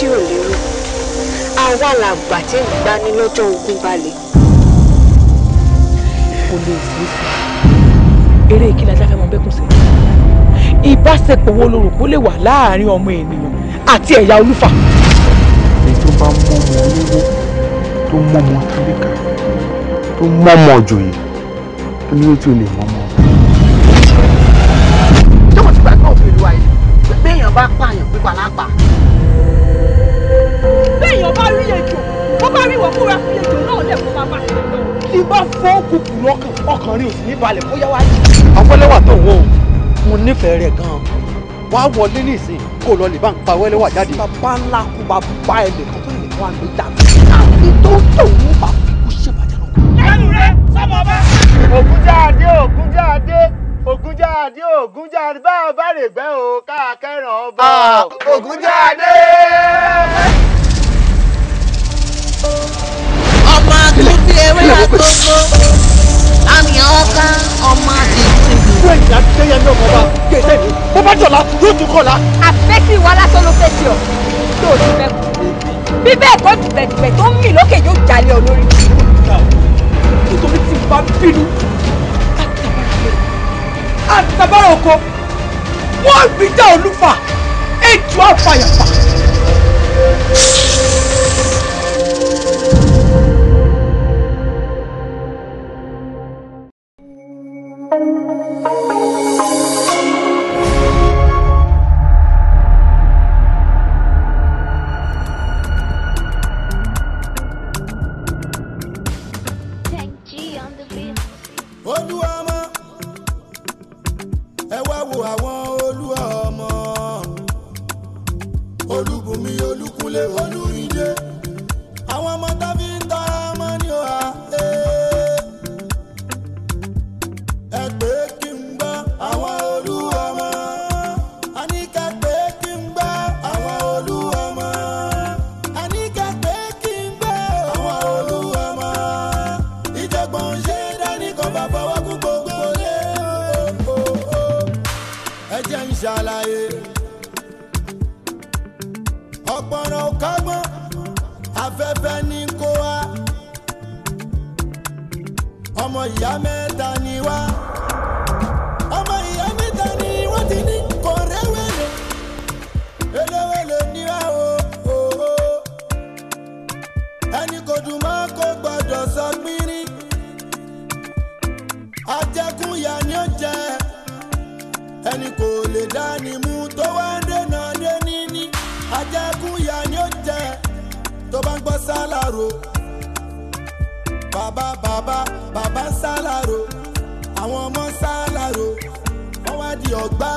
tí ò lérò àwa làgbà tí ń gbani lọ́jọ́ ogun balẹ̀. kò lè ṣeé ṣe eré ìkíni ajá fẹ́ mọ bẹ́kùn sí ìbáṣepọ̀ wo lo rò kó lè wà láàárín ọmọ ènìyàn àti ẹ̀yà olúfà. èyí tó bá mọ ọmọ olówó tó mọ ọmọ tábìkà tó mọ ọmọ òjòyè tó ní tí o lè mọ ọmọ. tó mo ti gbàgbọ́ òfin ìlú ayé pé èèyàn bá pààyàn pípa lápá. bá rí ìwọ̀n kúra fún ejò náà lẹ́kọ̀ọ́ bá bá ṣe lọ. tí bá fọ́ kùkù lọ́kàn ọkàn rí òsì ní balẹ̀ bóyá wá yìí. àpẹlẹwà tó wọ o mo nífẹ̀ẹ́ rẹ̀ gan-an wàá wọlé ní ìsìn kó lọ lè bá ń pa wẹ́lẹ́wà jáde. bàbá ńlá kú bàbá ẹlẹ̀ kan tó lè wá mi dà mí. àfi tó ń tò wọ́n bá kó ṣe bàjẹ́ lọ. lẹ́nu rẹ sọ́mọ bá. ògúnjáde ògúnjáde ògúnjáde ògúnjáde bá a bá rè gbẹ́ o káàkẹ́ràn ọba. ògúnjáde. ewé agbóngbó àmì ọ̀ọ́ká ọmọ àdìsí. ìwé ìyá tẹ́yẹ ní ọmọ wa gèdè ni bó bá jọ̀la yóò tún kọ̀la. àfẹ́sí wa lásán ló fẹ́ sí ọ tó o ti fẹ́ kú. bí bẹ́ẹ̀ kọ́ dìbẹ̀dìbẹ̀ tó ń mì lókè yóò jalè ọ lórí. nítorí tí n bá bínú àtàbára oko wọ́n gbìjà olúfà ètò àfàyàfà. tó bá ń gbọ́ sálárò bàbá bàbá bàbá ń sálárò àwọn ọmọ ń sálárò wọ́n wá di ọ̀gbá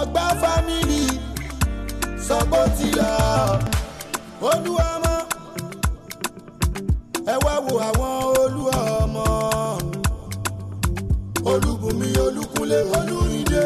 ọ̀gbá fámìlì sọ́gbó ti lọ olúwa mọ́ ẹ wá wo àwọn olúwa ọmọ olúbùnmi olúkúnlé olúrìndé.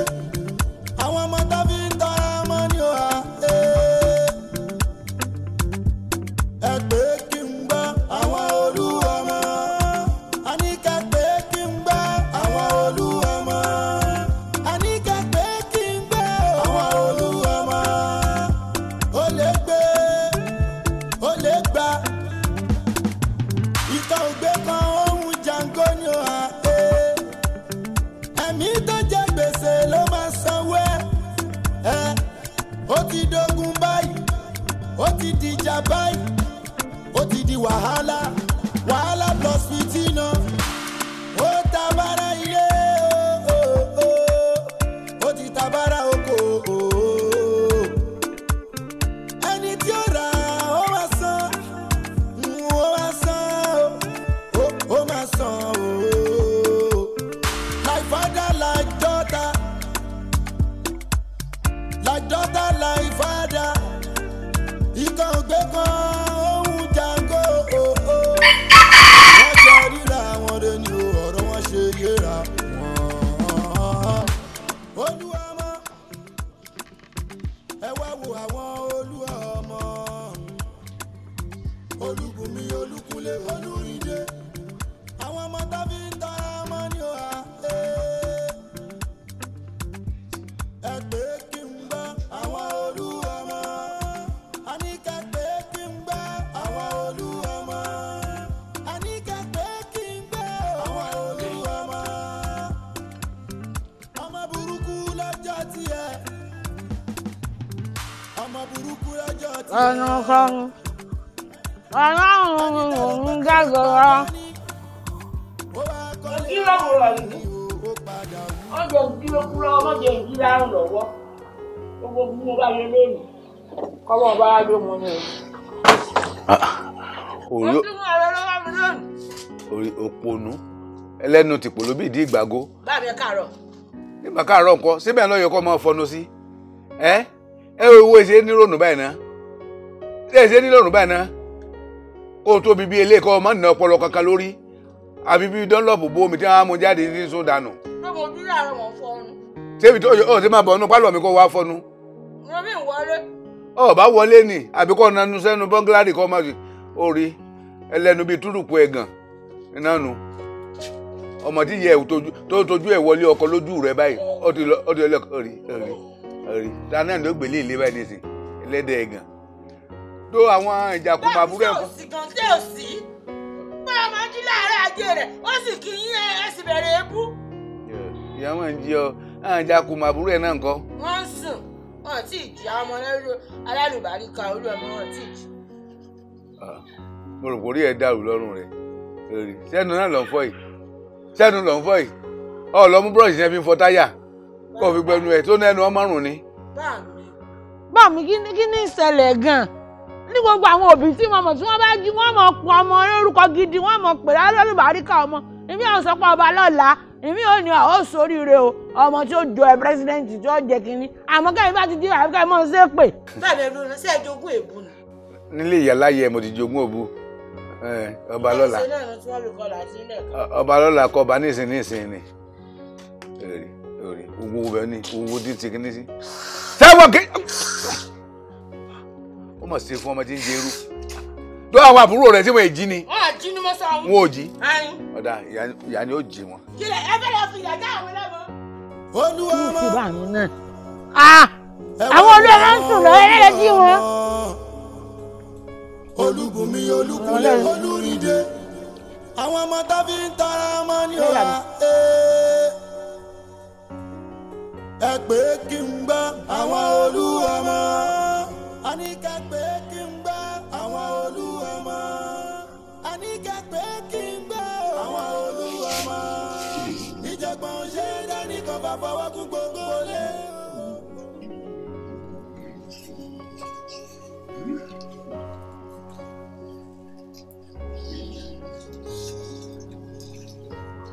káàárọ̀ nǹkan síbẹ̀ náà yẹ ma máa fọnu sí ẹ ẹ owó ìṣe ní rònú báyìí o tobi bí eléyìí kọ́ ọ má nà ọpọlọ kankan lórí àbí bí dánlọ́pù bó omi tí wọ́n á mú jáde ní sún dànù. lọ́bọ̀ ojú làárọ̀ fọnu. tó bọ̀ ọ bá wọlé ni àbí kọ́ nanu sẹ́nu kọ́ ọ má rí ẹlẹ́nu bíi túrùpù ẹ̀gàn ọmọdé yẹ ẹ tó tójú ẹ wọlé ọkọ lójú rẹ báyìí ó ti lọ ó ti lọ ọrí ọrí ọrí ta náà ló gbélé ilé báyìí nísìn ẹlẹ́dẹ̀ ẹ̀gàn tó àwọn ìjàkùmọ̀ àbúrò ẹ̀ fún. báyìí ṣé o sì gan ṣé o sì pé ọmọ jí láàárọ̀ ajé rẹ̀ ó sì kì í yín ẹ sì bẹ̀rẹ̀ ebú. ìyá wọn ń jí ọ àwọn ìjàkùmọ̀ àbúrò ẹ̀ náà ń kọ́. wọ́n ń sùn wọn ò tí ì jí ọmọ alálùbáríkà olú ọmọ wọn ò tí ì jí. Ah, mo rò pé orí ẹ̀ dàrú lọ́rùn rẹ̀ sẹ́nu náà lọ́ fọ́ yìí sẹ́nu lọ́n fọ́ yìí ọ lọ mú búrọ̀ṣì yẹn fi fọ táyà kó o fi gbẹnu ẹ̀ tó ní ẹnu ọmọrùn ni. bá mi kí ni ìṣẹ̀lẹ̀ gan-an ní gbogbo àwọn òbí tí mo mọ̀ tí wọ́n bá jí wọ́n mọ̀ pọ̀ ọmọ lórúkọ gidi wọ́n mọ̀ pè lálùbáríkà ọmọ èmi ò sọ pé ọba lọ́la èmi ò ní ọ̀ sóríire o ọmọ tí ó jọ ẹ pírẹsidẹ́ǹtì tí ó jẹ kínní àmọ́ kẹ́mi bá ti di àfikẹ́ mọ́ ṣe pé. bẹ́ẹ̀ ni ẹnu ṣe é jogún èébú ni. nílé ìyá láyé mo ti jogún òbu ọba lọ́la ọba lọ́la ọba nísìn nísìn ni èrè èrè owó bẹ ní owó títí kìíní sí. sẹ́wọ̀n ọmọ tí ń jẹ irú àwọn àbúrò tí ni. ni mo sọ wọn ìyá ni ó olúbùnmi olúkúlẹ̀ olúrìndé àwọn ọmọ tá ń tara ọmọ ní ọ̀la ẹ pé kí n gbá àwọn olú ọmọ àníkà pé kí n gbá àwọn olú ọmọ àníkà pé kí n gbá àwọn olú ọmọ ìjọ̀gbọ̀n ṣe é dání kan bá fọwọ́ kú gbogbo lé.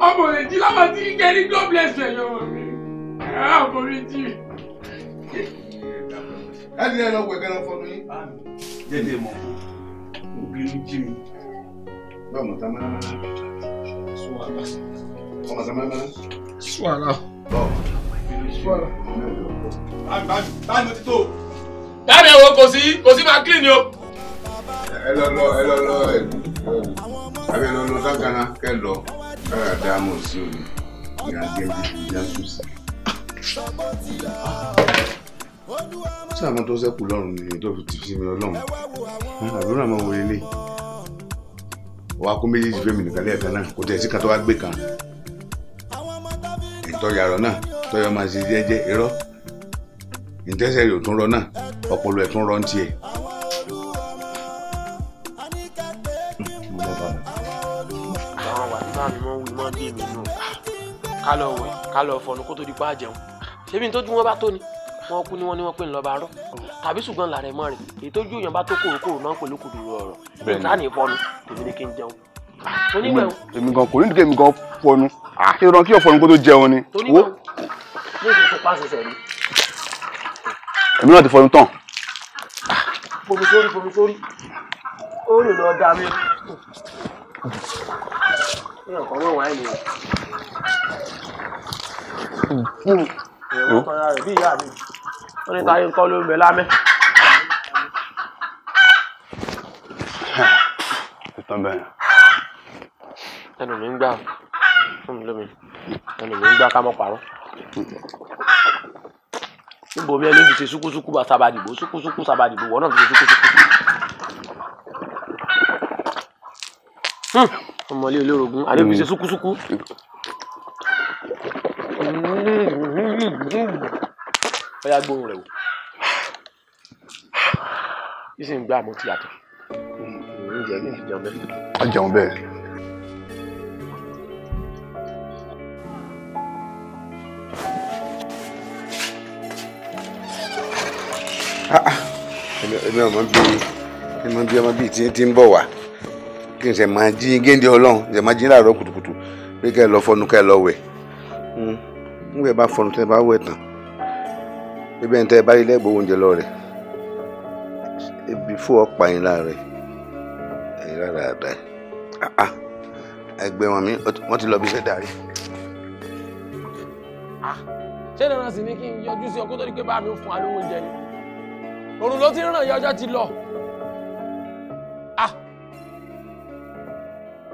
ọmọ rẹ̀ jí lábà tí ń jẹ́ god bless you ẹ̀yọ́ mi ọmọ rẹ̀ jí. láti ẹ̀ lọ wẹ̀ kẹ́rọ fọdún yín. jẹ́jẹ́ mọ̀ obìnrin jí mi. bá ọmọ tán mẹ́rin mẹ́rin. ọmọ tán mẹ́rin mẹ́rin. suwala. suwala. báyìí báyìí mo ti tó. dáre wo kò sí kò sí máa clean ni o. ẹ lọ lọ ẹ lọ lọ ẹ àbí ẹ lọ lọ sàgánà kẹ lọ dáàmú sí òní ìyàgbé ìyàsù sí. sí àwọn tó ṣẹ́kù lọ́rùn ni tó fi ti fi mi ọlọ́run àdúrà máa wọlé lé wàá kó méjèèjì fẹ́mi nìkan lẹ́ẹ̀kan náà kò tẹ̀ sí kan tó wá gbé kan ìtọ́yàrọ̀ náà tọ́yọ̀ máa ṣe jẹ́jẹ́ irọ́ ìtẹ́sẹ̀ rẹ̀ ò tún rọ náà ọpọlọ ẹ̀ tún rọ ń tiẹ̀. náà dé mi nù ká lọ wẹ̀ ká lọ fọnu kó tó di pa àjẹun ṣébi ní tójú wọn bá tó ni wọn kú ni wọn ni wọn pè ń lọba rọ tàbí ṣùgbọ́n làrẹ mọ rẹ ìtọ́jú èèyàn bá tó kòròkòrò náà pẹ̀lú kùdùrú ọ̀rọ̀ ìta ní ìfọnu tèmi ni kí n jẹun. èmi gan kò ní dìgbà èmi gan fọnu kí ọ̀rọ̀ kí ọ̀fọ̀nu kó tó jẹun ni. èmi náà ti fọnu tán. bomi sórí bomi sórí ó lè lọ dá mi nǹkan mọ̀ wáìnì o. èèwọ̀ kan ara rẹ̀ bí ìyá mi ó ní táyé ńkọ́ ló ń bẹ lámẹ́. tán bẹ́ẹ̀. ẹnu mi ń gbà fún mi lómi ẹnu mi ń gbà ká mọ́ parọ́. níbo mi ẹni ti ṣe ṣúkúṣúkú bá sábàdìbò ṣúkúṣúkú sábàdìbò wọ́n náà ti ṣe ṣúkúṣúkú ọmọlé olórogún àbí fi ṣe mm. súkúsúkú. ọyá gbóhùn rẹ wò ìsì ń gbá àmọ́ tí yàtọ̀. a jẹun bẹ́ẹ̀. Ah, ah. èmi ọmọ bíi ọmọ bíi ọmọ bíi tí ń bọ̀ wá kí n ṣe máa jí géńdé ọlọ́run ṣe máa jí láàárọ̀ kùtùkùtù pé kẹ́ ẹ lọ fọnu kẹ́ ẹ lọ wẹ̀ nígbà hmm. bá fọnu tẹ́ ẹ bá wẹ̀ tán ebi ẹ̀ ń tẹ́ ẹ bá rí lẹ́gbọ̀ọ́ oúnjẹ lọ rẹ̀ ebi fún ọ̀pá yín láàárẹ̀ ẹ̀yìn rárá àdá ah, ah. ẹ̀ ẹgbẹ́ wọn mi wọ́n ti lọ bí fẹ́ darí. ṣé dandan sì ni kí n yọjú sí ọkọ tó di pé bá mi fún alówó oúnjẹ ni òrùn ló ti ràn yọjọ́ ti lọ.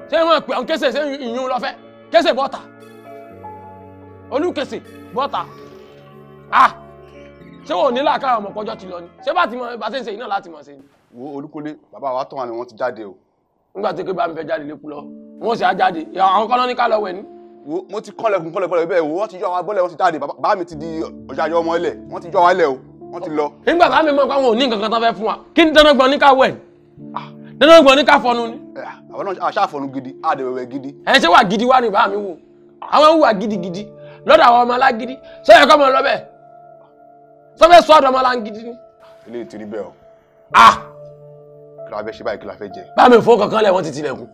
ṣé wọ́n pè ọ́n kése ṣé ìyún lọ́fẹ́ kése bọ́ta olùkèsè bọ́ta ah ṣé wọn ò ní làákàrà ọmọ pọ́jọ́ ti lọ ni ṣé bá ti mọ bá ṣe ń ṣe iná láti mọ̀ ṣe ni. wo olúkọlé bàbá wa tán wa ni wọn ti jáde o. nígbà tí kébà ń fẹ́ jáde lé kú lọ wọn sì á jáde àwọn kọ́nà ní ká lọ wẹ̀ ni. wo mo ti kọ́lẹ̀kùn kọ́lẹ̀kùn bẹ́ẹ̀ wọ́n ti yọ àwọn abọ́lẹ̀ wọ́n ti jáde bàbá mi ti di ọjà yọ ọmọ ilẹ̀ wọ́n ti yọ wa ilẹ̀ o wọ́n ti lọ. nígbà tá a mi mọ̀ pé àwọn ò ní nǹkan kan tán fẹ́ fún wa kí ni dandan gbọ́n ní ká wẹ̀ ni ah. dandan gbọ́n ní ká fọnu ni Eh, àwọn náà aṣáfọ̀nù gidi àdèwẹ̀wẹ̀ gidi. ẹ ṣé wà gidi wá ní bá mi wò àwọn ń wà gidigidi lọ́dọ̀ àwọn ọmọ alágídí ṣé ẹ kọ́ mọ lọ bẹ́ẹ̀ sọfẹ́ sọ ọ̀dọ̀ ọmọ alágídí ni. ilé ìtìrí bẹ́ẹ̀ o. ah kí la fẹ́ ṣe báyìí kí la fẹ́ jẹ. bá mi fowó kankan lẹ̀ wọ́n ti tilẹ̀kùn.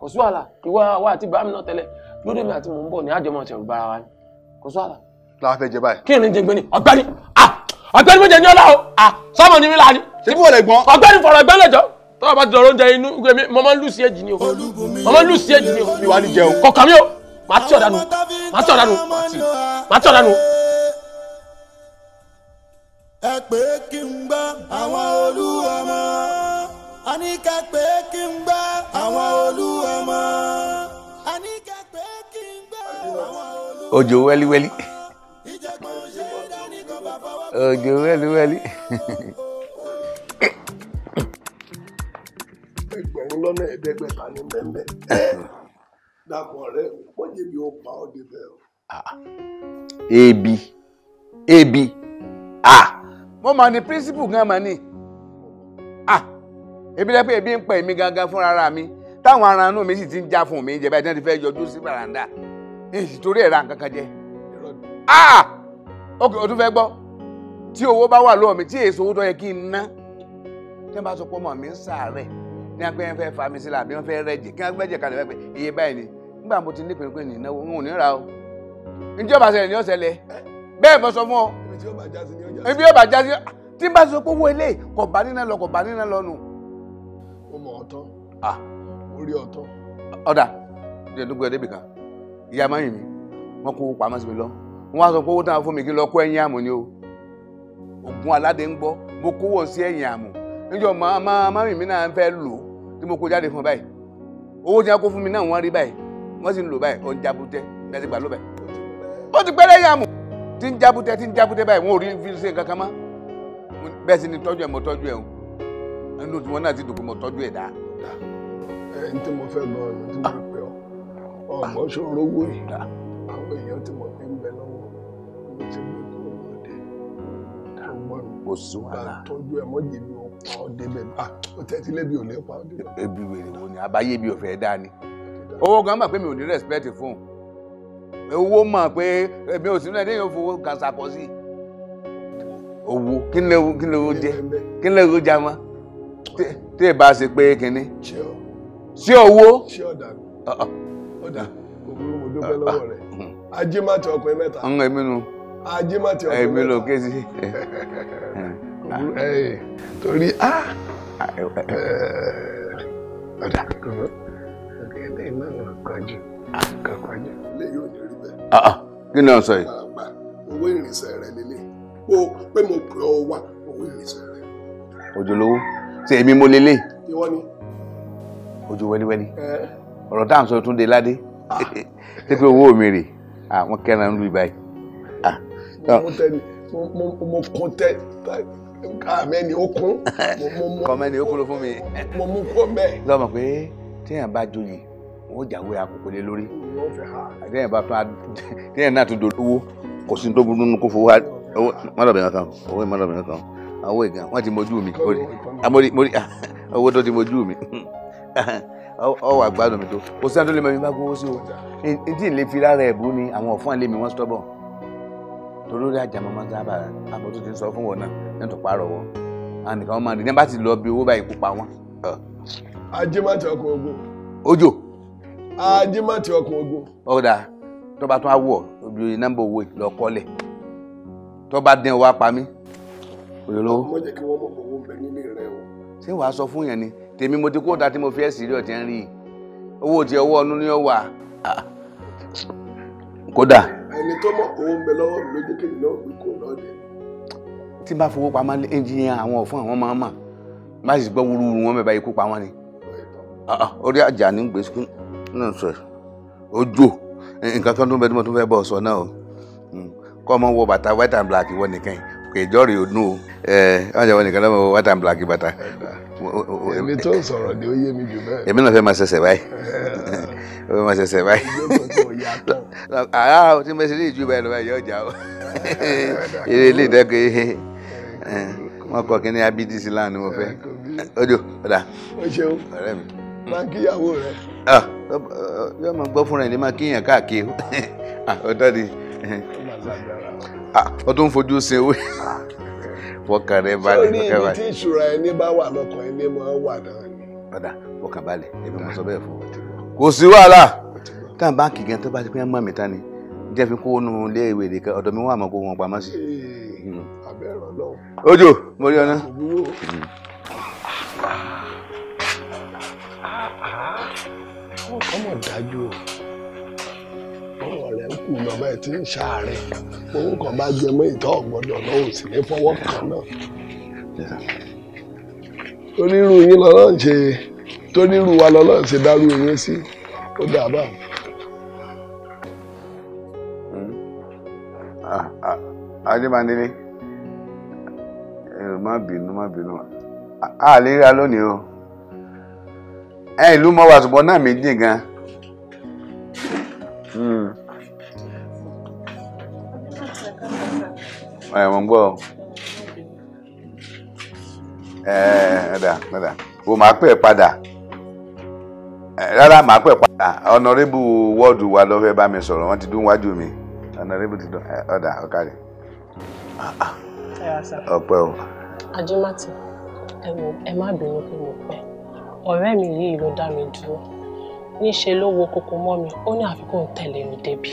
kò sí wàhálà ìwọ wa àti bàmí náà tẹ́lẹ̀ lórí mi àti mò ń bọ̀ ní àjọmọ̀ ọ̀sẹ̀ olùbára wa ni kò sí wàhálà. kí la fẹ́ jẹ báyìí. kí ni jẹ gbẹ́ni ọ̀gbẹ́ni ah ọ̀gbẹ́ni méje ní ọlá o ah sọ́mọ ni mi là ni. ṣé bí wọ́n lè gbọ́n. ọ̀gbẹ́ni fọ̀rọ̀ ọ̀gbẹ́ni tọ́wọ́ bá ti dọ̀rọ̀ oúnjẹ inú gbé mi mo máa ń lù sí èjì ni o mo máa ń lù sí èjì ni o mi wà jẹun kọ̀ọ̀kan mi o màá tí ọ̀dà nu màá tí ọ̀dà nu màá tí ọ̀dà nu. ẹ pé kí n gbá àwọn olú ọmọ àníkà pé kí n gbá àwọn olú ọmọ àníkà pé kí n gbá àwọn olú ọmọ. òjò wẹ́líwẹ́lí òjò òun lọ́nà ẹ̀ẹ́dẹ́gbẹ̀ta ní mẹ́mẹ́ dàpọ̀ rẹ wọ́n jẹ́ bí ó pa ọ́ débẹ̀ o. ebi ebi ah mo ní principal gan ní ebi dẹ́ pé ebi ń gangan fúnra mi táwọn aranú mi sì ti ń mi jẹ báyìí tí ti fẹ́ yọjú sí torí ẹ̀ ra jẹ ok o tún fẹ́ gbọ́ tí owó bá wà mi tí èso ọmọ mi ń ní apẹ́ yẹn fẹ́ fa mi sílẹ̀ àbí wọ́n fẹ́ rẹ́jẹ̀ kí wọ́n gbẹ́jẹ̀ kalẹ̀ iye báyìí ni nígbà mo ti ní pínpín ní ìnáwó n ní ra o ìjọba ṣẹlẹ̀ ni ó ṣẹlẹ̀ bẹ́ẹ̀ bọ́ sọ fún ọ yóò bá já sí tí bá sọ pé owó ilé kò bá nínú lọ kò bá nínú lọ nù. o mọ ọ̀dà ìyá máa ń níjọ máa máa rìn mí náà fẹ́ lò tí mo kó jáde fún báyìí owó tí wọ́n kó fún mi náà wọ́n rí báyìí wọ́n sì ń lò báyìí ọ̀n jabutẹ́ ní ẹsẹ̀ gbàlóbẹ̀ ó ti pẹ́ lẹ́yìn àmù tí ń jabutẹ́ tí ń jabutẹ́ báyìí wọn ò rí fi kankan mọ́ bẹ́ẹ̀ sì ni tọ́jú ẹ̀ mọ́ tọ́jú ẹ̀ o ẹnu tí wọ́n náà ti dùn pé mo tọ́jú ẹ̀ dáa. ẹ n tí mo fẹ́ lọ ọ̀nà tí mo fẹ́ pẹ́ ọ ọmọ ṣòro owó yìí ah. àwọn èèyàn tí mo fi ń bẹ lọ́wọ́ mo ti gbé kúrò lóde. Ah. kò sí wàhálà tọ́jú ọ débẹ̀ ah ó tẹ́tí lébi ò lẹ́pa ó débẹ̀. ebi wèrè wo ni àbáyé bí òfin ẹ̀dá ni owó gan mọ̀ pé mi ò ní respect fún owó mọ̀ pé èmi ò sí nílẹ̀ déyìn fowó kàṣàkọ́ sí owó kí ni owó kí ni owó jẹ kí ni owó jẹ mọ́ tí ìbá ṣe pé kínní sí owó. sí ọ̀dà ọ̀dà òkúrú mo dúpẹ́ lọ́wọ́ rẹ̀ ajé má ti ọkùnrin mẹ́ta. ọ̀hún ẹ̀mí nu ajé má ti ọkùnrin mẹ́ta. ẹ̀mí ló ké torí ọ̀dà kọ̀ọ̀kan ọ̀gẹ̀dẹ̀ náà kọjú kọ̀ọ̀kọ̀jú lè yóò ní rí bẹ́ẹ̀. kí ni ọ̀sán yìí. owó ìrìnsẹ̀ rẹ̀ lélẹ̀ o pé mo pè ọ wá owó ìrìnsẹ̀ rẹ̀. òjòlówó ṣe èmi mo lélẹ̀. ìwọ ni. ojú wẹ́líwẹ́lí ọ̀rọ̀ táà ń sọ Túndé ládé ṣé pé owó mi rè àwọn kẹ́ran ń lu ìbáyìí. mo kàn tẹ́ kàmẹ́ni okun. kọ́mẹ́ni okun ló fún mi. mo mú kó bẹ́ẹ̀. lọ́mọ pé téèyàn bá joyè wọ́n jàwé àkókò lé lórí. téèyàn bá tún téèyàn náà tún dolówó kò sí ní tó burú nínú kó fowó owó mọ́lọ́bìnrin kan owó mọ́lọ́bìnrin kan owó ìgbà wọ́n ti mojú mi owó tó ti mojú mi ọwọ́ àgbàdo mi tó kò sí àdó lè mọ mi bá gbowó sí o etí ìlè fi rárá ẹ̀bù ni àwọn ọ̀fọ́n àlè mi wọ́n sọ́bọ̀ torí orí àjà mọ́mọ́ sábà àbótú ti ń sọ fún wọn náà ní tó parọ́ wọn ànìkan máa dìde bá ti lọ bí owó báyìí kó pa wọn. ajé má ogun. ojo. ajé má ogun. ọ̀dà tó tún á wọ̀ obìnrin nọ́mbà owó lọ kọ́lẹ̀ tó dín owó apá mi. òyìnbó. kí wọ́n mọ̀ owó bẹ nílé rẹ o. ṣé wàá sọ fún yẹn ni tèmi mo ti kó ta tí mo fi ẹ̀ sírí ọ̀tí ń rí owó ti ọwọ́ ọ̀nù ni ó wà. Ah. kódà ẹni tó mọ̀ owó ń bẹ lọ́wọ́ mi ló jẹ́ kí èmi náà gbé kó lọ́dẹ. tí bá fowó pamọ́ ẹnjìnìyàn àwọn ọ̀fọ́n àwọn máa mà má sì gbọ́ wúruwúru wọn bẹ́ẹ̀ bá ikú pa wọn ni. Ah, ah, orí àjà ní gbèsè náà sọ ojú nǹkan kan tó ń bẹ tí mo tún fẹ́ bọ̀ sọ náà o hmm, kọ́ ọmọ wọ bàtà white and black wọ nìkan kò ìjọ́rìí òdùn o ẹ̀ eh, ọ́n jẹ́ wọ nìkan lọ́mọ white and black bàtà èmi tó sọ̀rọ̀ ni ó yé mi jù bẹ́ẹ̀. èmi náà fẹ́ máa ṣẹ̀ṣẹ̀ báyìí fẹ́ máa ṣẹ̀ṣẹ̀ báyìí. àá o ti mọ ìṣẹ̀lẹ̀ ìjú báyìí lọ́wọ́ ìyá ọjà o eré ilé ìdẹ́kọ̀ ihe eh, eh, eh. wọn kọ kí ni abidi sí láàánú mo fẹ́ ojú ọ̀dà ọ̀rẹ́ mi. máa kíyàwó rẹ. Ah, yóò máa gbọ́ fúnra ẹ̀ ní máa kíyàn káàkiri ọ̀tọ́ ni ọdún fojú sin owó. Ah fọkàn rẹ balẹ̀ fọkàn balẹ̀. sọ ní ibi tí ìṣúra ẹni bá wà lọ́kàn ẹni máa ń wà náà ni. ọ̀dà fọkàn balẹ̀ ẹbí mo sọ bẹ́ẹ̀ fún ọ. kò sí wàhálà táwọn báńkì gan tó bá ti pín ẹmọ mi ta ni jẹ́ fi kó nu ilé ìwé nìkan ọ̀dọ̀ mi wà mọ́ kó wọn pamọ́ sí. ojo mo rí ọ ah, ah, ah. ọmọ dájú o kù lọ́ba ẹ̀ tí ń ṣàárẹ̀ òun kàn bá jẹ mọ́ ìtọ́ ọ̀gbọ́dọ̀ náà ò sì ní fọwọ́ kan náà. onírú yín lọ́lọ́ ń ṣe tónírú wa lọ́lọ́ ń ṣe dárú yín sí ó dà bá. adébándélé má bínú má bínú a lè ríra lónìí o ẹ ìlú mọ wàsùpọ̀ náà méjì gan Hmm. ẹ mọ̀ ń gbọ́ da ẹ̀dà ẹ̀dà o máa pè é padà rárá máa pè é padà ọ̀nàrẹ́bù wọ́ọ̀dù wa lọ́fẹ́ bá mi sọ̀rọ̀ wọ́n ti dún wájú mi ọ̀nàrẹ́bù ti dún da, ok ọ̀pẹ ah àjọmọ́tì ah. ẹ wò ẹ má bínú pé mo pẹ́ ọ̀rẹ́ mi yìí ló dá mi dúró níṣẹ́ ló wo kókó mọ́ mi ó ní àfikún tẹ̀lé mi débi.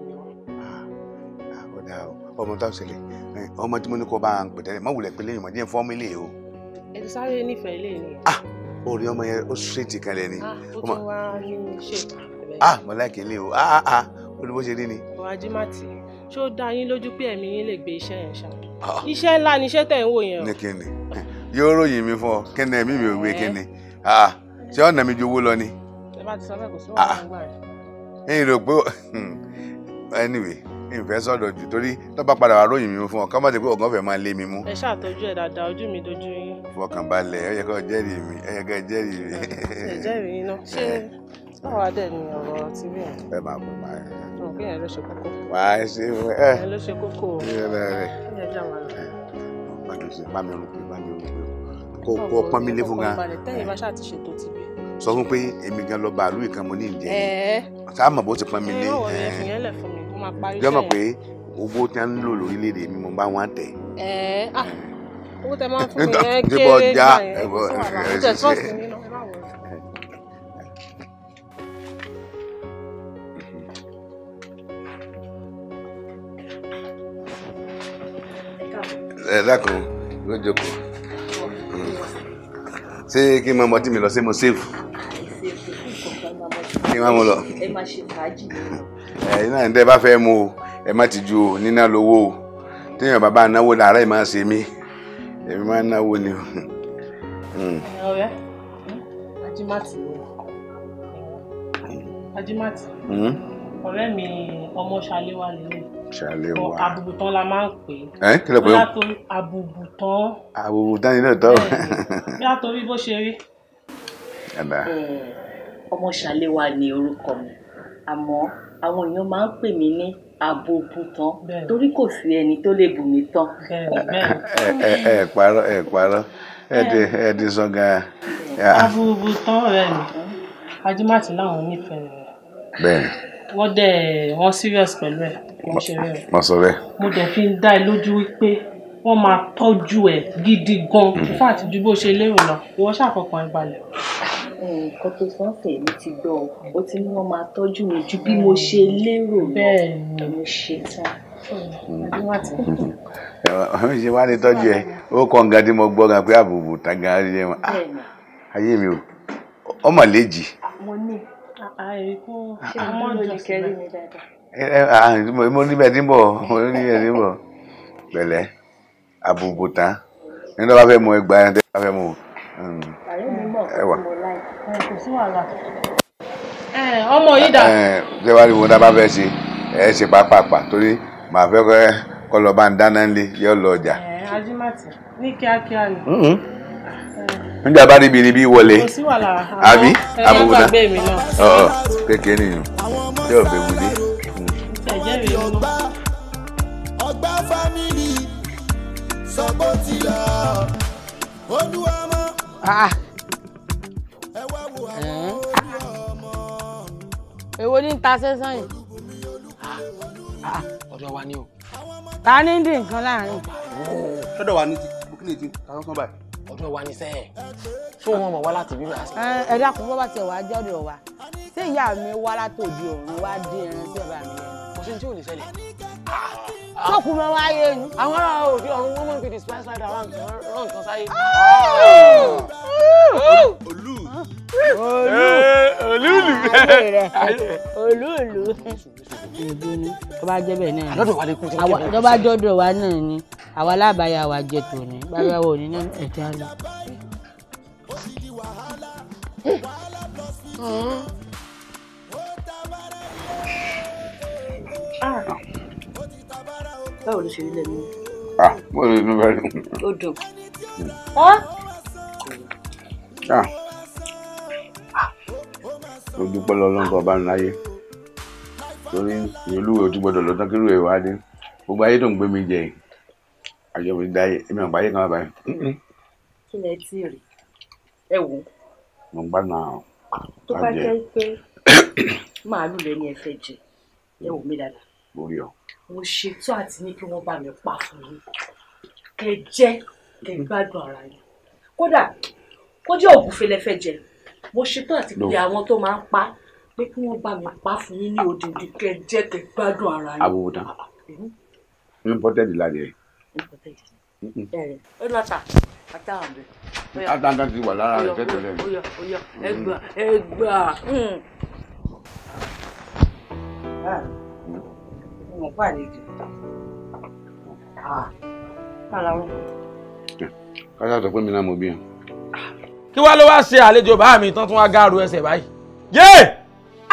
ọmọ tó ṣẹlẹ̀ ọmọ tí mo ní kó bá ń pè tẹ́lẹ̀ mọ̀wùlẹ̀ pé lẹ́yìn ọmọdé fọ́ọ́mù ilé o. ẹ ti sáré nífẹ̀ẹ́ ilé ni. ah orí ọmọ yẹn ó ṣètì kan lẹ́ni. Ah, ó tún wá ní ṣe. ah mo láìkè ilé o ah ah olùbó ah, ṣe rí ni. ọ̀rọ̀ ajímàtì ṣé ó dá yín lójú pé ẹ̀mí yín lè gbé iṣẹ́ yẹn ṣá. Ah. iṣẹ́ ńlá ni iṣẹ́ tẹ̀ ń wò yẹn o. ní kíni yóò ròyìn mi fún ọ kíni ẹ̀mí mi ò gbé kíni ṣé ọ̀nà mi ju owó lọ ni. ẹ bá ti sọ bẹ́ẹ̀ kò sí wàhálà ń gbà rẹ̀. ẹ̀yin rò pé hmm, anyway ìfẹ́ sọ̀dọ̀ jù torí tó bá padà wá ròyìn mi fún ọ ká má ti pé ọ̀gán fẹ́ máa lé mi mú. ẹ ṣàtọ́jú ẹ dáadáa ojú mi dojú yín. fọkànbalẹ̀ ẹ yẹ kó jẹ́rìí mi ẹ yẹ kó jẹ́rìí mi. ẹ jẹ́rìí iná ṣé báwo adé ni ọ̀rọ̀ ti rí ẹ̀. ẹ máa bọ̀ máa ẹ. ọ̀gbìn ẹ ló ṣe kókó. wàá ṣe ẹ. ẹ ló ṣe kókó o. ẹ ẹ ẹ kó kó pọ́n mi lé fún gan. tẹ́yìn bá ṣáà ti ṣètò tìbí. sọ fún pé èmi gan lọ bàálù ìkànnì ní ìjẹun. sáà mọ̀ bó ti pọ́n mi lé. ẹ ẹ ọ̀rẹ́ ẹ̀ fìyẹ́lẹ̀ fún mi máa parí iṣẹ́ yẹn. jọ́mọ̀ pé owó tí wọ́n ń lò lórílẹ̀‐èdè mi mo bá wọn tẹ̀. ẹ ah, ẹ ah owó tẹ máa ń fún mi yẹn kéré gbà yẹn kó sọ wà láwọn ọjọ́ ìtọ́sí mi náà ẹ ló jókòó ṣé kí n máa mọtí mi lọ sí mo ṣèfù kí n máa mú lọ. ẹ máa ṣe fàájì ẹ̀yin náà ní tẹ́ bá fẹ́ mu o ẹ má tìjú o níná lówó o téèyàn bàbá náwó lára ẹ̀ máa ṣe mí èmi máa náwó ni o. Hmm. ọ̀rẹ́ ajimati ajimati hmm? ọ̀rẹ́ mi ọmọ ṣàléwá lélẹ̀ ṣàléwá àbùbùtán la máa ń pè é kí ló pè ó àbùbùtán àbùbùtán yìí náà tọ́ bí a torí bó ṣe rí hmm, ọmọ ṣàléwá ni orúkọ mi àmọ́ àwọn èèyàn máa ń pè mí ní ààbò bùtán torí kò sí ẹni tó lè bù mí tán. ẹ ẹ parọ́ ẹ parọ́ ẹ ti ẹ ti sọ gan-an. ààbò bùtán rẹ ni ajímàtì láwọn nífẹ̀ẹ́ rẹ. bẹ́ẹ̀. wọ́n dẹ̀ wọ́n serious pẹ̀lú ẹ̀ kò ń ṣeré rẹ̀. mo sọ bẹ́ẹ̀. mo dẹ̀ fi ń dá ẹ lójú wípé wọ́n máa tọ́jú ẹ̀ gidi gan-an fún àtijú bó ṣe lérò lọ ìwọ ṣàfọkàn ẹ balẹ̀ nǹkan tó sọ ń sè mí ti gbọ́ ọ ó ti ní wọ́n máa tọ́jú mi ju bí mo ṣe mm. lérò lọ èmi ṣe tán. ẹ̀wọ̀n ṣe wá ní tọ́jú ẹ ó kọ́ nǹkan tí mo gbọ́ gan pé àbùbù tàgà ẹ wọn ah, ayé mi o ọmọ lèjì. mo ní àìkú ṣe mo lójú kẹrí mi pẹ̀lẹ́ àbùbù tán nígbà bá fẹ́ mu ẹgbàá ẹ̀ ń fẹ́ mu ẹwà kò sí wàhálà. ọmọ yìí dà. ṣé wàá rí wọn dábàá fẹ́ ṣe ẹ ṣe pàápàá torí màá fẹ́ kọ́ lọ bá ń dáná ńlé yóò lọ ọjà. ajímàtì ní kíákíá ni. Mm-hmm. nígbà bá níbi níbi wọlé àbí abúgbóná kékeré nìyẹn tí ò fẹ́ wulé. ọgbà fámìlì sọ bó ti lọ olúwa mọ. Ah, ah. Eh? èwo ní ta sẹ́sán yìí. Ah, ah, ọ̀dọ̀ wa ni o. ta ni dín nǹkan láàrin. sọ́dọ̀ wa ni ti kí ni ti ta sọ́sán báyìí. ọ̀dọ̀ wa ni sẹ́ẹ̀ fún wọn mọ̀ wá láti bí wàá. Eh, ẹ dákun bọ́ bá tiẹ̀ wá jẹ́ ọ̀dọ̀ wa ṣé ìyá mi wá látòdì ọ̀run wá dín ẹran sí ọ̀bà mi. kò sí ní tí ò lè ṣẹlẹ̀ sọ́kùn máa wáyé ni. àwọn ará òde ọ̀run wọ́n máa ń fi the spice rider rán nǹkan sáyé. Ah! olú olúùlù olúùlù ìlú ni tó bá jẹ́ bẹ́ẹ̀ náà ni tó bá jọ́dọ̀ wa náà ni àwa lábàáyà wa jẹ tòní báyà wò ní náà ẹ̀jẹ̀ á lọ. Hmm. Ah báwo ló ṣe rí lẹ́nu. ah mo lè nu báyìí. ó dùn. ojú pọlọ lọ́nkọ̀ ọba ńláyé torí olúwe ojú gbọdọ̀ lọ́tọ́ kí olúwe wá dé gbogbo ayé tó ń gbé mi jẹ àjọ mi dá èmi àgbáyé kan báyìí. kí lẹ tí rí ẹ wò. mo ń àwọn. tó bá jẹ́ pé màálù lẹ́ni ẹ fẹ́ jẹ ẹ wò mí dáadáa. mo rí ọ mo ṣètò àti ní kí wọ́n bá mi pa fún yín kẹ jẹ kẹ gbádùn ara yín kódà kó jẹ́ ògùnfe lẹ́fẹ́ jẹ mo ṣetán àti pé àwọn tó máa ń pa pé kí wọ́n bá mi pa fún yín ní òdìdí kẹ jẹ kẹ gbádùn ara yín. àbúrò imported ìlànà ẹ. ó lọ́ta àtàwọn ọ̀bẹ. àtàwọn ti wà lára rẹ tẹ́tẹ́lẹ̀. ẹgbà ẹgbà. Hmm. Hmm mo bá àlejò. kájà sọ pé mi náà mo bí ọ. kí wàá ló wá ṣe àlejò bá mi tán tún wá gáàrú ẹsẹ̀ báyìí. yé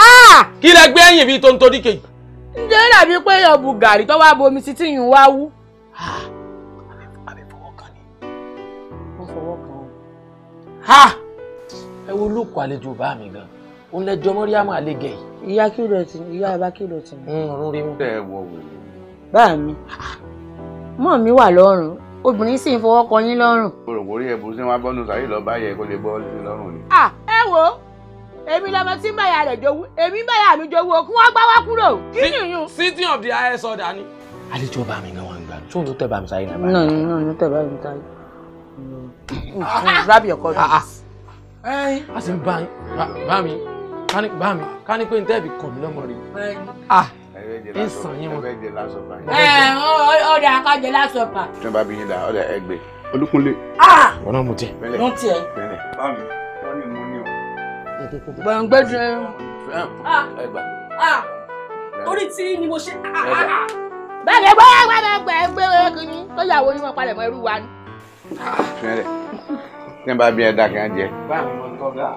ah! kí lẹ gbé ẹ̀yìn bíi tó ń torí kejì. ǹjẹ́ dàbí pé ọ̀bù gàrí tó wá bomi títí yìí wá wú. Ah! àbí fọwọ́ kan ni. wọ́n fọwọ́ kan o. ẹ wo lóko àlejò bá mi gan-an òun lẹjọ mọríàmù àlegẹ yìí. ìyá kìlọ̀ tì ní ìyá bá kìlọ̀ tì hmm, ní. ọrùn rí mú. bẹ́ẹ̀ wọ wèrè. bá mi mọ́ mi wà lọ́rùn obìnrin sì ń fọwọ́ kọ yín lọ́rùn. òrògbò rí ẹ̀bùn sí wọn bọ́nu sàyè lọ bá yẹ kó lè bọ́ sí lọ́rùn ni. à ẹ wo èmi lọmọ tí bàyà rẹ̀ jowú èmi bàyà mi jowú o kí wọ́n gbá wá kúrò kí nìyún. city of the highest order ni. àlejò bá mi náà wọn gbà tóun tó tẹ bá mi sáyé náà. náà ní náà ní tẹ bá mi sáyé. Mm, mm, mm, grab your cutlass. Ah, ah. ẹ a sì ń bá mi ká ní bá mi ká ní pé n tẹ́ẹ̀bì kọ̀ mí lọ́mọ rí i ah, ìsàn yín wọn. ẹ ọ̀dà akájẹ lásọpà. tí wọ́n bá bí yín dá ọ̀dà ẹgbẹ́ olúkunlé. Ah! wọn náà mú tiẹ̀. mú tiẹ̀. bá mi wọ́n ní mú ní o. gbọ̀ngbẹ́ jẹ. Ah! ẹ gbà. orí tí ni mo ṣe. bẹ́ẹ̀ni gbọ́ gbọ́ gbọ́ gbọ́ kí ni tó yàwó yín wọn palẹ̀ mọ́ irú wa ni. fẹ́rẹ̀ tí wọ́n bá bí ẹ dá kí wọ́n jẹ. báyìí mo tọ́ da.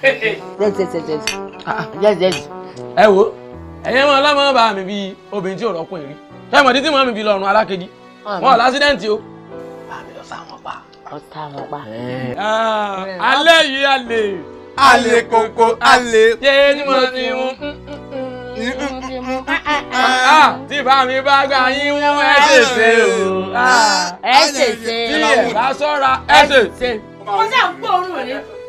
yes yes yes yes ah, ah yes yes. ẹ wo ẹ̀yin ọmọ ọlọ́mọ bá mi bi obìnrin tí ò rọ́kùnrin rí ṣé ìmọ̀ títí mọ́ mi bí lọ́rùn alákejì wọn ò lásídẹ́ǹtì o. bá mi lọ sáwọn pa. ọ̀tá wọn pa. alẹ́ yìí alẹ́. alẹ́ kòkó alẹ́. ṣé ni mo ti mú mm, mm, mm, ah, tí bá mi bá gbà yín mú ẹ ṣèṣe o. Ah, ẹ ṣèṣe. tí ẹ bá sọ́ra ẹ ṣèṣe. mo ṣe ń gbọ́ rẹ̀.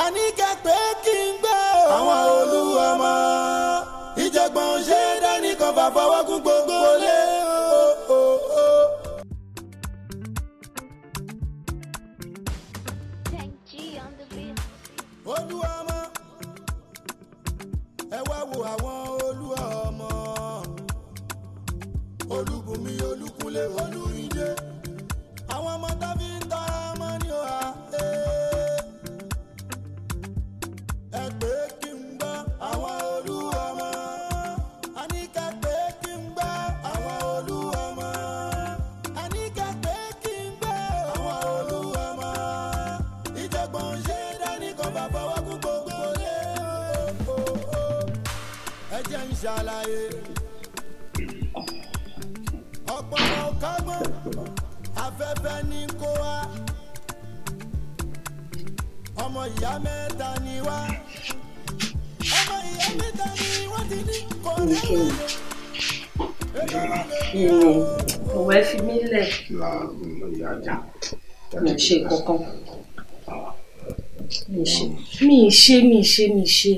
a àníkẹ́ pé kí n gbọ́. àwọn olúwọmọ ìjọ̀gbọ̀n ṣe dánìkan bá fọwọ́ kún gbogbo lé. olúwọmọ ẹ wá wo àwọn olúwọmọ olúbùnmi olúkúnlé olúrin. ṣàlàyé. ọpọlọ kágbọ́n afẹ́fẹ́ ní kó wá ọmọ ìyá mẹ́ta ni wá ọmọ ìyá mẹ́ta ni wọ́n ti ní kó lẹ́wọ̀n. Òwe fi mí lẹ̀. Mi ò ṣe kankan. Ah. Mi ò ṣe mi ò ṣe mi ò ṣe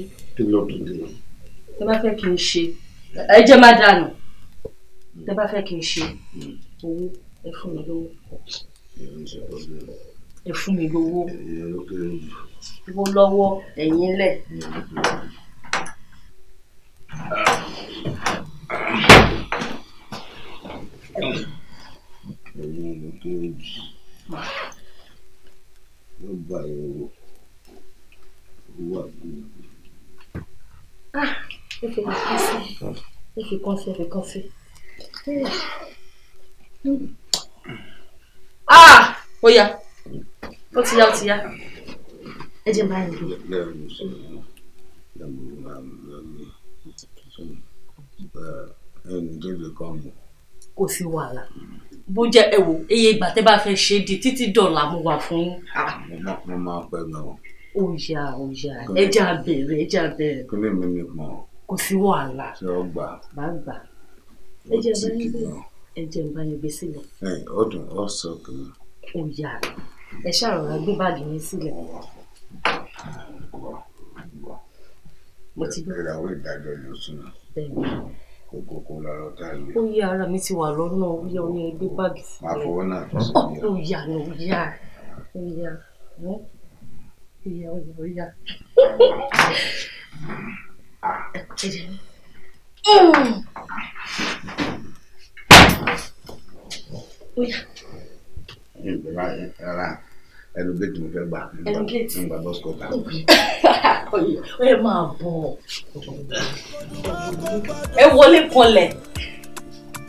tẹ bá fẹ́ kí n ṣe ẹ jẹ́ má dànù tẹ bá fẹ́ kí n ṣe owó ẹ fún mi lówó ẹ fún mi lówó owó lọ́wọ́ ẹ̀yìn lẹ̀. Ah ẹ fi kàn sí ẹ fi kàn sí ẹ fi ti yá ó ti yá ẹ jẹ́ báyìí kò sí wàhálà bó jẹ́ ẹ wò eye ìgbà tẹ́ bá fẹ́ ṣe di títí dọ̀là mo wà fún ah, mo máa pẹ́ náà. ó yá ẹ jẹ́ á ẹ jẹ́ á bẹ̀rẹ̀. kí lè mi kò sí wàhálà má gbà ẹ jẹ́ bá yín gbé ẹ jẹ́ bá yín gbé sílẹ̀. ọdún ọsàn kan. ó yà ẹ ṣàròrà gbé báàgì yín sílẹ̀. mo ti gbé. ìràwọ̀ ìdájọ́ yóò súná. kókó kó lọ́rọ́ tá a lè. ó yá ara mi ti wà lọ́nà ó yá ó yá ẹ gbé báàgì sílẹ̀. máa fọwọ́ náà tó sí i. ó yà ó yà ó yà ó yà ó yà ẹ̀kútẹ̀rẹ̀ mi. ẹnu mo fẹ́ gbà nígbà bọ́ skọta. ó máa bọ̀ ẹ wọlé kọlẹ̀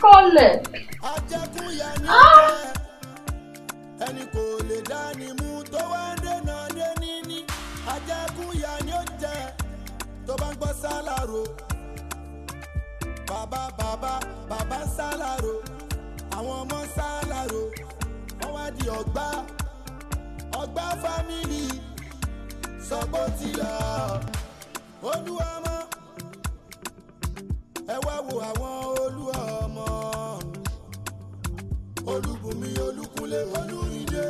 kọlẹ̀ ẹni tó bá ń gbọ́ sálárò bàbá bàbá bàbá sálárò àwọn ọmọ sálárò wọ́n wá di ọ̀gbá ọ̀gbá fámìlì sọ́kò ti lọ olúwa mọ́ ẹ wá wo àwọn olúwa ọmọ olúbùnmi olúkúnlé olúrìndé.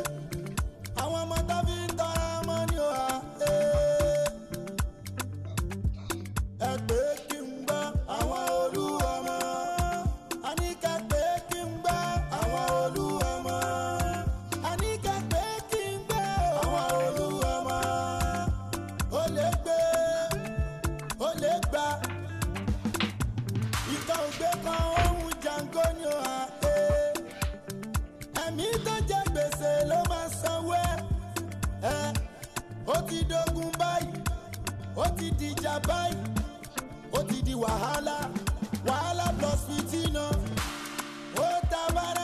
ti dogun báyìí ó ti dìjà báyìí ó ti di wàhálà wàhálà plus fìtínà ó ta bára.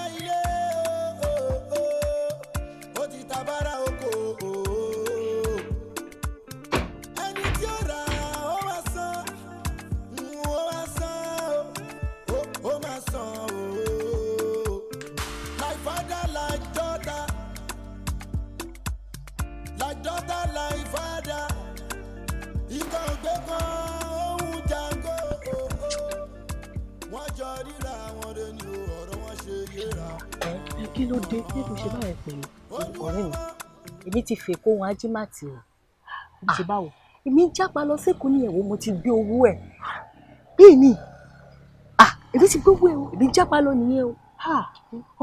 kí ló dé bí kò ṣe báyẹn pè é ọ̀rẹ́ mi èmi ti fè kó wọn ajímàtì o mo ṣe ah. báwo èmi ń jápa lọ sẹ́kùn ní ẹ̀wọ̀ mo ti gbé owó ẹ̀ bẹ́ẹ̀ ni ah, èmi ti gbé owó ẹ̀ o èmi ń jápa lọ nìyẹn o ah,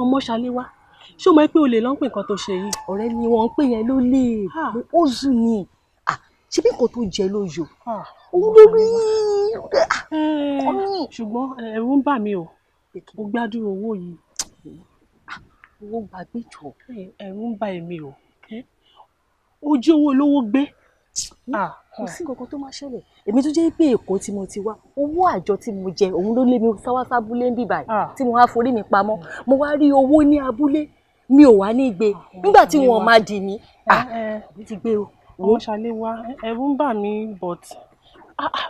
ọmọ ṣàléwá ṣé o mọ̀ pé o lè lọ ń pè nǹkan tó ṣe yìí. ọ̀rẹ́ mi wọ́n ń pè yẹn ló lè ó zù ni ṣé bí nǹkan tó jẹ ló yọ òun ló rí ṣùgbọ́n eh, ẹ̀rù ń bà mí o mo gbádùn owó yìí owó gbàgbé jọ ẹ̀rù ń bà èmi o ó jí owó olówó gbé hmm, kò sí nǹkan tó máa ṣẹlẹ̀ èmi tó jẹ́ pé èkó tí mo ti wá owó àjọ tí mo jẹ òun ló lé mi sáwásábúlé ń bì báyìí tí mo wá forí mi pamọ́ hmm. mo wá rí owó ní abúlé mi ò wá ní gbé ah, nígbà tí wọn máa dì mí mi ti gbé o. ọmọ ṣàlẹ̀ wa ẹ̀rù ń bà mí but ah, ah,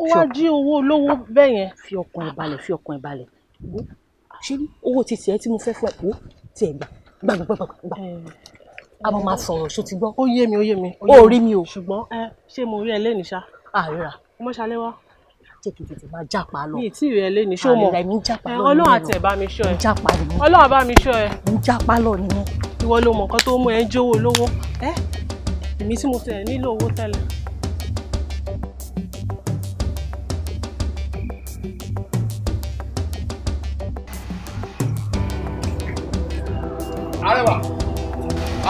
ó wá jí owó olówó bẹ́ẹ̀ yẹn. fi ọkàn ẹ̀ balẹ̀ fi ọkàn ẹ̀ balẹ̀ ṣé owó ti tiẹ̀ tí mo fẹ́ fún ẹ̀ tiẹ̀ gbà gbàgbàgbàgbà a máa máa sọ̀rọ̀ ṣó ti gbọ́. ó yé mi ó yé mi. ó rí mi o. ṣùgbọ́n ẹ ṣé mo rí ẹ lẹ́nu ṣá. àríra. mo ṣalẹ́ wá. jẹ́ kí tètè máa jápa lọ. mi ì tí ì rí ẹ lẹ́nu ṣó mọ̀. àríra mi ń jápa lọ ni mo. ọlọ́run àti ẹ̀ bá mi ṣọ́ ẹ. ń jápa ni mo. ọlọ́run bá mi ṣọ́ ẹ. ń jápa lọ ni mo. ìwọ ló mọ̀ nǹkan tó mú ẹ ń jówó lówó. ẹ èmi tí mo tẹ̀ nílò owó tẹ́lẹ̀.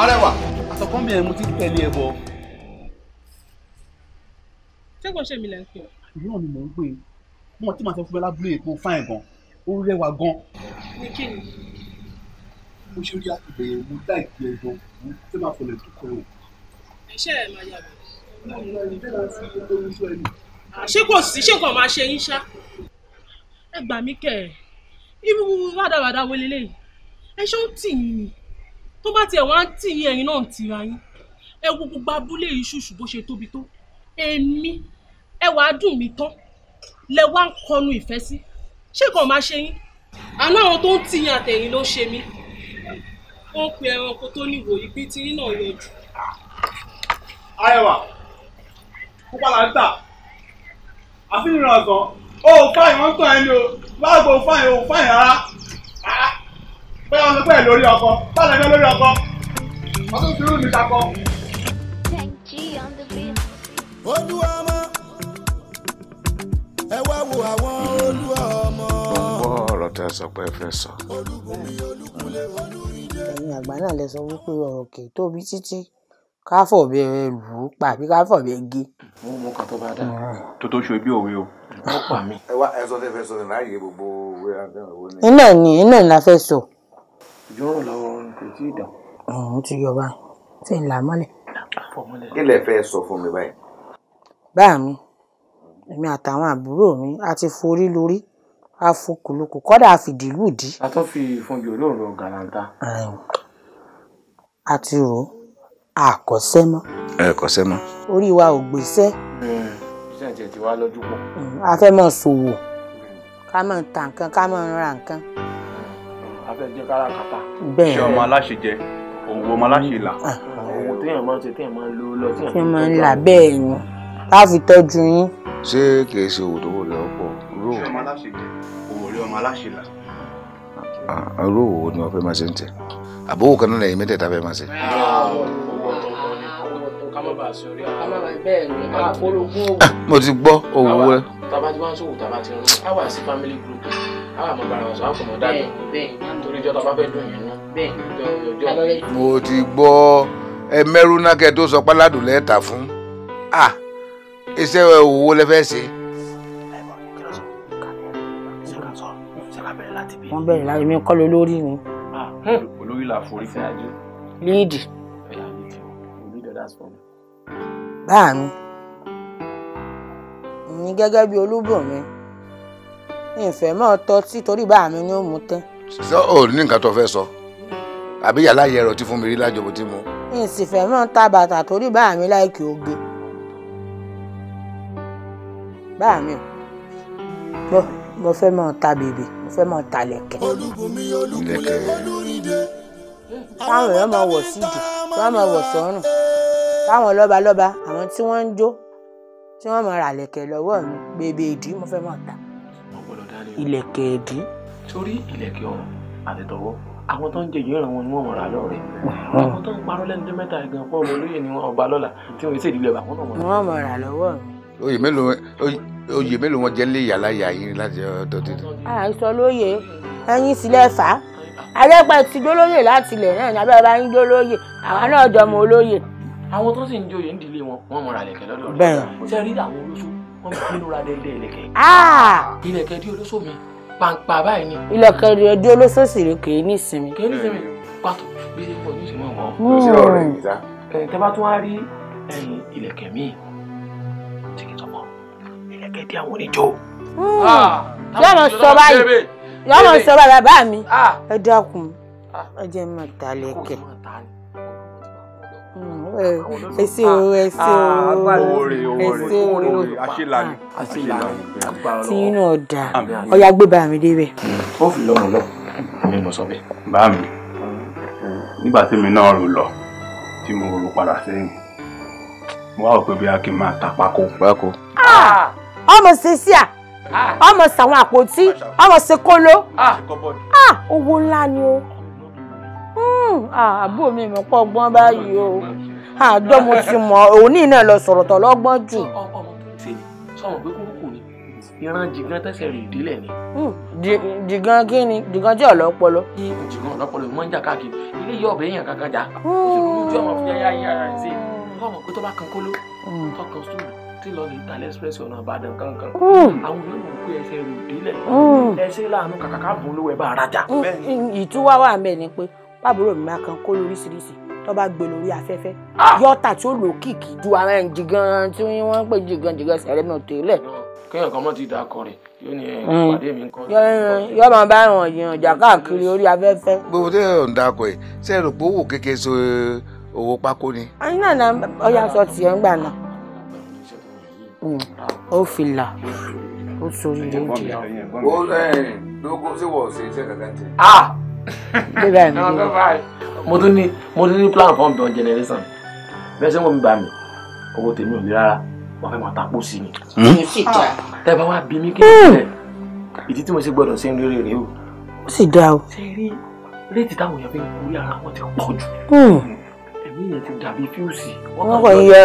arẹwà. àtọkọ́nbí ẹ̀ mo ti tẹ̀lé ẹ bọ̀. ṣé kò ṣe mi lẹ́ ń pè ọ́. ìlú náà ni mò ń pè é mo ti máa sọ fún bẹ́lá blue èpo fáìn gan ó rẹwà gan. ní kí ni. mo ṣe rí àtìgbẹ̀ yẹn mo dá ìgbẹ́ ẹ gan mo fẹ́ máa fọlẹ̀ tó kọ́ ọ. iṣẹ́ ẹ̀ máa yàgbẹ́. ṣé kò sí ṣé kò máa ṣe yín ṣá. ẹ gbà mí kẹ́ ẹ irú rádaràda wo leléyìí ẹ ṣó ń tì yín ni tó bá tiẹ̀ wá ń tì yín ẹ̀yin náà ń tira yín ẹ wo gbogbo abúlé yìí ṣùṣù bó ṣe tóbi tó èmi ẹ wàá dùn mí tán lẹ wá ń kọnu ìfẹ́ sí ṣé kàn máa ṣe yín àná àwọn tó ń tì yín àtẹ̀yìn ló ṣe mí ó ń pe ẹranko tó ní ìwòyí pé tí yín náà yọjú. arẹwà púpà là ń tà àfihàn ọ̀sán ó fáìn wọ́n tàn ẹni o láàgbò fáìn o fáìn rárá pé ọ̀rọ̀ tẹ́ sọ pé ẹ fẹ́ sọ. ẹ̀yin àgbà náà lè sọ wípé ọ̀rọ̀ kè tóbi títí ká fọ̀bẹ lù ú pa àbí ká fọ̀bẹ gé. mo mú kan tó bá dá mm. tó tó ṣe bí òwe o ó pa mí. ẹ wá ẹ sọ fẹ́ fẹ́ sọ ní láàyè gbogbo ìwé àgbẹ̀ ni. iná ni iná ni la fẹ́ sọ ìjọ́rùn lọ́wọ́ kò tí ì dàn. ọ̀hún ti yọ báyìí tí ń là mọ́lẹ̀. kí lẹ fẹ́ sọ fún mi báyìí. báà mi èmi àtàwọn àbúrò mi a ti forí lórí a fokùlùkù kọ́dà a fìdí lùdí. a tún fi ìfúnjẹ olóòrò gàlàǹtà. a ti rò ó àkọsẹ́ mọ́. ẹ kọsẹ́ mọ́. orí wa ò gbèsè. iṣẹ́ ìjẹ́ ti wá lọ́jú pọ̀. a fẹ́ mọ̀ ṣòwò ká mọ̀ ta nǹkan ká mọ̀ ra nǹkan afẹ́jẹ́ káràkátà. bẹ́ẹ̀ ṣé ọmọ aláṣejẹ òwò ọmọ aláṣelà. Ah. òwò téèyàn máa ń ṣe téèyàn máa ń lo lọ téèyàn máa ń là bẹ́ẹ̀ ni láàfin tọ́jú yín. ṣé kìí ṣe òwò tó wò lọ pọ̀ ró. ṣé ọmọ aláṣejẹ òwò rí ọmọ aláṣelà. Ah, ah, ró òwò ni wọ́n fẹ́ máa ṣe ń tẹ̀ àbówò kan náà lẹ́yìn mẹ́tẹ̀ẹ̀ta fẹ́ máa ṣe. mo ti gbọ́ òwò rẹ tàbá ti wá ń sòwò family group á wà mọ bara wọn sọ á fọmọ dájú. bẹ́ẹ̀ bẹ́ẹ̀ ìjọ tá a bá fẹ́ dùn yín nú. mo ti gbọ́ ẹ mẹ́rú náà kẹ́ tó sọ páládù lẹ́ẹ̀ta fún iṣẹ́ òwò lẹ fẹ́ ṣe. wọ́n bẹ̀rẹ̀ láti mi kọ́ lọ lórí mi. Hmm. olórí là forí fún àjò. léèdì. báà mi ní gẹ́gẹ́ bí olúbọ̀ mi ìfẹ́ mọ́ ọ tọ́ sí torí báà mi ni ó mú tán sọ ò ní nǹkan tó fẹ́ sọ àbí yàrá yẹrọ tí fún mi rí lájọ bó ti mu. n sì fẹ́ mọ́ ta bàtà torí bá mi láìkí oge bá mi o mo fẹ́ mọ́ ta bèbè mo fẹ́ mọ́ ta lẹ̀kẹ̀. lẹ̀kẹ̀ táwọn èèyàn máa wọ̀ sídìí wọ́n máa wọ̀ sọ́rùn táwọn lọ́balọ́ba àwọn tí wọ́n ń jó tí wọ́n máa ra lẹ̀kẹ̀ lọ́wọ́ mi bèbè ìdí mo fẹ́ mọ́ ta ilẹ̀kẹ̀ ìdí sórí ìlẹ̀kẹ̀ ọ̀run àtẹ̀tọ̀wọ́ àwọn tó ń jẹ ìyẹn ìrànwọ́ ni wọ́n mọ̀ rà lọ́rẹ̀ àwọn tó ń parọ́ lẹ́nu tó mẹ́ta gan fún ọmọ olóyè ni wọ́n ọba lọ́la tí wọ́n ṣe ìdílé bá wọn náà wọ́n mọ̀ rà lọ́wọ́ mi. oyè mélòó oyè mélòó wọn jẹ lé yàrá yà yín láti ọ̀dọ̀ títí. àìsàn lóye ẹ̀yin sílẹ̀ fà á alẹ́pẹ́ ti gbólóyè láti ilẹ̀ náà ní abẹ́ bá ń gbólóyè àwa náà jọmọ olóyè. àwọn tó sì ń joyè ń dilé wọn wọn mọra lẹ̀kẹ̀ lọ́dọ̀ pàǹpà báyìí ni. ìlọkẹ rẹ ọdún olóṣooṣì rẹ kì í ní ìsinmi. kì í ní ìsinmi pàtó bí ṣe ń pọ̀ ní ìsinmi ọ̀wọ́. ó ṣe ọ̀rọ̀ ẹ̀yìn sá. ẹ̀yìn tẹ́ bá tún wá rí ìlẹ̀kẹ̀ míì tí kì í tọmọ ìlẹ̀kẹ̀ tí àwọn oníjó. Hmm. Ah, yọ̀nà sọ báyìí yọ̀nà sọ báyìí bàbá mi ah. ẹ dákun ah. ẹ jẹ́ máa ta lẹ̀kẹ̀. Eh, ẹ ṣé o ẹ ṣé o ah, ẹ ṣé o àṣelàní àṣelàní tí inú ọ̀dà ọ̀yà gbé bá mi débẹ̀. ó fi lọ́rùn lọ ní mo sọ bẹ́ẹ̀ bá mi nígbà tí mi náà rò lọ tí mo rò padà sẹ́yìn mo wá rò pé bí a kì í máa ta pákó. pákó. Ah! ọmọ ṣe sí à ah! ọmọ sàwọn àpótí ọmọ ṣe kóló owó ńlá ni o hmm. àbúrò mi mọ̀ pọ̀ gbọ́n báyìí o. Ah, àdó mo ti mọ òní náà lọ sọ̀rọ̀ tọ̀ lọ́gbọ́n jù. ìran jìgàn tẹ̀sẹ̀ rè délẹ̀ ni. Hmm, jìgàn kí ni jìgàn jẹ́ ọ̀lọ́pọlọ. jìgàn ọ̀lọ́pọlọ mọ́ ń jà káàkiri ilé yọ ọ̀bẹ yẹn kankan jà ojú ọmọ fi yáyá yára ṣe hmm. ọmọ pé tó bá kan kóló hmm. tó sóòlù tí lọ lè tà lẹ́sìpẹ́sì ọ̀nà Ìbàdàn kankan àwọn yóò mọ̀ pé ẹsẹ̀ rè délẹ̀ ẹsẹ̀ láàánú kàkàkà bùn lówó ẹ bá rajà. ìtúwá wà mẹ́ẹ̀ pé bábúrò mi máa kan kóló oríṣiríṣi tó bá gbé lórí afẹ́fẹ́ ah! yọta tí ó lò kìkì ju ara ẹ̀ jìgan tí wọ́n ń pè jìgan jìgan sẹ̀rẹ̀ náà tẹ́lẹ̀. kéèyàn kan mọ̀ ti da akọ rẹ̀ yóò ní ìpàdé eh, hmm. mi kọ́. yọ máa bá àwọn èèyàn jà káàkiri orí afẹ́fẹ́. gbogbo tí yóò ń dakọ̀ ẹ̀ ṣe rò pé owó kékeré so eh, owó pákó ni. ayé náà na ọyà sọ tiẹ̀ ń gbà náà hmm. ó fi là ó sori lóde. ó ẹ eh, lógún sí wọ̀ ṣe iṣẹ́ kankan tẹ. Ah! mo tún ní mo tún ní plan fún ọ̀dọ̀ generation bẹ́ẹ̀ sẹ́wọ́n mi bá mi owó tèmi ò lè rárá wọ́n fẹ́ máa tapó sí mi. Hmm? tẹ́ bá wá bí mi kí n tẹ̀ hmm. ìdí tí mo ṣe gbọ́dọ̀ ṣe ń rí rèé o. ó sì dáa o. ṣe rí réètì táwọn èèyàn fi ń kúrí ara wọn ti pọ̀ jù. Hmm. ẹ̀mí yẹn ti dàbí fíùsì wọ́n kàn yọ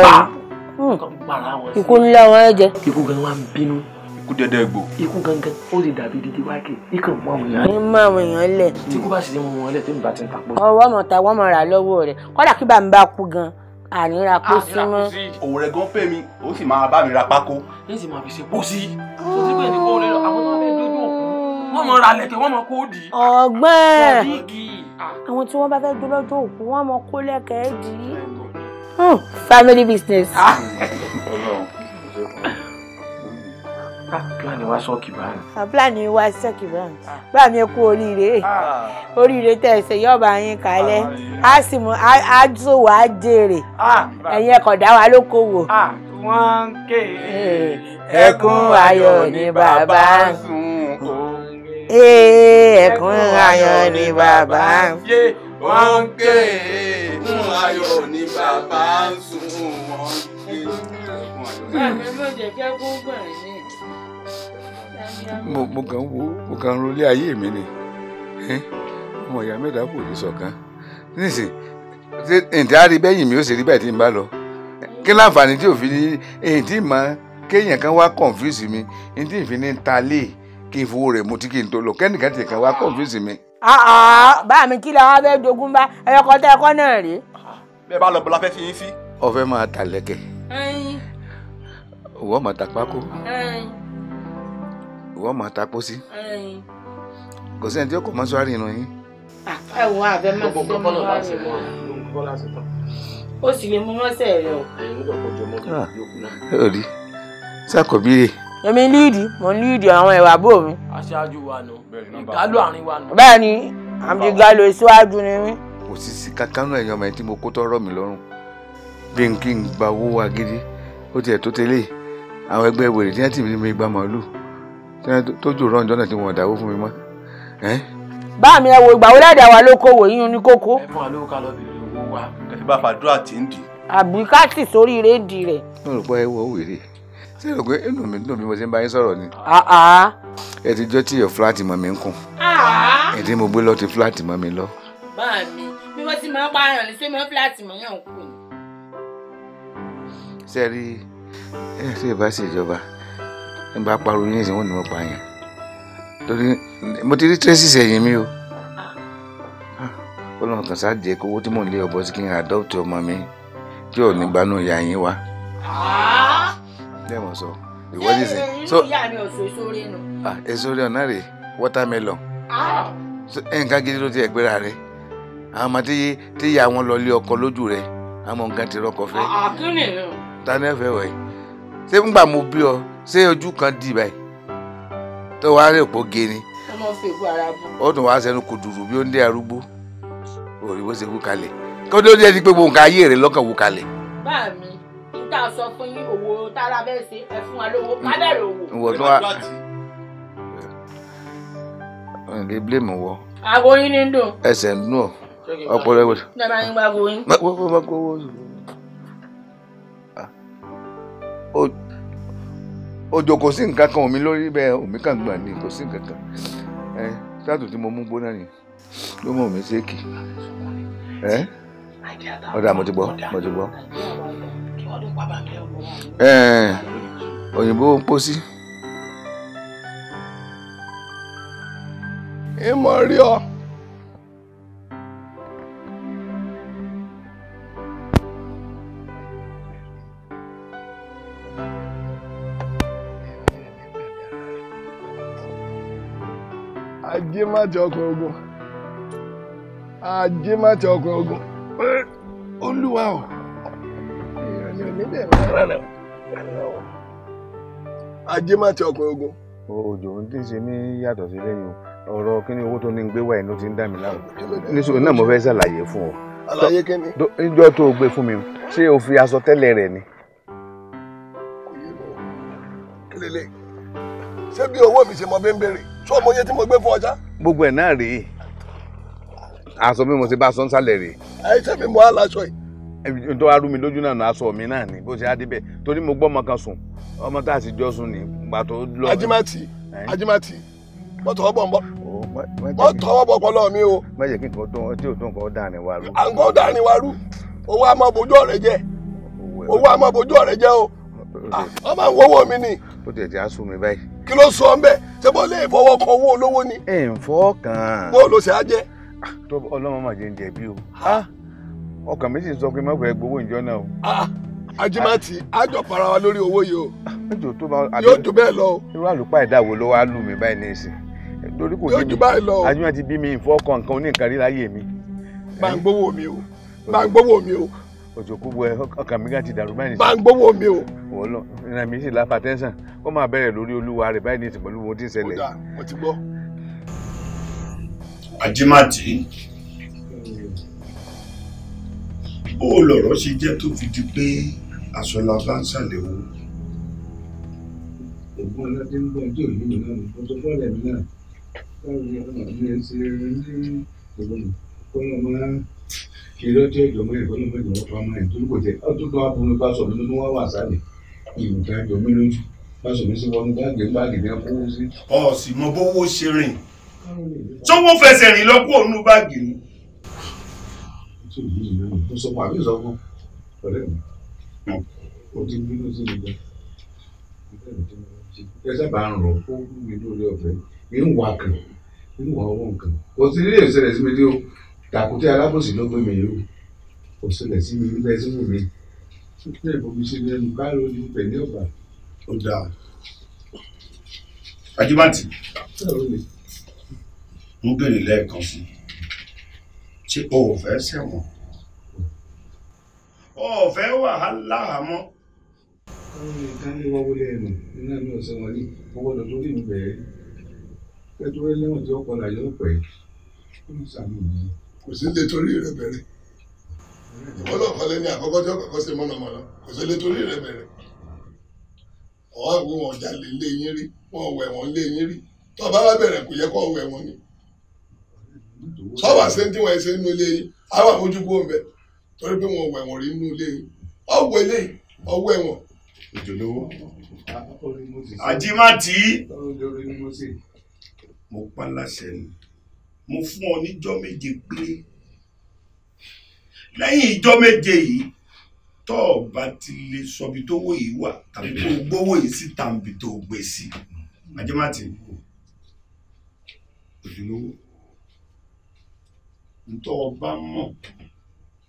pa ikú ńlá wọn ẹ jẹ. gan wa ń bínú ikú dẹdẹ gbò. ikú gangan ó lè dàbí dídí wákè ikàn mọ àwọn èèyàn. ní mọ àwọn èèyàn lẹ. tí kú bá sì ní wọn lẹ tẹmí bá ti ń tapó. ọwọ́ mọ̀ ta wọ́n mọ̀ rà lọ́wọ́ rẹ̀ kọ́dà kí bá ń bá kú gan ànira kó sí mọ́. òwò rẹ̀ gan pè mí ó sì máa bá mi ra pákó. ní sì máa fi ṣe kó dì àwọn tí wọ́n bá fẹ́ dúró òkú wọ́n mọ̀ kó lẹ̀kẹ̀ dì hmm, family business. Ah. Ah, plan wa sọ́ọ̀kì báyìí. Ah, plan wa sọ́ọ̀kì báyìí. Ah. Bá mi kú oríire. Oríire tẹ̀ ṣe yọ̀ọ̀bà yín kalẹ̀. A sì mú àjòwò àjèrè. Ẹ̀yin ẹ̀kọ̀ dá wa lókòwò. Wọ́n ń ké ẹkún ayọ̀ ni bàbá ń sun kò. Ẹkún ayọ̀ ni bàbá ń ṣe. Wọ́n ń ké ẹkún ayọ̀ ni bàbá ń sun wọ́n. Báyọ̀ ló jẹ́ kẹ́kún gbọ̀n mo mo kàn wo mo kàn ro ilé ayé mi ni ọmọ ìyá mẹ́ta kò lè ṣọ̀kan nísìn ǹtẹ́ bẹ́yìn mi ó sì rí bẹ́ẹ̀ tí n bá lọ kí láǹfààní tí òfin ní èyí tí mà kéèyàn kan wá confuse mi èyí tí ìfin ní ta lè kí n fowó rẹ̀ mu tí kì í tó lọ kẹ́nìkan tiẹ̀ kan wá confuse mi. bá mi kí làwọn fẹ́ jogún bá ẹ̀kọ́ tẹ́ ẹ̀kọ́ náà rèé. bẹ́ẹ̀ bá lọ bọ́lá fẹ́ fi yín sí. ọfẹ máa ta lẹ̀kẹ̀. owó máa ta pákó ìwọ mọ̀ ta pósí. kò sí ẹni tí ó kò mọ́ sọ́ọ́rì irun yín. ẹ wo àbẹ máa ti tẹ́ mọ́ wá sí i. ó sì lè mú mọ́sẹ̀ rẹ o. ó ah. rí sákòbí rè. èmi líìdì mo líìdì àwọn ìwà bò mi. aṣáájú wa nù ìgbàlù àárín wa nù. bẹ́ẹ̀ ni àmì ìṣíwájú ni mí. kò sí sí kankan ẹ̀yàn ọmọ ẹ̀ tí mo kó tọ́rọ̀ mi lọ́rùn bí n kí n gba owó wa gidi ó tiẹ̀ tó tẹ́lẹ̀ àwọn ẹgbẹ́ wèrè tí wọ́n ti mi gba màálù tójú rán ìjọ tí wọn dàwó fún mi mọ́. bá mi ẹ wo ìgbà wo lẹ́dàá wa ló kó wò yín ní kókó. ẹ fún wa lówó ká lọ bí owó wa ẹ fi bá fàdúrà tí ń dì. àbíkátì sórí rédì rẹ. mo rò pé ẹ wọ wèrè ṣé ẹ rò pé inú mi dùn bí mo ṣe ń bá yín sọ̀rọ̀ ni. ẹ ti jọ́ tí ẹ̀ fúláàtì mọ́ mi ń kùn ẹ̀ ti mo gbé lọ ti fúláàtì mọ́ mi lọ. bá mi bí wọ́n ti máa ń pààyàn ní sẹ́mi fúláàtì mọ́ yàn kù. sẹ́ẹ̀rí ẹ̀ ṣe nígbà pariwo ní ìsìn wọn ni mo pa yẹn torí mo ti rí traces ẹ̀yìn mi o ọlọ́run ah, kan sáà jẹ́ kówó tí mò ń lé ọbọ sí kí n adopt ọmọ mi kí ò ní gbanú ìyá yín wá. bẹ́ẹ̀ mo sọ ìwọ ní sìn. so èso rẹ̀ ah, ọ̀nà rè watermelon nǹkan gidi ló ti ẹ̀gbẹ́ra rẹ̀ àwọn ọmọ tí ìyá wọn lọ lé ọkọ lójú rẹ̀ àwọn nǹkan ti rọkọ fẹ́. Ah, ta ni ẹ fẹ́ wẹ̀ yìí ṣé ńgbà mo bí ọ ṣé ojú kan dì báyìí tó wàá rè pọ̀ gé ni. ó tún wàá sẹnu kùdùrù bí ó ń dé arúgbó òrì bó ṣe wú kalẹ̀ kí ó tó dé di pé gbogbo nǹkan ayé rẹ lọ́kàn wú kalẹ̀. bá mi nígbà sọ fún yín òwò tára bẹ́ẹ̀ ṣe ẹ fún wa lówó ká bẹ̀rẹ̀ òwò. ìwọ tó wá ǹlẹ blame wọ. àgbo yín ni ń dùn. ẹsẹ̀ ń dùn ọ ní ẹ bá yín gbàgbó yín. òjò kò sí nǹkan kan omi lórí bẹ́ẹ̀ omi kan gbà ní kò sí nǹkan kan ẹ ṣáàtù tí mo mú gbóná ni ló mọ omi ṣéèkì ẹ ọ̀dà mo ti gbọ́ mo ti gbọ́ ẹ òyìnbó ń pósí. ìmọ̀ rí ọ. ajé má ti ọkùnrin ogun ajé má ti ọkùnrin ogun olúwa o èèyàn ni òní bẹ̀rẹ̀ rárá rẹ̀ ajé má ọkùnrin ogun. òjò ń tí ń ṣe yàtọ̀ sí lẹ́yìn o ọ̀rọ̀ kí ni owó tó ní gbé wáyé ló ti ń dà mí láàmú níṣòro náà mo fẹ́ ṣàlàyé fún ọ. àlàyé kí ni. tó o gbé fún mi ṣé o fi aṣọ tẹ́lẹ̀ rẹ̀ ni. kò ṣé bí owó mi ṣe mọ bẹ́ẹ̀ ń bèrè. ṣé o tí mo gbé fún ọjà. gbogbo ẹ̀ náà rèé aṣọ mi mo ti bá aṣọ ń sálẹ̀ rèé. àìsàn mi mo ala yìí tó mi lójú náà aṣọ mi náà ni bó ṣe mo gbọ́ ọmọ kan sùn ọmọ tá a sì jọ sùn ní ìgbà tó lọ. ajimati ajimati mo tọwọ́ bọ̀ ń mo mi o. má jẹ́ kí tó tí o tó rú. à ń rú owó o ah, ọmọ kí ló sọ ń bẹ̀ ṣé bó lè owó olówó ni. ẹ ń fọwọ́ kàn án. bó ṣe á jẹ. Ah, ọlọ́mọ máa jẹ ń o ah, ọkàn mi sọ pé mọ̀gbẹ́ gbowó ìjọ náà o. Ah, ajimati para wa lórí owó yìí o. tó bá yóò jù bẹ́ẹ̀ lọ. irú àlùpà ìdáwó ló wá lù mí báyìí lórí kò yé mi ajimati bí mi nǹkan mi o òjò kúbo ẹ ọkàn mi gà ti dàrú báyìí. máa ń gbówó mi o. wọ́n lọ ìrìn àmì sì láfa tẹ́sán ó máa bẹ̀rẹ̀ lórí olúwa rẹ̀ báyìí ní ìsìn pẹ̀lú ohun tí ń ṣẹlẹ̀. kódà mo ti gbọ́. àjẹmàtì bó lọ̀rọ̀ ṣe jẹ́ tó fi di pé aṣọ la bá ń ṣàlẹ̀ wo. ògùn aládé ń bọ̀ ọjọ́ ìlú náà ọjọ́ bọ́ọ̀lù ẹ̀mí náà báwo ni ọmọ mi ẹ kí ló dé ìjọba ẹ̀kọ́ ní ìjọba ìjọba pamọ́ ẹ̀ torí kò tẹ ọ́ tó lọ́wọ́ bomi pásọ̀ mi ló wá wà sálẹ̀ ìwùdá jọmí lójú pásọ̀ mi sì wọnú báàgì báàgì ní ẹ̀fọ́wọ́ sí. ọ sì mọ bówó ṣe rìn sọwọ́ fẹsẹ̀ rìn lọ́kọ́ òun ní báàgì ni. mo sọ fún àbí ìsọfún ọ̀rẹ́ mi o ti bínú sí mi gan ẹsẹ̀ bá ń rọ̀ fún mi lórí ọ̀fẹ́ mi ń wà kàn mi ń wà ọwọ́ nǹkan kò sí ilé ìṣẹ̀lẹ̀ sí mi dé o tàkúté alábòsí ló gbé mi yòó kò sílẹ̀ sí mi nígbà tí mo rí nígbà ìbomi ṣe ní ẹnu káàró ní ibẹ̀ ní ọ̀bà. ó dáa ajibanti ń bèrè lẹ́ẹ̀kan sí ṣé o ò fẹ́ ṣẹ̀wọ̀n o ò fẹ́ wàhálà mọ́. àwọn nǹkan ní wọ́n wọlé ẹnu nínú àmì ọ̀sẹ̀ wọn ní owó lọ lórí mi bẹ̀rẹ̀ pẹ̀tùrẹ́ lẹ́wọ̀n tí ó kọlà yóò pẹ̀ kó ló sàmì yìí kò sí lè torí rẹ bẹ̀rẹ̀ ọlọ́pàá lẹni àkọ́kọ́ tí ó kọ́kọ́ ṣe mọ̀nàmọ́ná kò sí lè torí rẹ bẹ̀rẹ̀ ọwọ́ àgbo wọn jalè lé yín rí wọn wẹ̀ wọn lé yín rí tó bá wá bẹ̀rẹ̀ kò yẹ kó wẹ̀ wọn ni sọ́wọ́ àṣẹ tí wọ́n ṣe nínú ilé yín àwọn àmójúgbò ń bẹ torí pé wọn wẹ̀ wọn rí nínú ilé yín ọwọ́ ilé mo pa láṣẹ ni mo fún ọ níjọ́ méje péré lẹ́yìn ìjọ́ méje yìí tọ́ ọ bá ti lè sọbi tó wò yìí wà tàbí kó gbówó yìí sí tàbí tó gbé sí àjẹmátì òdìlówó ntọ́ ọba mọ̀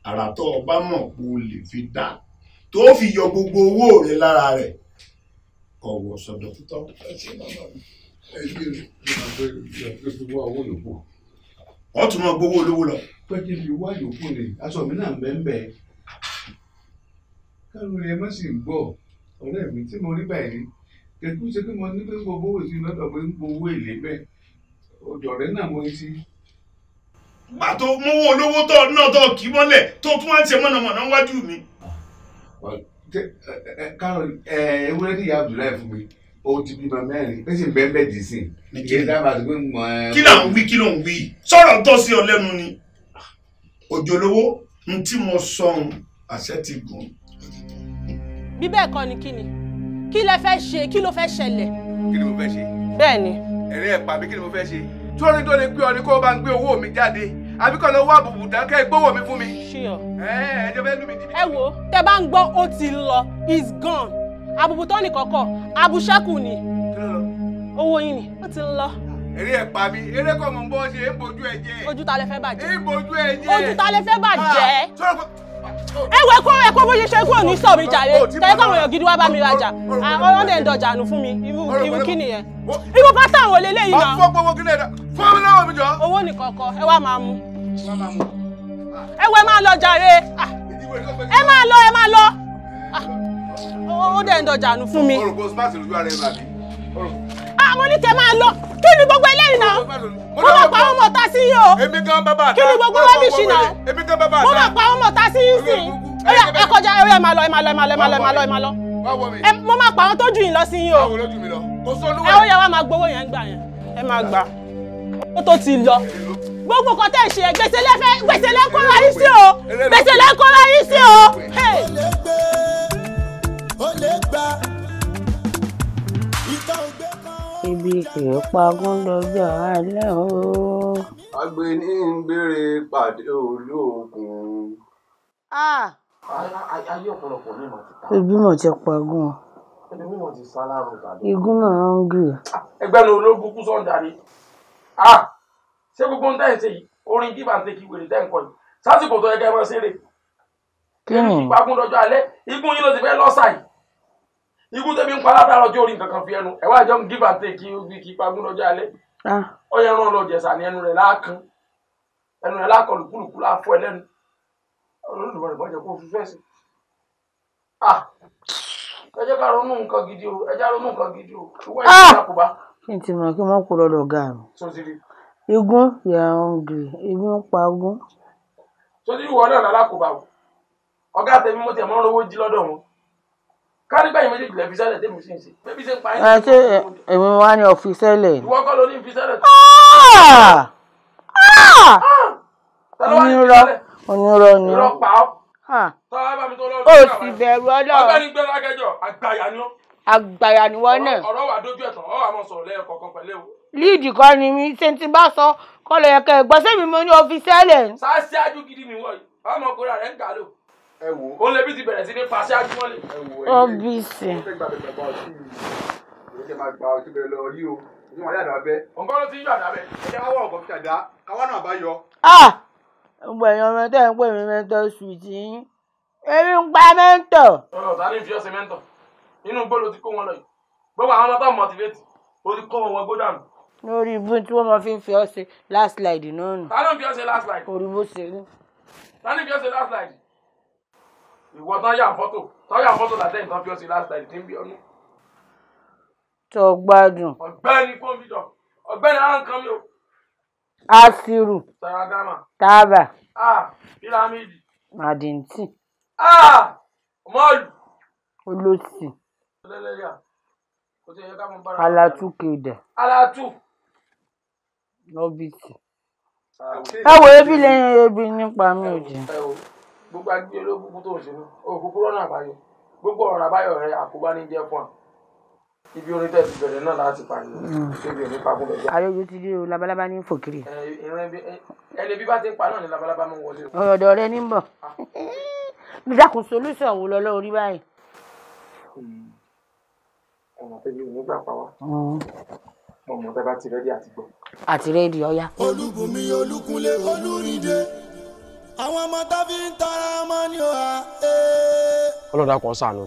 àrà tọ́ ọba mọ̀ kó o lè fi dá tó fi yọ gbogbo owó rẹ lára rẹ ọ̀wọ̀ sọ̀dọ̀. ẹ ṣe bàbá mi ẹ yé e ní àgbẹ̀ ìgbà tó ọ tún máa olówó lọ. pẹ́ẹ́tì wáyé òkú ni aṣọ mi náà bẹ́ẹ̀ bẹ́ẹ̀. káàró má sì gbọ́ ọ̀rẹ́ mi tí mo rí báyìí kẹ̀kú ṣe pé mo ní pé gbogbo lọ́dọ̀ pé ń gbowó èlé bẹ́ẹ̀ náà mo ti. olówó náà tó tún ṣe fún mi. O ti bímọ mẹ́rin pé sì bẹ́ẹ̀ bẹ́ẹ̀ dì sí i kí dábàá tó pé mọ ẹ. Eh, kí ló ń wí kí ló ń wí sọ̀rọ̀ tó sí ọ lẹ́nu ni òjò lówó n tí mo sọ ohun àṣẹ ti gùn. bí bẹ́ẹ̀ kọ́ ni kí ni kí lẹ fẹ́ ṣe kí ló fẹ́ ṣẹlẹ̀. kí ni mo fẹ́ ṣe. bẹ́ẹ̀ ni. ẹ̀rín ẹ̀ pàbí kí ni mo fẹ́ ṣe tí wọ́n pé ọ ni kó o bá ń gbé owó mi jáde àbí kọ́ lọ wá bùbù dákẹ́ gbówó mi fún mi. ṣíọ. ẹ ẹ jẹ́ fẹ́ lù mí ẹ wo tẹ bá ń gbọ́ ó ti lọ it's gone àbùbùtọ́ ni kọ̀kọ̀ àbùṣẹ́kù ni owó yín ni ó ti ń lọ. eré ẹ̀ pa mi eré kọ́ mọ̀ ń bọ́ ṣe é bojú ẹ jẹ́. ojú ta lẹ fẹ́ bàjẹ́. é bojú ẹ jẹ́. ojú ta lẹ fẹ́ bàjẹ́. ẹ wẹ kó ẹ kó bó ṣe ṣe kúrò ní sọ mi jàre tẹ́lẹ̀ kọ́ àwọn èèyàn gidi wá bá mi rajà ọ̀rọ̀ lè ń dọ̀jà nù fún mi irú kí nìyẹn. irú pátá àwọn olè lẹ́yìn náà. fọ́ gbogbo kílẹ̀ dá fọ́ mi náà mi jọ. owó nìkan kọ ẹ wá máa mú. ẹ wẹ máa lọ jàre ẹ máa lọ ẹ máa lọ ó dẹ̀ ń dọjà nù fún mi. orúkọ smart lójú ara ẹ máa bí. àwọn ní kẹ máa lọ kí ni gbogbo eléyìí náà mo máa pa àwọn mọ̀tá sí yìí o kí ni gbogbo rẹ́bìṣì náà mo máa pa àwọn mọ̀tá sí yìí sí ẹ kọjá ẹ máa lọ ẹ máa lọ ẹ máa lọ ẹ máa lọ ẹ máa lọ mo máa pa àwọn tó jù yín lọ sí yín o ẹ ó yẹ wá máa gbowó yẹn gbà yẹn ẹ máa gbà ó tó ti lọ gbogbo nǹkan tẹ̀ ṣe gbèsè lẹ́fẹ̀ẹ́ gbèsè lẹ́kọ́ra yín sí o gbèsè lẹ́kọ́ra yín sí o ó lè gbà. ibi ìpagún alẹ́ o. agbe ní ń béèrè pàdé olóògùn. ayé ọ̀pọ̀lọpọ̀ ti ta. ìgbìmọ̀ ti pagún o. ń gè. ẹgbẹ́ ni ológun kú sọ̀ǹda ni ṣé gbogbo ń tẹ̀sí orin give and take ìwèrè tẹ̀ yìí sásìkò tó yẹ kẹ́ ẹ máa ṣeré. kí ni ìpagún lọ́jọ́ alẹ́ igun yín ló ti fẹ́ lọ́sà ikú tẹ̀mí ń pa látàrọ̀ tí orí nǹkan kan fi ẹnu ẹ̀wá ìjọ ń give and take kí kí pagún lọ́jọ́ alẹ́ ah. ọyẹ rán lọ jẹ̀sà ní ẹnu rẹ̀ láàkán ẹnu rẹ̀ láàkọ lùkúlùkú láàfọ ẹlẹ́nu olùdùmọ̀ rẹ̀ bọ́jẹ̀ kó fi fẹ́ sí. Ah. ẹ jẹ́ ká ronú nǹkan gidi o ẹ jẹ́ ronú nǹkan gidi o ìwé ìṣẹ́ àkùbá. Ah! kí n ti mọ̀ kí wọ́n kó lọ́dọ̀ ọ̀gá mi. igun yà hungry igun pa ogun. sotiri wọ náà lálákùbá o ọ̀gá tèmi mo tẹ̀ mọ́ owó jí kárígbà yìí méjèèjì lè fi sẹ́lẹ̀ tẹ́mi sí ń ṣe. bébí ṣe ń pa yín. ẹ ṣe èmi wá ní ọ̀fi sẹ́lẹ̀. ìwọ kọ́ ló ní fi sẹ́lẹ̀. Ah! onírọ́ onírọ́ ni. irọ́ pa ọ́. tọ́lá bá mi tó lọ́wọ́. o sì bẹ̀rù ọlọ́run. ọgbẹ́ni gbẹ́rọ akẹ́jọ́ àgbàyà ni ọ́. àgbàyà ni wọ́n náà. ọ̀rọ̀ wà dójú ẹ̀tàn ọ̀ wà mọ̀ sọ̀rọ̀ lẹ́yọ̀kọ̀ọ̀kan pẹ̀lẹ́ o líìdì kan ni mi ṣe ti bá sọ kọ́ lọ yẹ kẹ́ ẹ̀gbọ́n sẹ́mi mo ní ọ́fíìsì ẹ̀lẹ̀. sáà ṣáájú gidi mi wọ̀ yìí ọmọkùnrin rẹ̀ ń kà ẹ wò ó lè bí ti bẹ̀rẹ̀ sí ní paṣẹ ajúmọ́lé. ẹ wò ẹ ọbíìsì. ó fẹ́ gba bẹ̀rẹ̀ gba ọtí yìí ìjọba gba ọtí bẹ̀rẹ̀ lọ ah! ń yàdá ń pa mẹ́ńtọ̀. ọ̀rọ̀ ta ni fi ọ̀sẹ̀ mẹ́ńtọ̀ inú gbọ́dọ̀ ti kó wọn lọ yìí gbogbo àwọn ọmọ tó motivate ó ti kó wọn gbọ́dọ̀ àmì. lórí ibú tí wọ́n máa fi ń fi ọ̀sẹ̀ last slide náà nù. ta ló ń fi ọ̀sẹ̀ last slide. orí bó ṣe rí. ta ni fi ọ̀sẹ̀ last slide ìwọ táyà fọ́tò táyà fọ́tò làtẹ́yìn tán fi ọ́ sí last time tí ń bí ọdún. tó gbádùn. ọ̀gbẹ́ni kọ́mídọ̀ ọ̀gbẹ́ni àǹkan mi o. asiru. saragama. taba. ah piramidi. madinti. ah mọ́ọ̀lù. olóòsì. ọlẹ́lẹ́yà kò tí ì yẹ ká mọ bára. alatu kéde. alatu. lọ́bìtì. ẹ wo ebi lẹ́yìn ebi nípa mi ò jẹ́ gbogbo agbíyẹ ló kúkú tó ń ṣe ní òkúkú rọ́nà àbáyọ gbogbo ọ̀rọ̀ àbáyọ rẹ àkóbá ní jẹ́ fún ọ ibi orin tẹ̀sí bẹ̀rẹ̀ náà láti pariwo mm. ibi òní pa fúnbẹ̀ jẹ́. ayọ́jú ti dé o labalábá ní fò kiri. ẹni bí bá ti ń pa náà ni labalaba mú wọlé. ọ̀dọ̀ rẹ ní bọ̀ ah. dákun solúsàn wò lọ́lọ́ orí báyìí. ọ̀nà tẹ́jú ò ní gbà pa wá hmm. ọmọ tẹ bá ti rẹ́dí àti gbọ́. àti rẹ́dí ọ̀ya. olúbùnmi olúkunlé olúrìndé àwọn ọmọ tó fi ń tọrọ ọmọ ni ó wà. ọlọ́dà kan sànù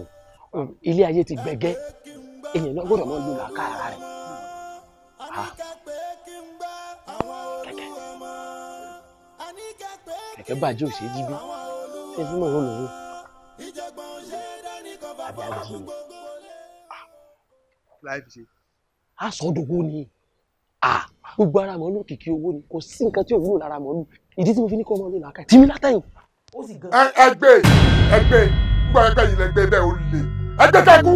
ilé ayé ti gbẹ̀gẹ́ èyàn náà gbọ́dọ̀ mọ́ lùlà káàrà rẹ̀. kẹ̀kẹ́ kẹ̀kẹ́ bàjẹ́ òṣèlú jíbí ṣé fún mọ̀ ọ́n lòun àbí àjì a sọ dogo ni a. Ah gbogbo ara màálù kìkì owó ni kò sí nǹkan tí ò wúlò lára màálù ìdí tí mo fi ní kọ́ ọmọ ló làákà tìmí látàyò. ẹgbẹ́ ẹgbẹ́ gbogbo ẹgbẹ́ yìí lẹ́gbẹ́ bẹ́ẹ̀ ó le ẹgbẹ́ kẹ́kú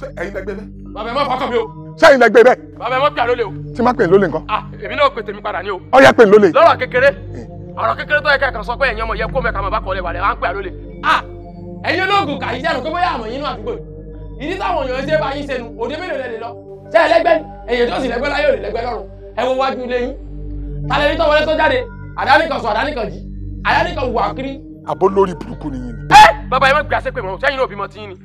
ṣé ẹ̀yin lẹ́gbẹ́ bẹ́ẹ̀. bàbá ẹ má fọkàn mi o. ṣé ẹ̀yin lẹ́gbẹ́ bẹ́ẹ̀. bàbá ẹ má pè àlólè o. tí má pè lólè nǹkan. ah èmi náà pè tèmi padà ní o. ó yá pè lólè. lọ́rọ̀ kékeré eh. ọ̀rọ̀ kékeré tó yẹ kẹ́kàn sọ pé ẹ̀yin ọmọ yẹ kó ṣé ẹlẹgbẹ́ èyàn tí ó sì lẹ́gbẹ́ láyé ò lè lẹ́gbẹ́ lọ́run ẹ wo wájú ilé yín tàlẹ́ ní tó wọlé tó jáde àdánìkan sùn àdánìkan jí àdánìkan wà kiri. àbó lórí burúkú nìyí ni. ẹ bàbá yẹn má gbé àṣẹ pé mọ sẹ́yìn náà bímọ tí yín ni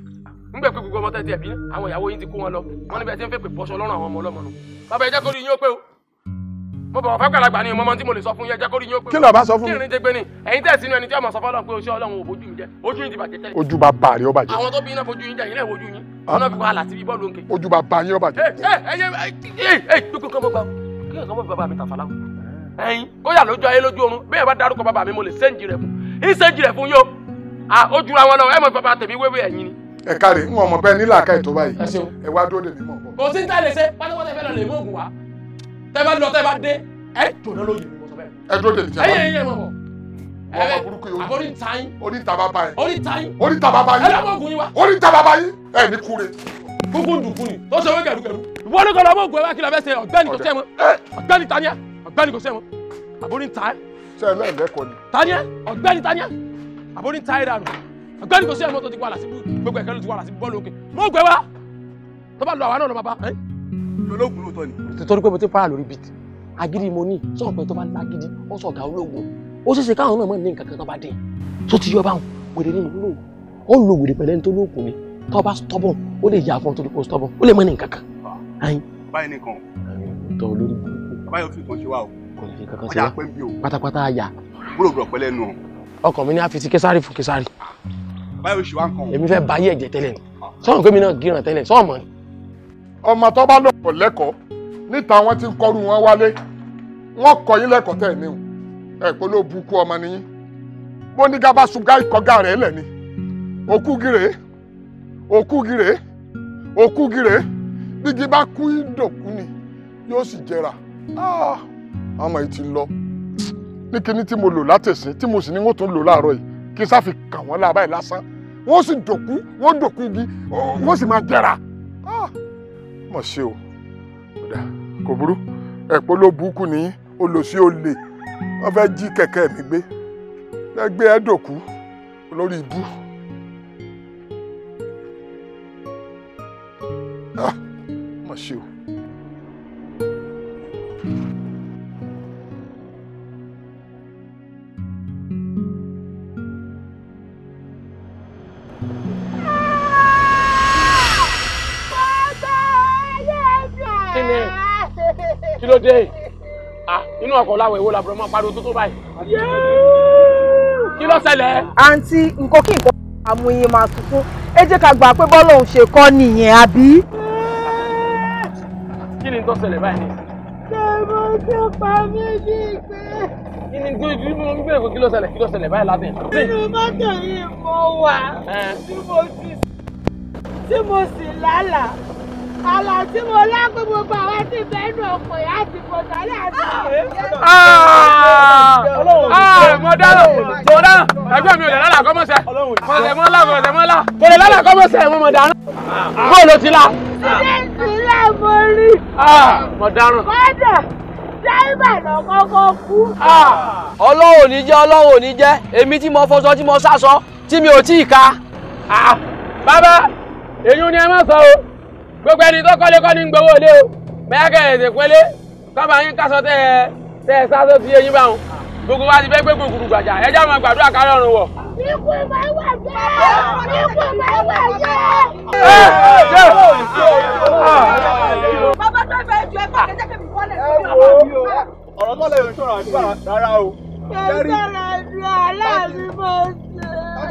nígbà pé gbogbo ọmọ tẹ́tí ẹ̀bí àwọn ìyàwó yín ti kó wọn lọ wọn níbi ẹ ti ń fẹ́ pè bọ́ṣọ lọ́rùn àwọn ọmọ ọlọ́mọ nù bàbá ìjẹ́ kórìí yín ó pé o mo bọ̀ fẹ́ gbàlagbà ni mọ́mọ́ tí mo lè sọ fún yẹn jẹ́ kórìí yín ó pé o kí ló bá sọ fún mi kí ni jẹgbẹ́ ni ẹ̀yin tẹ̀ sínú ẹni tí ọmọ sọ fọlọ́ pé oṣù ọlọ́run ò bójú mi jẹ ojú yín ti bàjẹ́ tẹ́lẹ̀. ojú bá bàrẹ̀ ó bàjẹ́. àwọn tó bí iná fojú yín jẹ yín ọ̀nà fi wàhálà síbi bọ́ọ̀lù òǹkè. ojú bá ba yín ọba jẹ. ẹ ẹ ẹ ẹ gbogbo kan mọ gbà kí nǹkan mọ bí bàbá mi tàfàlà o. ẹyin kóyà lójú ayé lójú oorun bí ẹ bá darúkọ bàbá mi mo lè sẹ́ǹjì rẹ̀ fún yín sẹ́ǹjì rẹ̀ fún yín o. à ojú àwọn náà ẹ mọ bàbá tèmi wéwé ẹ̀yin ni. ẹ káre ń wọn mọ bẹ́ẹ̀ nílà ká ètò báyìí ẹ wá dúró lèmi mọ. kò sí tá a lè ṣe pátápátá ìfẹ́ lọ lè mú òògùn wá tẹ bá lọ tẹ bá dé ẹ jòdó lóye ẹ dúró lèmi tí a bá ọmọ burúkú yìí orí ta yín orí ta bàbá yín orí ta yín orí ta bàbá yín ẹlẹ́mọ̀ ògùn yín wa orí ta bàbá yín ẹ ní kúre. gúngún dùnkún ni tó ṣe wé gẹ̀rúgẹ̀rú ìwọ ní kọlọ ọmọ ògùn ẹ wá kí la fẹ́ ṣe ọ̀gbẹ́ni kò sẹ́wọ̀n ọ̀gbẹ́ni tania ọ̀gbẹ́ni kò sẹ́wọ̀n àbórí ta ẹ́. ṣe ẹ lẹ́ẹ̀lẹ́kọ̀ọ́ ni. tania ọ̀gbẹ́ni tania àbórí ta ẹ̀ dànù ọ̀gbẹ́ni kò sẹ́wọ̀n tó ti wà lásìkò gbogbo ẹ̀kẹ́ ló ti wà lásìkò bọ́ọ̀lù òkè mọ́ ògbẹ́ wa tó bá lọ àwa náà lọ bàbá lọ́lọ́gùn lóòótọ́ ni. torí pé mo ti para lórí bíìtì agídí mo ní sọ̀pẹ́ tó bá lágídí ó sọ̀gá ológun ó ṣeéṣe káwọn náà mọ̀ ní nǹkan kan tó bá dé tó ti yọ báwọn wèrè nínú ló ó lo wèrè pẹ̀lẹ́ nítorí òkú ni tó bá stubborn ó lè yà fún un tó lè kó stubborn ó lè mọ̀ ní nǹkan kan. báyìí nìkan tọ́ olórí burúkú. báyọ̀ o. kò ní fi kankan ṣe wá pátápátá àyà. búrò o. ọkàn mi ní àfitì késàrì fún késàrì. báyọ̀ ṣe wá nǹkan. èmi fẹ́ ba ayé ẹ̀jẹ̀ tẹ́lẹ̀ ni sọ́wọ́n pé mi náà gíràn tẹ́lẹ̀ sọ́wọ́n mọ̀ ni. ọmọ tó bá lọ́pọ̀ lẹ́kọ̀ọ́ níta wọn ti ń kọ́rù wọn wálé wọn kọ yín lẹ́kọ̀ọ́ tẹ̀ ní o ẹ pé ló bu kú ọmọ nìyí bó ní gábà sùn gáì kọgá rẹ lẹ ni òkú gire òkú gire òkú gire bígi bá kú ìdòkú ni yóò sì jẹrà àmọ́ ah! yìí ti lọ ní kíní tí mo lò látẹ̀sìn tí mo sì ní wọ́n tún lò láàárọ̀ yìí kí n sáfi kàn wọ́n láàbá yìí lásán wọ́n sì dòkú wọ́n dòkú igi wọ́n sì máa jẹrà ah! mọ̀ ṣe o kò burú ẹ̀pọ̀ ló burúkú nìyí olùsí olè wọ́n fẹ́ jí kẹ̀kẹ́ mi gbé wọ́n gbé ẹ́dòkú lórí ibú. Ah, kí ló dé? ọkọ̀ láwọn èwo làbúrò máa pariwo tó tó báyìí. kí ló ṣẹlẹ̀. àǹtí nǹkan kí nǹkan àmú iye máa sunkún ẹ jẹ́ ká gbà pé bọ́lá òun ṣe kọ́ nìyẹn àbí. kí ni tó ṣẹlẹ̀ báyìí. ṣèbó tó pa mí ní ìpè. kí ni tó ìdí mú bẹ́ẹ̀ fún kí ló ṣẹlẹ̀ kí ló ṣẹlẹ̀ báyìí lábẹ́. nínú mọ́tò yìí mo wà tí mo sì lálàá àlọ́ tí mo lágbó gbogbo àwọn tí bẹ́ẹ̀ nù ọkọ̀ yá ti bọ̀ sálẹ̀ àti ìwé. Ah! Ah! Ah! mo dáná mo dáná ẹgbẹ́ mi ò lè lálà kọ́mọ̀sẹ̀ mo lè mọ́ là mo lè mọ́ là mo lè lálà kọ́mọ̀sẹ̀ mo mọ̀ dáná. bó ló ti la. ṣé ìtura mo rí. mo dáná. kọ́dà dáìbà lọ kọ́kọ́ kú. ọlọ́run ò ní jẹ́ ọlọ́run ò ní jẹ́ èmi tí mo fọṣọ tí mo sásọ tí mi ò tí ì ka. bàbá èyí ni ẹ má sọ o gbogbo ẹni tó kọ́lé kọ́ ní gbowó lé o bẹ́ẹ̀ kẹ́ ẹ̀ ṣe pélé kọ́ba yín kásọ tẹ́ ẹ tẹ́ ẹ sásọ sí eyín báwọn gbogbo wa ti fẹ́ gbé gbogbo gbàjà ẹ já máa gbàdúrà ká lọ́rùn wọ̀. ikú ìmọ̀ ẹ̀wà jẹ́ ikú ìmọ̀ ẹ̀wà jẹ́. bàbá tó fẹ́ ju ẹgbẹ́ kẹ́kẹ́ mi kọ́lẹ̀ sí ọ̀rọ̀ mọ́lẹ̀ yóò ṣọ́ra àdúrà rárá o. kẹ́kẹ́ rẹ̀ ju aláàbí mo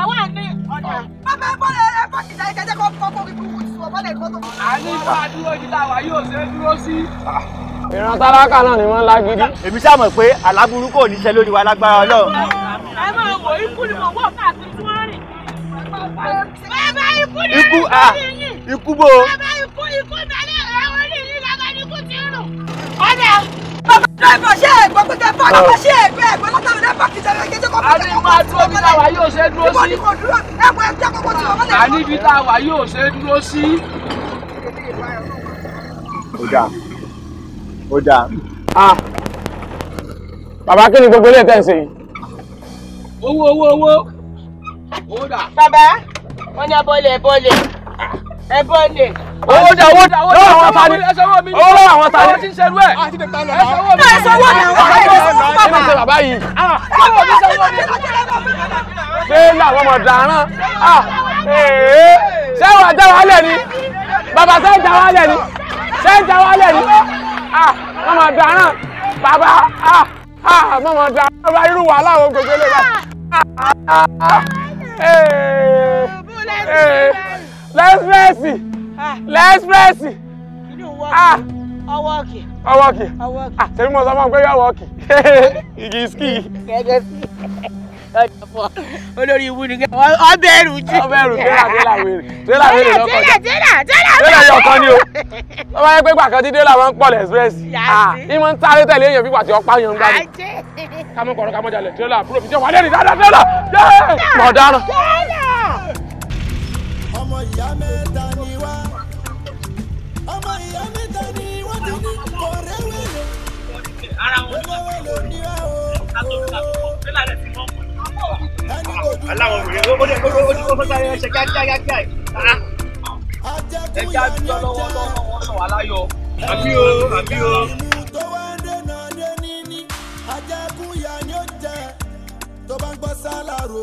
àwa ní ọ̀dà. bàbá bọ́lá ẹ kọ́ ti dáa jẹjẹ kọ́ kọ́ kí kúkú sùn ọ bọ́lá ìkọ́ tó. a ní ìfọ àdúró yìí táwa yóò ṣe é dúró sí. ìran tálákà náà ni wọ́n lágídí. èmi ṣáà mọ̀ pé aláburú kò ní ṣe lórí wa lágbára Ọlọ́run. ẹ máa wò ikú ni mo wọ káàkiri tí wọ́n rìn. bàbá ikú ni ikú ah, ni yín. ikú bò. bàbá ikú ikú bẹ̀rẹ̀ ẹ̀rọ ní yín lábẹ́ ikú ti rùn. ọ̀dà bàbá dírẹ́fà ṣé ẹ̀gbọ́n pé kẹ́ fáwọn ọmọ ṣé ẹ̀gbẹ́ ẹ̀gbọ́n látàrí náà pàkì tẹ̀lé ẹ̀gẹ́ tó kọ́ fún ah bàbá kí ni gbogbo ilé tẹ̀ ń ṣe yìí. owó owó owó owó bàbá wọn ní abọ́lẹ̀ bọ́lẹ̀ ẹbọ ni. owó dà owó dà owó àwọn tani owó ah, àwọn tani. owó ti ń ṣerú ẹ. ẹ sọwọ́ mi wá ẹ sọwọ́ bàbá. ẹ sọwọ́ bàbá yìí. owó ti sọwọ́ mi. ṣé làwọn ọmọ dàrán ah, eh, ṣé wàá já wálẹ̀ ni bàbá ṣé ń já wálẹ̀ ni ṣé ń já wálẹ̀ ni ah, ọmọ dàrán bàbá ọmọ dàrán bàbá irú wàhálà wo gbogbo lè bá. Hey! Hey! Let's lẹ́sírẹ́sì ah. lẹ́sírẹ́sì. inú ah. wọ́ọ̀kì ọwọ́ọ̀kì. ọwọ́ọ̀kì ọwọ́ọ̀kì. Ah, àtẹ̀mí mo sọ fún ọ pé yóò wọ́ọ̀kì igi ski. gẹ́gẹ́ sí ọjà fún ọ you. ìwú ni ọbẹ̀ ẹrù jí. ọbẹ̀ ẹrù tẹ́lá tẹ́lá wèrè tẹ́lá wèrè lọ́kọ̀ jẹ́ tẹ́lá tẹ́lá tẹ́lá yọkan ni o wọ́n bá yẹ pé gbàkan tí tẹ́lá máa ń pọ̀ lẹ́sírẹ́sì. ìmọ̀ ń sáré tẹ̀lé èèyàn bí pàtí ọ̀pá yẹn ń gbádùn. kámọ́ kọ̀ọ̀rọ̀ kámọ́ jalè tẹ́lá àbúrò mi jẹ́ wà lẹ́rìí dáadáa tẹ́lá. mọ̀ ọ̀daràn ọmọ ìyá mẹ́ta ni wá ọmọ ìyá mẹ́ta ni wọ́n ti ní kọ̀ọ̀rẹ́ wẹ̀rẹ̀ olówó ló ní wá o. ẹni kò dúró aláwọ̀ wèrè ó ní ó ní ó ní ó sáré ẹsẹ̀ kíákíá kíákíá yìí. ẹja bí ọlọ́wọ́ lọ́wọ́ wọn àbí o àbí o. tó bá ń gbọ́ sálárò.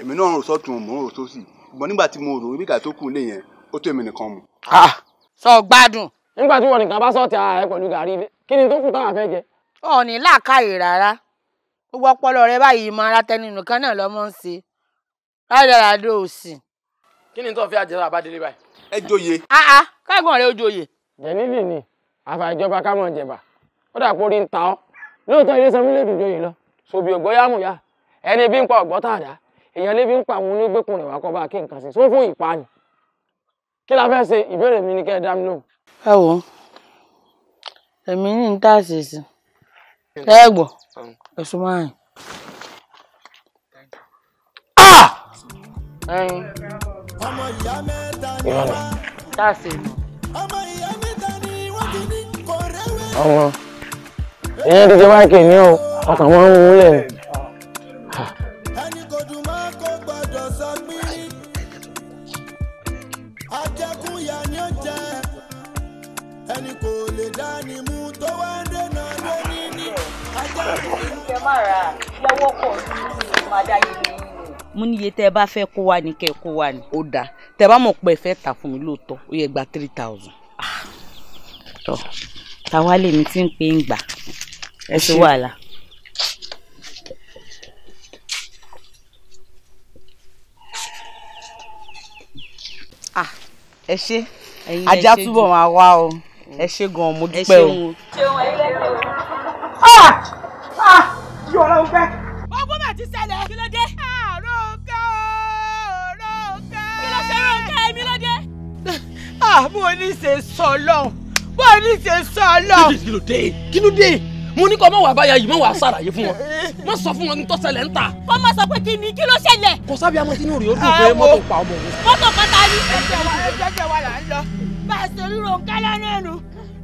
èmi náà rò sọ́tún mò ń rò sósì ṣùgbọ́n nígbà tí mo rò ibi ìgbà tó kù lé yẹn ó tó èmi nìkan mu. sọ gbádùn. nígbà tí wọn nìkan bá ara rẹ pẹ̀lú gàrí ilé kí ni tó kù táwọn afẹ́ jẹ. ọ̀ọ́nì làákàyè rárá gbogbo rẹ báyìí mọ ara nìkan náà lọ́mọ ń ṣe òsì. kí ni tó fi àjẹsà àbádélé báyìí. ẹ jóye. àá rẹ ó èèyàn lébi ń pa àwọn onígbèkùn rẹ̀ wá kọ́ bá kí nǹkan ṣe sún fún ìpani kí la fẹ́ ṣe ìbéèrè mi ni kẹ́ ẹ dá mi lóhùn. ẹ wò ó èmi ní ní táàsì sí ẹ gbọ́ ẹ̀sùn máa yìn. ìrọ̀lẹ́ táàsì. ọmọ ìyẹn ti jẹ báńkì ní o ọkàn máa ń wúlẹ̀ ni. mo ní iye tẹ́ ẹ bá fẹ́ kó wa ni kẹ́ ẹ kó wa ni. ó dáa tẹ́ bá mọ̀ pé ẹ fẹ́ tà fún mi lóòótọ́ ó yẹ gba three thousand. Ah, tọ tàwa lèmi tí ń pè ń gbà ẹ ti wàhálà. Ah, ẹ ṣe ajá túbọ̀ máa wá o ẹ ṣe gan mo dúpẹ́ o. yọ̀ọ̀rọ̀ ń fẹ́. ogun mà ti ṣẹlẹ̀. kí ló dé. Ah! èmi ló dé. mo ní ṣe sọ lọ mo ní ṣe sọ lọ. kí ló dé kí ló dé mo ní kó má wá báyà yìí má wá ṣàlàyé fún wọn má sọ fún wọn ní tó ṣẹlẹ̀ ń ta. kó má sọ pé kí ni kí ló ṣẹlẹ̀. kò sábẹ́ amọ̀ sínú rẹ̀ ó dùn ah, pé mọ́tò pa ọmọ òun. mọ́tò kọta ni. ẹjẹ wa ẹjẹ wa là ń lọ. bá a ṣe ríro nkálá náà nù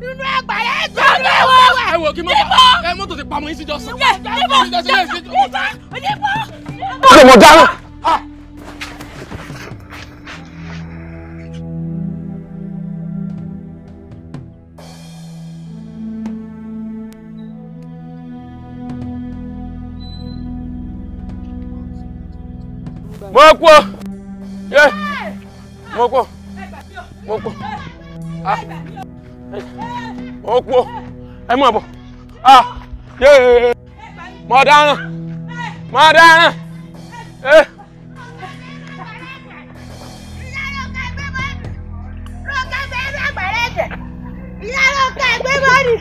nínú àgbàlá ẹgbẹ́ rẹ̀ wá. ẹ wo kí mọ́tò ti pa ọmọ yín síjọ sàn. níbo níbo níbo níbo. mo kú ọ yẹ mo kú ọ mo kú ọ ah. mo kú ọ ẹ mọ̀ bọ̀ ah yẹ mo dáná mo dáná ẹ. Ìyá ló ka ẹgbẹ́ bọ́ọ̀lù.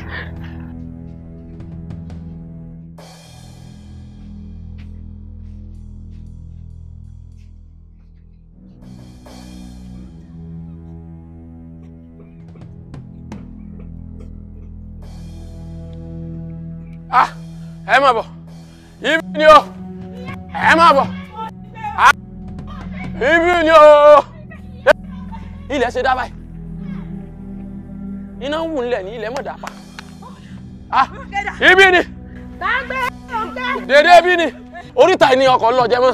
ẹ máa bọ̀ ibi ni o ẹ máa bọ̀ ibi ni o ilẹ̀ ṣe dá báyìí iná ń wù nílẹ̀ ní ilẹ̀ mọ̀ ni dédé ibi ni oríta ni ọkọ̀ lọ jẹ mọ́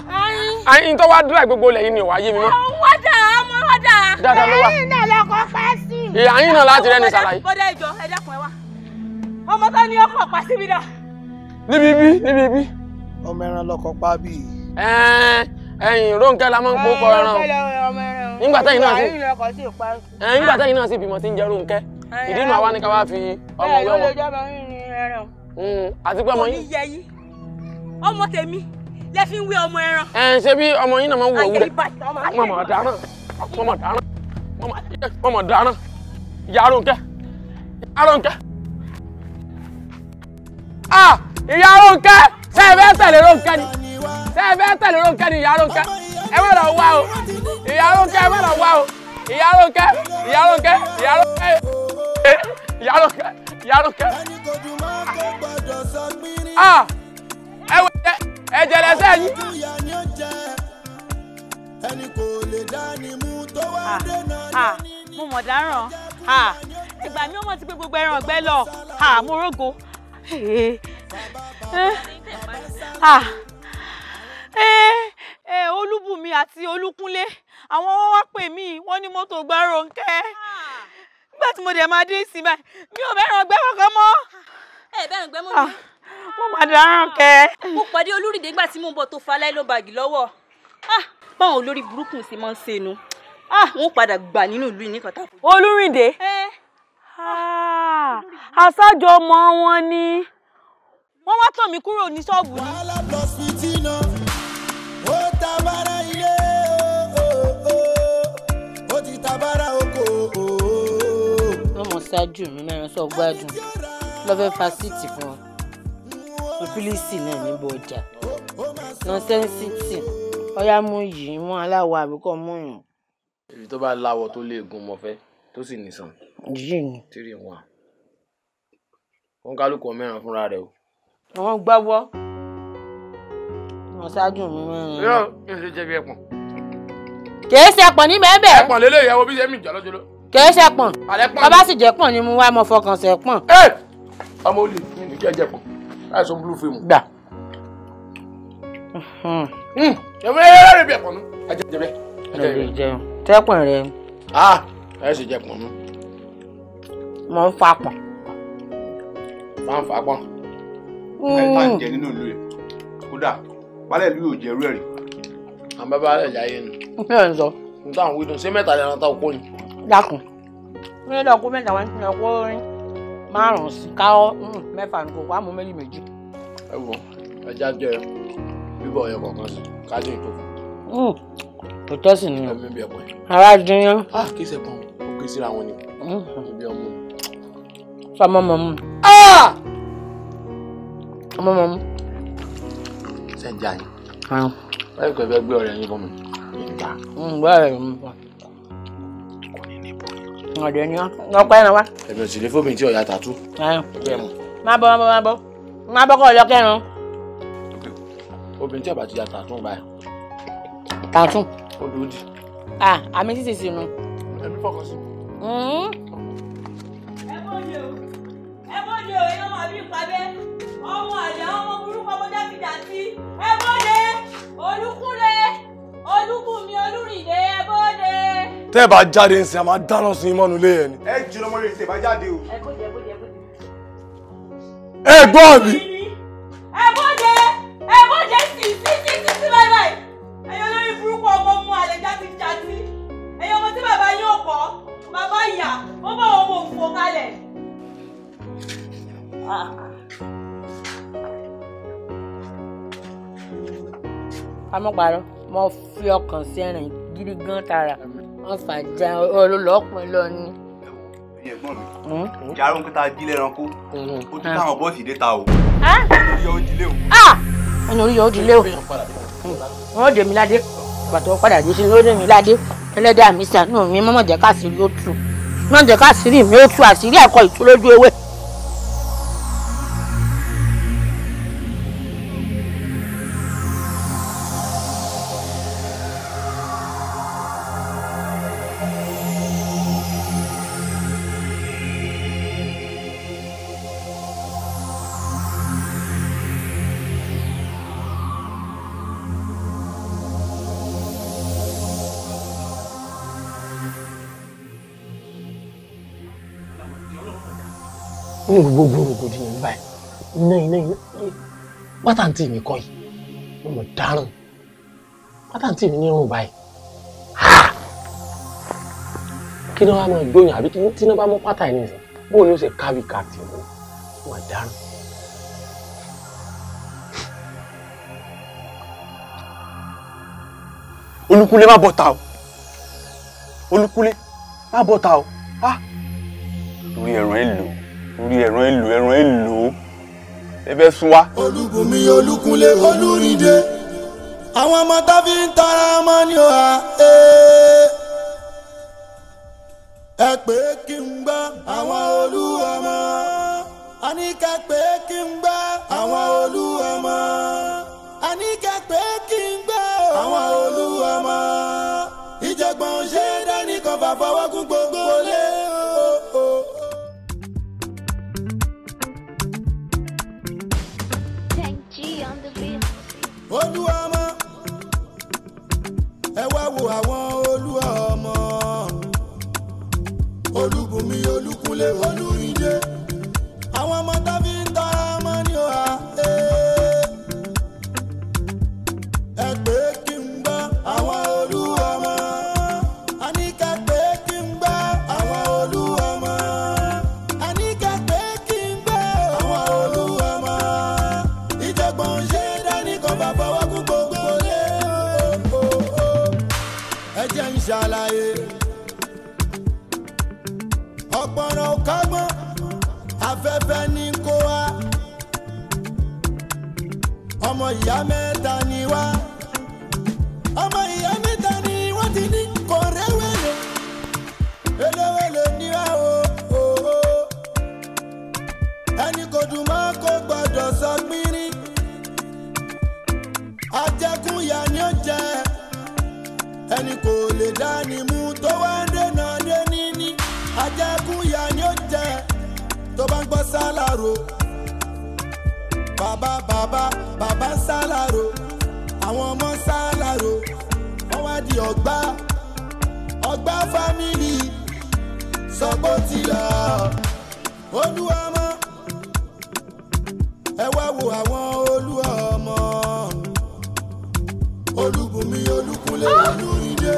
ayin tó wá dúrà gbogbo ilẹ̀ yìí ni ò wá yé mi wa ọmọ dà ọmọ wá dà dáadáa ló wà ẹyin náà lọkọ fẹ́ sí. ìyá yín náà láti rẹ́ni ṣàlàyé. bọ́dẹ̀ ìjọ ẹ dákun ẹ wá ọmọ tó ní ọkọ̀ pa síbi náà níbi bí níbi bí. ọmọ ẹran lọkọ pa bí. ẹyin Rónkẹ́ la máa ń kókọ ẹran nígbà tẹ́yìn náà sì nígbà tẹ́yìn náà sì bímọ tí ń jẹ Rónkẹ́ ìdí nu àwa ni ká wá fi ọmọ wẹ́wọ́. Hmm, àti pé ọmọ yín. ọmọ tèmi lẹ fi ń wé ọmọ ẹran. ẹ ṣe bí ọmọ yín náà máa ń wo òwúrẹ mọmọ dáná mọmọ dáná mọmọ dáná ìyá Rónkẹ́ ìyá Rónkẹ́. ah ìyá Rónkẹ́ ṣé ẹ fẹ́ tẹ̀lé Rónkẹ́ ni ṣé ẹ fẹ́ tẹ̀lé Rónkẹ́ ni ìyá Rónkẹ́ ẹ má lọ wá o ìyá Rónkẹ́ ẹ má lọ wá o ìyá Rónkẹ́ ìyá Rónkẹ́ ìyá Rónkẹ́ ìyá Rónkẹ́ ìyá Rónkẹ́. ẹ wọ ẹ̀jẹ̀ lẹ́sẹ̀ yín. ẹni kò lè dání mo mọ̀ dáràn ìgbà mi ò mọ̀ ti pé gbogbo ẹran ọ̀gbẹ́ lọ mo rógo Ah, ah. Eh, eh, olúbùnmi àti olúkúnlé àwọn wọn wá pè mí wọn ní mọ́tò gbá Rónkẹ́ nígbà tí mo dẹ̀ máa dé sí mi ò bẹ́ẹ̀ ràn gbẹ́ kankan mọ́. ẹ eh, bẹ́ẹ̀ gbẹ́ mú mi. Ah, mo mà dáràn kẹ́. mo pàdé olúrìndé nígbà tí mo ń bọ̀ tó falẹ́ ló bàgì lọ́wọ́ ah, báwọn olórí burúkú sì máa ń ṣe nu wọn padà gbà nínú ìlú yìí nìkan tá. olúrìndé aṣáájú ọmọ wọn ni. Eh. Ah, wọ́n wá tàn mí kúrò ní ṣọ́ọ̀bù ni. wàhálà plus fifteen náà ó ta bára ilé ó ti ta bára oko. wọ́n mọ̀ ṣáájú mi mẹ́rin sọ gbádùn lọ́fẹ́ fásitì fún ọ pílíìsì náà níbo ọjà nọ́sẹ́ńsìtì ọ̀yá mú yìí mú aláwọ̀ àbíkọ́ mú yìí. èyí tó bá láwọ̀ tó lè gun mọ́fẹ́ tó sì nìsan. yìí ni. tírì wà. wọn kálukú mẹ́rin fúnra rẹ̀ o àwọn gbáwọ́ wọn ṣáájú mi mẹ́rin. yóò kí n ṣe jẹ̀bi ẹ̀pọ̀n. kìí ṣe ẹ̀pọ̀n ní bẹ́ẹ̀ ẹ̀pọ̀n lélẹ̀ ìyàwó bí ṣe mí jọlọ́jọlọ́. kìí ṣe ẹ̀pọ̀n bàbá sì jẹ́ pọ̀n ni mo wá mọ fọkàn ṣe pọ̀n. ọmọ olè mi ní kí ẹ jẹ pọ̀n láìsọ blue film. gbà. ẹ̀fọ́ yẹ́rẹ́ rẹ̀ bí ẹ̀pọ̀n nù. ẹ jẹ jẹ bẹ́ẹ̀. ẹ jẹ jẹun tẹ́pọ̀n rẹ. ẹ sì jẹ pọ̀n nù. mo ń fa pọ̀n. máa ń fa pọ̀n ẹni ń jẹ nínú ìlú rẹ̀ kódà balẹ̀ ìlú yóò jẹ irú ẹ̀rí. àwọn bàbá rẹ̀ jáyé ni. n fẹ́ ẹ̀ ń sọ. n táwọn wí dùn sí mẹ́ta ni àwọn táwọn ni. dákun n lè lọ kó mẹ́ta wá ní ọkọ orin márùn-ún sí káwọ́ hmm, mẹ́fà ní kókó àmú méjì méjì. ẹ wọ ẹja jẹ bíbọ ọyọ kọ̀ọ̀kan sí kájọ ìtòkù. Hmm, kò tẹ́sí ni. ara dín yán. a ah, kì í ṣe pọ̀ ó síra wọn ni. ibi hmm. ọmọ. sọmọ mọ̀ mú. Ah! ọmọ mọ mu. ṣe jà yín. báyìí kò fẹ́ gbé ọ̀rẹ́ yín fún mi. ìgbà. bẹ́ẹ̀ ni mo fà. ọ̀dẹ̀ ni wọ́n pẹ́ náà wá. ẹ̀mí ò sì lè fóbi tí ọ̀yà tàtú. má bọ́ má bọ́ má bọ́ má bọ́ kọ́ ọ̀yọ́ kẹrin. obìnrin tí ọba ti ya tàtún báyìí. tàtún. ó dúró dì. ah àmì títí sínú. ẹbí fọkàn sí. Hmm? ẹ bọ́ ni o ẹ bọ́ ni o èèyàn máa bí ìpàdé ọmọ ẹ̀dẹ̀ ọmọ burúkú ọmọ jákèjádì ẹbọ́dé olúkúnlé olúbùnmi olúrìndé ẹbọ́dé. tẹ́ ẹ bá jáde nsìn a máa dáná sun imọ́ nulẹ̀ yẹn ni. ẹ jù lọmọ rẹ ṣe bá jáde o. ẹ gbọ́ mi. ẹbọ́dé ẹbọ́dé sì sí sí sí sí báyìí báyìí ẹ̀yin olórí burúkú ọmọ mu àlẹ́ jákèjádì ẹ̀yin ọmọ tí bàbá yín ò kọ́ bàbá ìyá ó bá wọn mọ̀ òfò kalẹ̀. Ah, ká mọ́ parọ́ mo fi ọkàn sẹ́rìn gidi gan tara wọ́n fà já olólọ́pọ̀ lọ ni. Hmm? ìyá arúgbó kíta jílé ẹranko hmm. ó tún káwọn bọ́ọ̀sì dé ta o. Ah! oníyọ ó dilé o. Ah! ẹni oníyọ ó dilé o hmm. wọ́n dèmi ládé pàtó padà dé sí ló dèmi ládé ẹlẹ́dàá mi sànú mi mọ́mọ́ jẹ́ káàsì yóò tù mọ́mọ́ jẹ́ káàsì mi yóò tù àṣírí ẹ̀kọ́ ìtúlójú ewé. ní gbogbo rògbòdìyàn báyìí iná iná iná pátàǹtì mi kọ́ yìí mo mọ̀ dáràn pátàǹtì mi ní irun báyìí kí ni wọ́n á máa gbóyàn àbí tí iná bá mú pátá ẹ̀ nìyẹn bó ni ó ṣe kárí káàtì mo mọ̀ dáràn. olùkúlé má bọ̀ ta o olùkúlé má bọ̀ ta o ah lórí ẹ̀rọ ẹ̀ lò ó orí ẹ̀rọ èlò ẹ̀rọ èlò ẹ sún wa. olùbùnmi olùkúnlé olùrìndé àwọn ọmọ tá ń tara ọmọ ni ó hà ẹ pé kí n gbá àwọn olú àníkà pé kí n gbá àwọn olú àníkà pé kí n gbá àwọn olú ọmọ ṣe dání kan fà fọwọ́ kúgbó. ẹ wá wo àwọn olú ọmọ olúbùnmi olúkunlé olú. ọmọ ìyá mẹ́ta ni wá ọmọ ìyá mẹ́ta ni wọ́n ti ní kò rẹ́wẹ̀lẹ̀ eléwẹ̀lẹ̀ ni wá o ẹni kò dùn mọ́ kó gbọ́dọ̀ sọ pínrín ajẹkúnya ni ó jẹ ẹni kò lè dání mú tó wá ń dènà dé níní ajẹkúnya ni ó jẹ tó bá ń gbọ́ sálárò. Baba, baba, baba, ń sálárò àwọn ọmọ ń sálárò wọ́n wá di ọ̀gbá ọ̀gbá fámìlì sọ́kò ti lọ olúwàmọ́ ẹ wá wo àwọn olúọmọ olúbùnmi olúkunlé olúrinde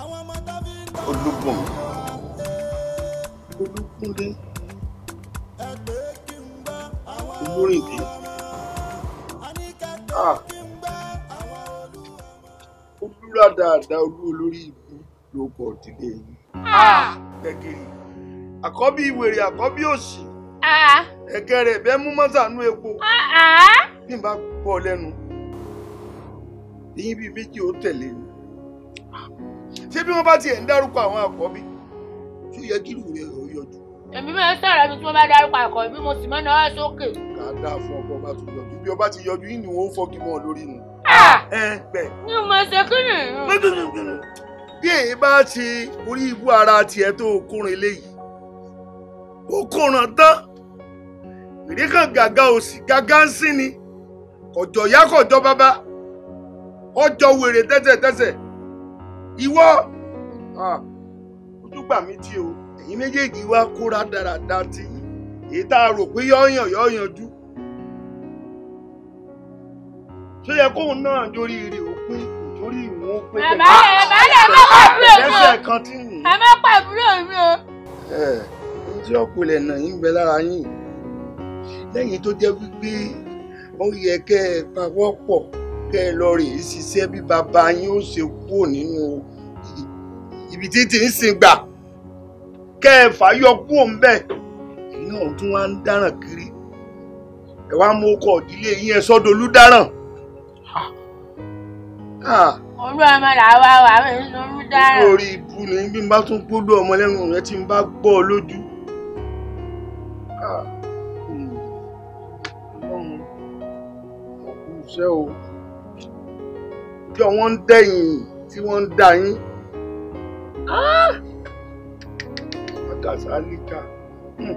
àwọn ọmọ tábìlì. olúbùnmi olúkunlé. Burindi. Ah. Olúra dáadáa olú olórí ìbú ló pọ̀ akọbi iwere akọbi àkọ́bí ìwèrè àkọ́bí òsì. Ah. Ẹ̀kẹ́ rẹ̀ bẹ́ mú mọ́sànú epo. Ah. Bí n bá gbọ́ Ṣé bí wọ́n bá tiẹ̀ ń dárúkọ àwọn àkọ́bí? Ṣé ó yẹ kí ìlú rẹ̀ Èmi máa ń sọ̀rọ̀ mi tí wọ́n bá dárúkọ àkọ́bí, mo sì mọ́ náà sókè. máa dá fún ọkọ bá tún yọjú bí ọba ti yọjú yìí ni wọn ó fọgi mọ lórí nu. ní ah! mo ṣe kúrò. bí èyí bá ti orí ibú ara tiẹ̀ tó kórin eléyìí ó kóran tán ìríkàn gàgà òsì gàgà ń sín ni kọjọ ìyá kọjọ bàbá ọjọ wèrè tẹsẹtẹsẹ ìwọ ah, ojúgbà mi tí o ẹ̀yin méjèèjì wá kóra dáradára tí èyí tá a rò pé yọ̀ọ̀yàn yọ̀ọ̀yàn dú ṣé yẹ kóun náà jórí rè ó pín torí ìwọ̀n ó pín. bàbá ẹ bàbá ẹ má pàbúrò mi o ẹ má pàbúrò mi o. ẹ ǹjẹ́ ọkùnrin náà yín bẹ lára yín lẹ́yìn tó jẹ́ wípé ó yẹ kẹ́ ẹ pawọ́ pọ̀ kẹ́ ẹ lọ rèé ṣiṣẹ́ bí bàbá yín ó ṣe kúrò nínú ibi títí ń sin gbà kẹ́ ẹ fàáyọ kúrò ń bẹ̀ iná ọ̀tún wa ń dáràn kiri ẹ wá mú ọkọ̀ ìdílé yín ẹ sọ́dọ̀ olúdáràn olú ọmọ làwa wà á ń lórí dára. orí ibu ni bí n bá tún gbọ́dọ̀ ọmọ lẹ́nu rẹ tí n bá gbọ́ ọ lójú. tí ah. hmm. wọ́n ń dẹ̀yìn tí wọ́n ń dà yín. Ah. Àdàsá hmm.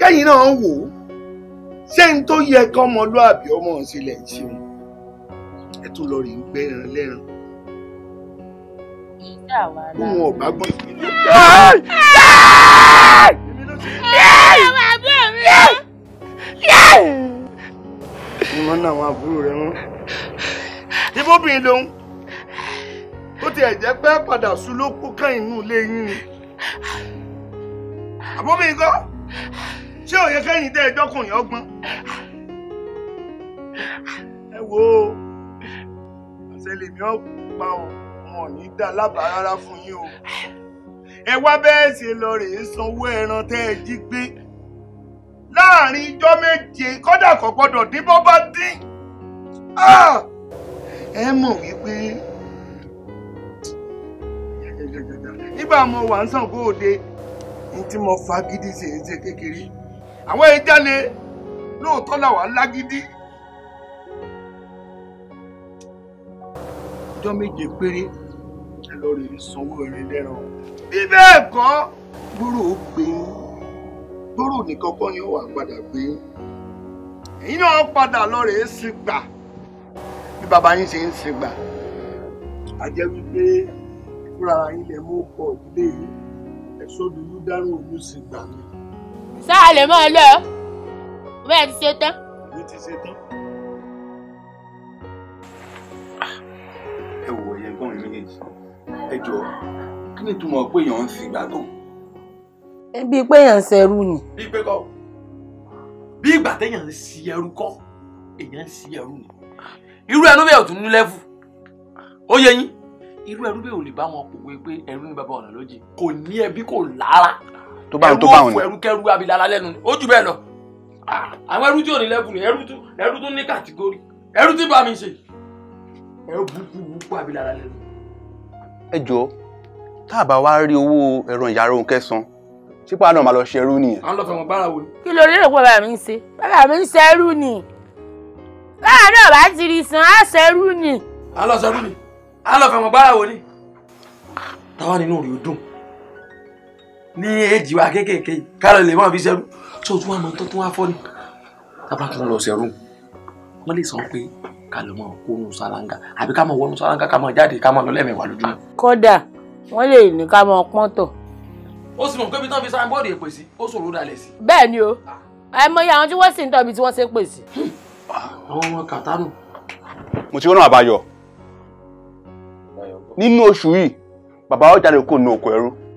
Kẹ́yìn náà ń wò ó ṣé n tó yẹ kọ́mọlúàbí ọmọ ìṣẹ̀lẹ̀ ìṣeun ẹ tún lọ rí i pé ẹran lẹ́ran kún wọn ọba gbọ́n. ìmọ̀ náà àwọn àbúrò rẹ̀ wọ́n. ibóbìnrin lòun ó tiẹ̀ jẹ́ pé padà sùn ló kó kàn inú ilé yín ni àbóbìnrin kọ́ ṣé òye kẹ́yìn tẹ́ ẹjọ́ kùnrin ọgbọ́n ẹ wo ọ̀sẹ̀ lèmi ọ̀pá ọmọ ní dá lábàá rárá fún yín o ẹ wá bẹ́ẹ̀ ṣe lọ rèé sanwó ẹran tẹ́ ẹ jí gbé láàrin ijọ́ méje kọ́dà kò gbọ́dọ̀ dín bọ́ bá dín ah! ẹ mọ̀ wípé nígbà mo wà ń Ṣàngó Òde ní tí mo fagídí ṣe é ṣe kékeré àwọn ìjáde lóòótọ́ làwà lágídí. ọjọ́ méje péré ẹ lọ rè é sanwó eré lẹ́ràn. bí bẹ́ẹ̀ kọ́ gbòòrò gbé gbòòrò nìkan kọ́ ni ó wà padà gbé ẹ̀yin náà padà lọ rè é sí gbà bí bàbá yín ṣe ń sí gbà á jẹ́ wípé fúnra yín lè mú ọkọ̀ ìdílé yìí ẹ̀ṣọ́ dúdú dárò ojú sí gbà mí sáà lè mọ́ ọ lọ bẹ́ẹ̀ ti ṣe tán. èmi ti ṣe tán. ẹ wò ẹyẹ gbọ́n mi méjèèjì ẹ jọ kí ni ìtumọ̀ pé èèyàn ń sìn gbádùn. bíi pé èèyàn ń ṣẹrú ni. bíi pé kọ́ bí ìgbà téèyàn ń ṣi ẹrú kọ́ èèyàn ń ṣi ẹrú ni irú ẹrú bẹ́ẹ̀ ò tún ní lẹ́fù ó yẹ yín irú ẹrú bẹ́ẹ̀ ò lè bá wọn pòwe pé ẹrú ni bàbá ọ̀nà lójì kò ní ẹbí kò lára tó bá ń tó bá wọn ni. ẹrú kẹrú abilala lẹ́nu ni ó bẹ́ẹ̀ lọ ah, àwọn ẹrú tí ò ní lẹ́bù ni ẹrú tó ní kàtígórì ẹrú tí bá mi ṣe ẹrú burúkú burúkú abilala lẹ́nu. ẹ jọ tá a bá wá rí owó ẹran ìyá rohun kẹsàn sípò àná màá lọ ṣe ẹrú nìyẹn. à ń lọ fẹ̀wọ̀n bára wo ni. kí ló rí òpó bàbá mi ń ṣe bàbá mi ń ṣe ẹrú ni báwa náà bá ti rí san á ṣerú ni. a lọ ṣerú ni a lọ fẹ̀wọ̀n bára wo ni. Ah, táwa nínú rí o dùn ní èjì wa kéékèèké kárọ̀ lè mọ̀ bí sẹ́rù tó tún wà mọ́ tó tún wà fọ́ ni. tábà kan lọ sẹ́rù wọ́n lè sọ pé ká lọ mọ̀ kó nu sálángà àbí ká mọ̀ wọnú sálángà ká mọ̀ jáde ká mọ̀ lọ lẹ́mẹ̀wá lójúmọ́. kódà wọ́n lè ní ká mọ̀ pọ́n tọ̀. ó sì mọ̀ pé bí tán fi sáà bọ́ọ̀dù èpè sí ó ṣòro dalẹ̀ sí. bẹ́ẹ̀ ni o àìmọye àwọn tí wọ́n sì ń tọ́bi tí wọ́n ṣe pè sí.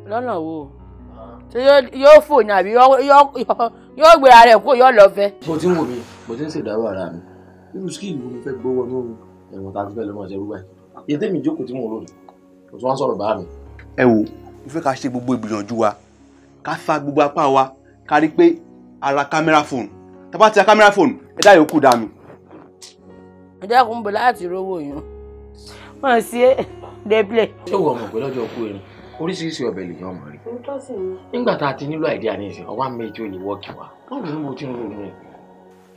Hmm. wo ṣé yóò fò ní àbí yóò gbé ara ẹ̀ kó yóò lọ fẹ́. bó ti ń wò mí bó ti ń ṣèdárò ara mi irú skill wo ni fẹ́ gbówó ní ẹ̀wọ̀n tá a ti fẹ́ lọ́mọ ìṣẹ́rú báyìí iye tẹ́mi ìjókòó tí mò ń lò ní kò tún wá ń bá mi. ẹ wo mo fẹ́ ká ṣe gbogbo ìgbìyànjú wa ká fa gbogbo apá wa ká rí pé ara kámẹ́rà fóònù tá bá ti ra kámẹ́rà fóònù ẹ dá yòókù dá mi. ẹ dákun bọ̀ láti rówó yẹn wọ́n sí dẹ́pẹ́lẹ̀. ṣé wọ́n mọ̀ pé lọ́jọ́ kú erin oríṣiríṣi ọbẹ̀ lèèyàn mọ̀ rí. nígbà tá a ti nílò àìdíyà ní ìsìn ọwọ́ àmì ètò ìlú wọ́ọ̀kì wa wọ́n ronú mo ti ń ronú rẹ̀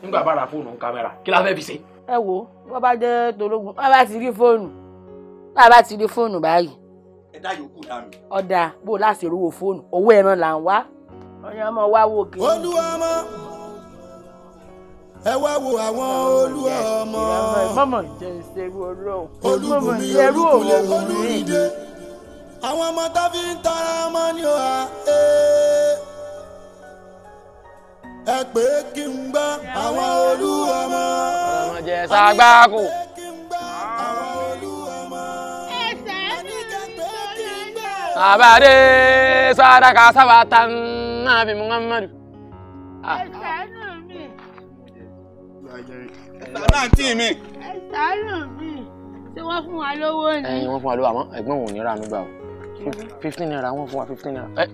nígbà bá ra fóònù kámẹ́rà kí la fẹ́ fi ṣe. ẹ wo bó bá jẹ́ tológun bá bá ti rí fóònù bá bá ti rí fóònù báyìí. ẹ dá yòókù dànù. ọ̀dà bó láti rówó fóònù owó ẹran là ń wá ọyàn ọmọ wa wò kí. olúwa ọmọ ẹ wá wo àwọn olúwa ọmọ. ìrànlọ́ ìmọ̀mọ̀ jẹ́ ìṣerú ọlọ́run. olúbùnmi olúkúlẹ̀ olúrídé àwọn ọmọ tó fi ń tọrọ ọmọ ni ó hà ẹ pé kí n gbọ́ àwọn olú ọmọ. ọmọdé sàgbà kù. àbáde sàdákà sábàtà náà bí muhammadu. Ah. ẹ̀sẹ̀ nù mí. ẹ̀sẹ̀ náà tì mí. ẹ̀sẹ̀ nù mí ṣé wọ́n fún wa lówó ni. ẹyin wọ́n fún wa lówó àmọ́ ẹ̀gbọ́n òun ò ní ra nígbà o fifteen naira wọ́n fún wa fifteen naira. Eh,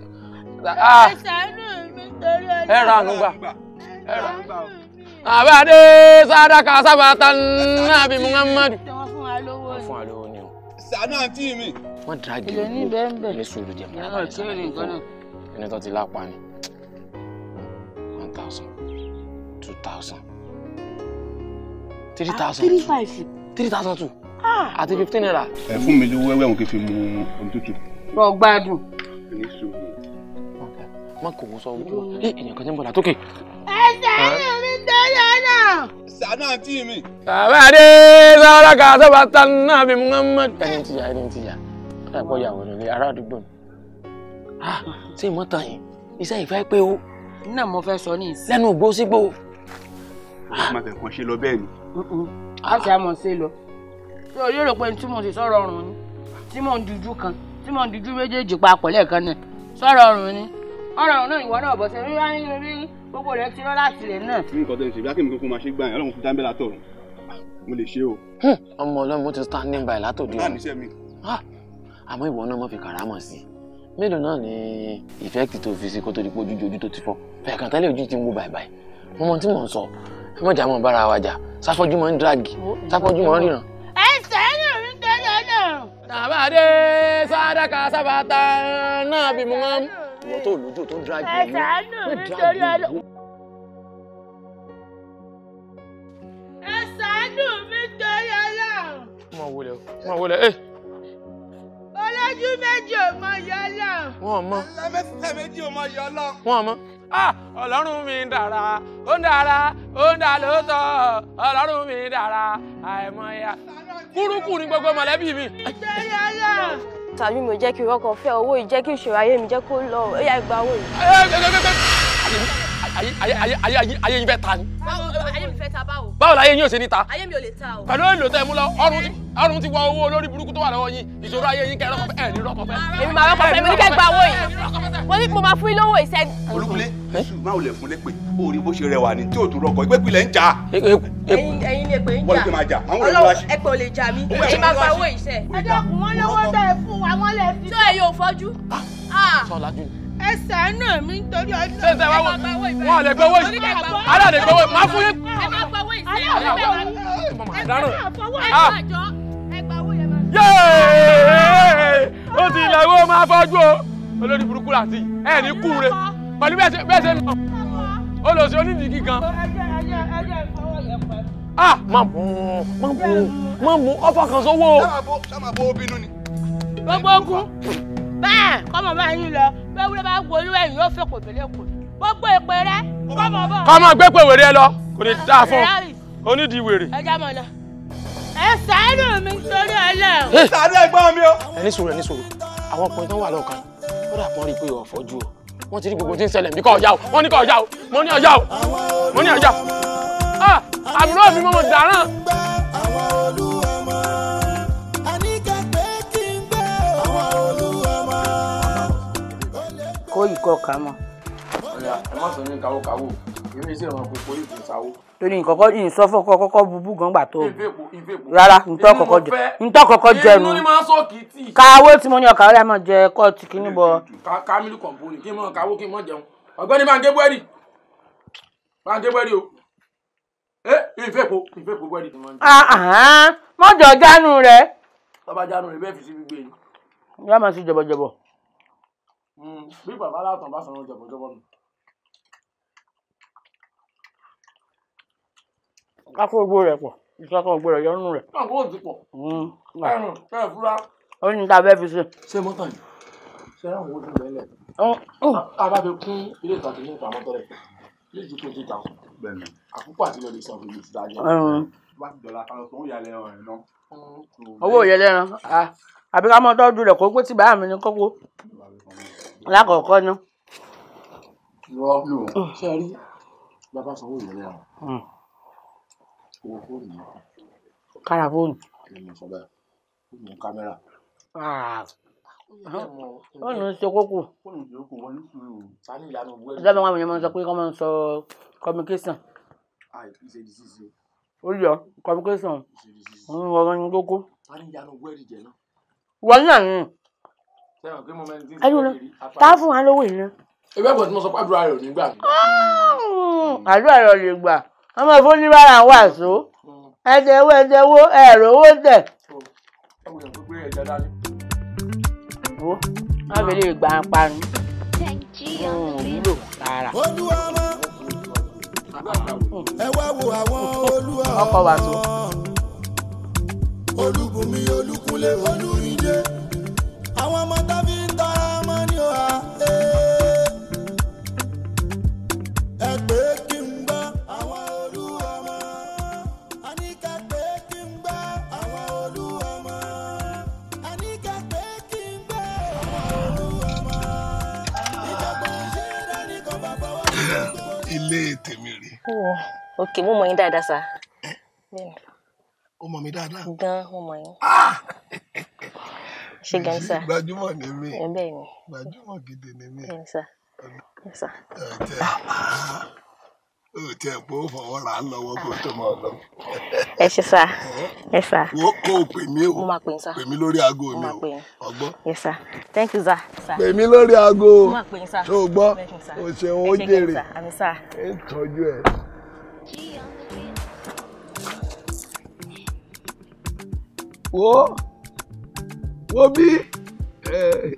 ẹ ẹ ah. ṣàánú mi torí ọjọ́ ẹ ra àánú gbà ẹ ra àánú gbà. àbáde sádàkà sábàtà náà bí muhammadu. wọ́n fún wa lówó ni. wọ́n fún wa lówó ni o. ṣàánú àǹtí mi. wọ́n dàgé o ní bẹ́ẹ̀ bẹ́ẹ̀. ní sùúrù jẹ́ mọ́ra ẹni tó ti lápá ni one thousand two thousand three ah, thousand two three thousand two ah. àti fifteen naira. ẹ fún mi lówó ẹwẹ́ òun kí n fi mu ohun tó tutù lọ gbádùn. má kò wọ́n sọ ojú ẹ èèyàn kan ní bọ̀dà tókè. ẹ sẹ́yìn mi tẹ́lẹ̀ náà. sànà tí mi. bàbá dé sáárà kà sábà ta náà bí muhammad. ẹni tí ya ẹni tí ya ọ̀dà pọ̀ yà wọ̀nyí ará àdúgbò ni. ṣé ìmọ̀ tán yìí iṣẹ́ ìfẹ́ pé o. iná mo fẹ́ sọ ní ìsìn. lẹ́nu ògbó sígbó. má fẹ́ kàn ṣe lọ bẹ́ẹ̀ ni. a ṣe àmọ̀ ṣe lọ. ṣé o tí mo ń méjèèjì papọ̀ lẹ́ẹ̀kan náà sọ̀rọ̀ ọ̀run ni ọ̀rọ̀ ọ̀run náà ìwọ náà bọ̀ sẹ́yìn wíwá nínú rí gbogbo rẹ̀ ti rọ́ láti rẹ̀ náà. mi nǹkan tó ṣe bí akémi kúkú máa ṣe gbà ọlọ́run fi dáńbẹ́lá tọ̀run ah, mo lè ṣe o. ọmọ ọlọ́run mo ti standing by látòdì ọ̀run. láàmì sẹ́mi. Ah, àmọ́ ìwọ náà mo fi kàrámọ̀ sí i mélòó náà ni ìfẹ́ẹ̀tì tó fi sí kó tó di pé ojú tó ti fọ́ fẹ̀ẹ̀kan tẹ́lẹ̀ ojú ti ń wo bàìbàì mo mọ tí mò ń sọ ẹ mọ̀jà mọ̀ bára wa jà sáfọ́jú mọ̀ ń díràgì sáfọ́jú mọ̀ ń ríran. ẹ sẹ́yìn tàbádé sádàkà sábàtà náà bí mo máa ń. ìwọ tó lójú tó dra jù ú ó dra jù ú. ẹ ṣàánú mi torí Ọlọ́run. mo wọlé mo wọlé ẹ. olójú méjì ò mọ yọ wọn mọ. ẹlẹ́mẹ̀sẹ̀ méjì ò mọ yọ wọn mọ. Ah, ọlọ́run mi dára ó ń dára ó ń dá lóòótọ́ ọlọ́run mi dára àìmọ̀ya burúkú ni gbogbo mọ̀lẹ́bí mi. tàbí mo jẹ́ kí irọ́ fẹ́ owó yìí jẹ́ kí ìṣòro ayé mi jẹ́ kó lọ ó yá gba owó yìí ayé yín fẹ́ ta ni. ayé mi fẹ́ ta báwo. báwo la ayé yín ò ṣe ní ta. ayé mi ò lè ta o. pẹ̀lú èlò tẹ́ mú lọ ọrùn ti wọ owó olórí burúkú tó wà lọ́wọ́ yín ìṣòro ayé yín kẹ́ rọ́kọ̀fẹ́ ẹ̀ ní rọ́kọ̀fẹ́. èmi máa rọ́kọ̀fẹ́ mi ní kẹ́ gba owó yìí mo ní mo máa fún yín lówó ìṣẹ́. olúkulé èṣù máa wulẹ̀ fún lépè orí bó ṣe rẹwà ni tí ò tún rọkọ̀ ìgbẹ́pì lẹ̀ ń jà. ẹ̀yin ni èpè ń jà wọ́n lè máa jà àwọn olè máa ṣe. ẹ̀pè ò lè jà mí ẹ̀yin máa gba owó ìṣẹ́ ẹ ṣàánú mi nítorí ọdún ẹ máa gba owó ìfẹ́ wọn lè gbowó yìí ara lè gbowó yìí máa fún yín. ẹ máa gba owó ìfẹ́ ẹ máa gba owó ìfẹ́ ẹ máa fọwọ́ ẹ máa jọ ẹ gba owó yẹn máa. yéé ó ti ilẹ̀ wo máa fọ́jú o olórí burúkú láti ẹ ní kúure pẹ̀lú bẹ́ẹ̀ ṣe ń bọ̀ ó lọ sí onídìgí kan. ẹjẹ ẹjẹ ẹjẹ ìfọwọ́ yẹn pẹ́. ah má mú má mú má mú ọfà kan sówó. sábà bó sábà bó bínú ni. gbogbo ogun bẹ́ẹ̀ kọ́mọ bá yín lọ bẹ́ẹ̀ wúlé bá wọlé ẹ̀yìn yóò fẹ́ kò bẹ̀lẹ̀ kò gbogbo èpè rẹ kọ́mọ bọ̀. kọ́mọ gbé pé wèrè ẹ lọ kò ní dáa fún ọ onídìí wèrè. ẹ já mọ lọ ẹ ṣàánú mi torí Ọlọ́run. Eh! ṣàánú ẹ̀gbọ́n mi o. ẹ ní sùúrù ẹ ní sùúrù àwọn ọkùnrin tó wà lọ́kàn ó dà pọ́n rí i pé ọ̀fọ́jú o wọ́n ti rí gbogbo tí ń ṣẹlẹ̀ bí kò ọjà o wọ́n ní kò ọjà o mo ní ọjà o mo ní ọjà o ah! àbúrò mi mo mọ̀ dáràn. ó yìí kọ́ ká mọ́. ọ̀yà ẹ má sọ ní kawókawó èmi sì ràn kókó yìí kò sáwó. torí nǹkan kọ́ yìí sọ fún kọ́kọ́ bubú gan gbà tó rárá ntọ́ kọ́kọ́ jẹ ntọ́ kọ́kọ́ jẹ nu káwó tí mo ní ọkà rẹ̀ mọ̀ jẹ kọ́ọ̀tù kínní bọ̀. kámílù kọ̀m̀pónì kí n mọ káwó kí n mọ jẹun ọ̀gbẹ́ni máa ń gé búrẹ́dì máa ń gé búrẹ́dì o ìfẹ́ po ìfẹ́ po búrẹ́dì tí ah, wọ́n ah, ń jẹ. mọ́jọ jánu rẹ̀. tọ́ba jánu rẹ̀ bẹ́ẹ̀ fi sí gbígbé yìí. yá máa ṣe jọ̀bọ̀jọ̀bọ̀. Hmm, bí bàbá aláàtàn bá sọ̀rọ̀ jọ̀bọ̀jọ̀bọ̀ mi. kákó gbó rẹ̀ pọ̀ ìṣàkó gbó rẹ̀ yọnu rẹ̀. kákó ò ti pọ̀ ẹrùn kẹ́ ẹ̀ fúra. ó ní ta bẹ́ẹ̀ fi ṣe. ṣé mọ́tò yìí ṣe é àwọn ojú rẹ̀ lẹ̀. a bá fi kún ilé ìtàkùn ní ìpamọ́ tẹ́lẹ̀ yóò ju kó ti ta àkókò àti lọ́ọ́ lè sọ ti dájọ́. owó ìyẹlẹ́ran àbí ká mọ́ tọ́jú rẹ̀ kó gbé tìbáyà mi ní kókó lákọ̀ọ́kọ́ ná. lọ mi ò mm. ṣe rí bàbá sanwó ìyẹlẹ àwọn mm. owó fóònù yẹn. kára fóònù. èmi ò sọ bẹ́ẹ̀ fóònù yẹn ah. kámẹ́rà. fóònù ń ṣe kókó. fóònù ṣe kókó wọn ní sùúrù sani ìlànà òwú ẹ̀. ọ̀dọ́mọ̀ àwọn èèyàn máa ń sọ pé kọ́ máa ń sọ communication. Ah, ó yọ communication. òun wọ̀rọ̀ ni kókó. sani ìlànà òwú ẹnu náà tá a fún wa lówó iná. ewé ẹ̀gbọ́n tí mo sọ pé àdúrà rẹ̀ ò ní gbà. àdúrà rẹ̀ ò lè gbà hmm. hmm. ọmọ ìfúnnibára ń wàásù ẹ̀dẹ̀wó ẹ̀dẹ̀wó ẹ̀rọ owó tẹ̀. wo wọn fi lè gbà ń panu hmm, wúlò rárá. ẹ wá wo àwọn olúwa ọkọ wàásù. olúbùnmi olúkunlé olúrinde àwọn ọmọ tó fi ń tọrọ ọmọ ni ó wà. Eh. ẹ pé kí n gbọ́ àwọn olú ọmọ àníkà pé kí n gbọ́ àwọn olú ọmọ àníkà pé kí n gbọ́ àwọn olú ọmọ ìjọba ṣe é dání kò bá fọwọ́. ilé tèmi rè. ok mo mọ̀ yín dáadáa sá. Eh, ó mọ̀ mi dáadáa. gan mo mọ̀ yín. Ah! ṣe gan sa gbajúmọ̀ ni mí gbajúmọ̀ gidi ni mí o tẹ pé ó fọwọ́ ra lọ́wọ́ kó tó máa lọ. o pè mí o mo máa pè yín sá pè lórí aago thank you sá. pè mí lórí aago mo tó o gbọ́ o ṣeun ó jèrè ẹ ń tọ́jú ẹ. wo wo bí eh.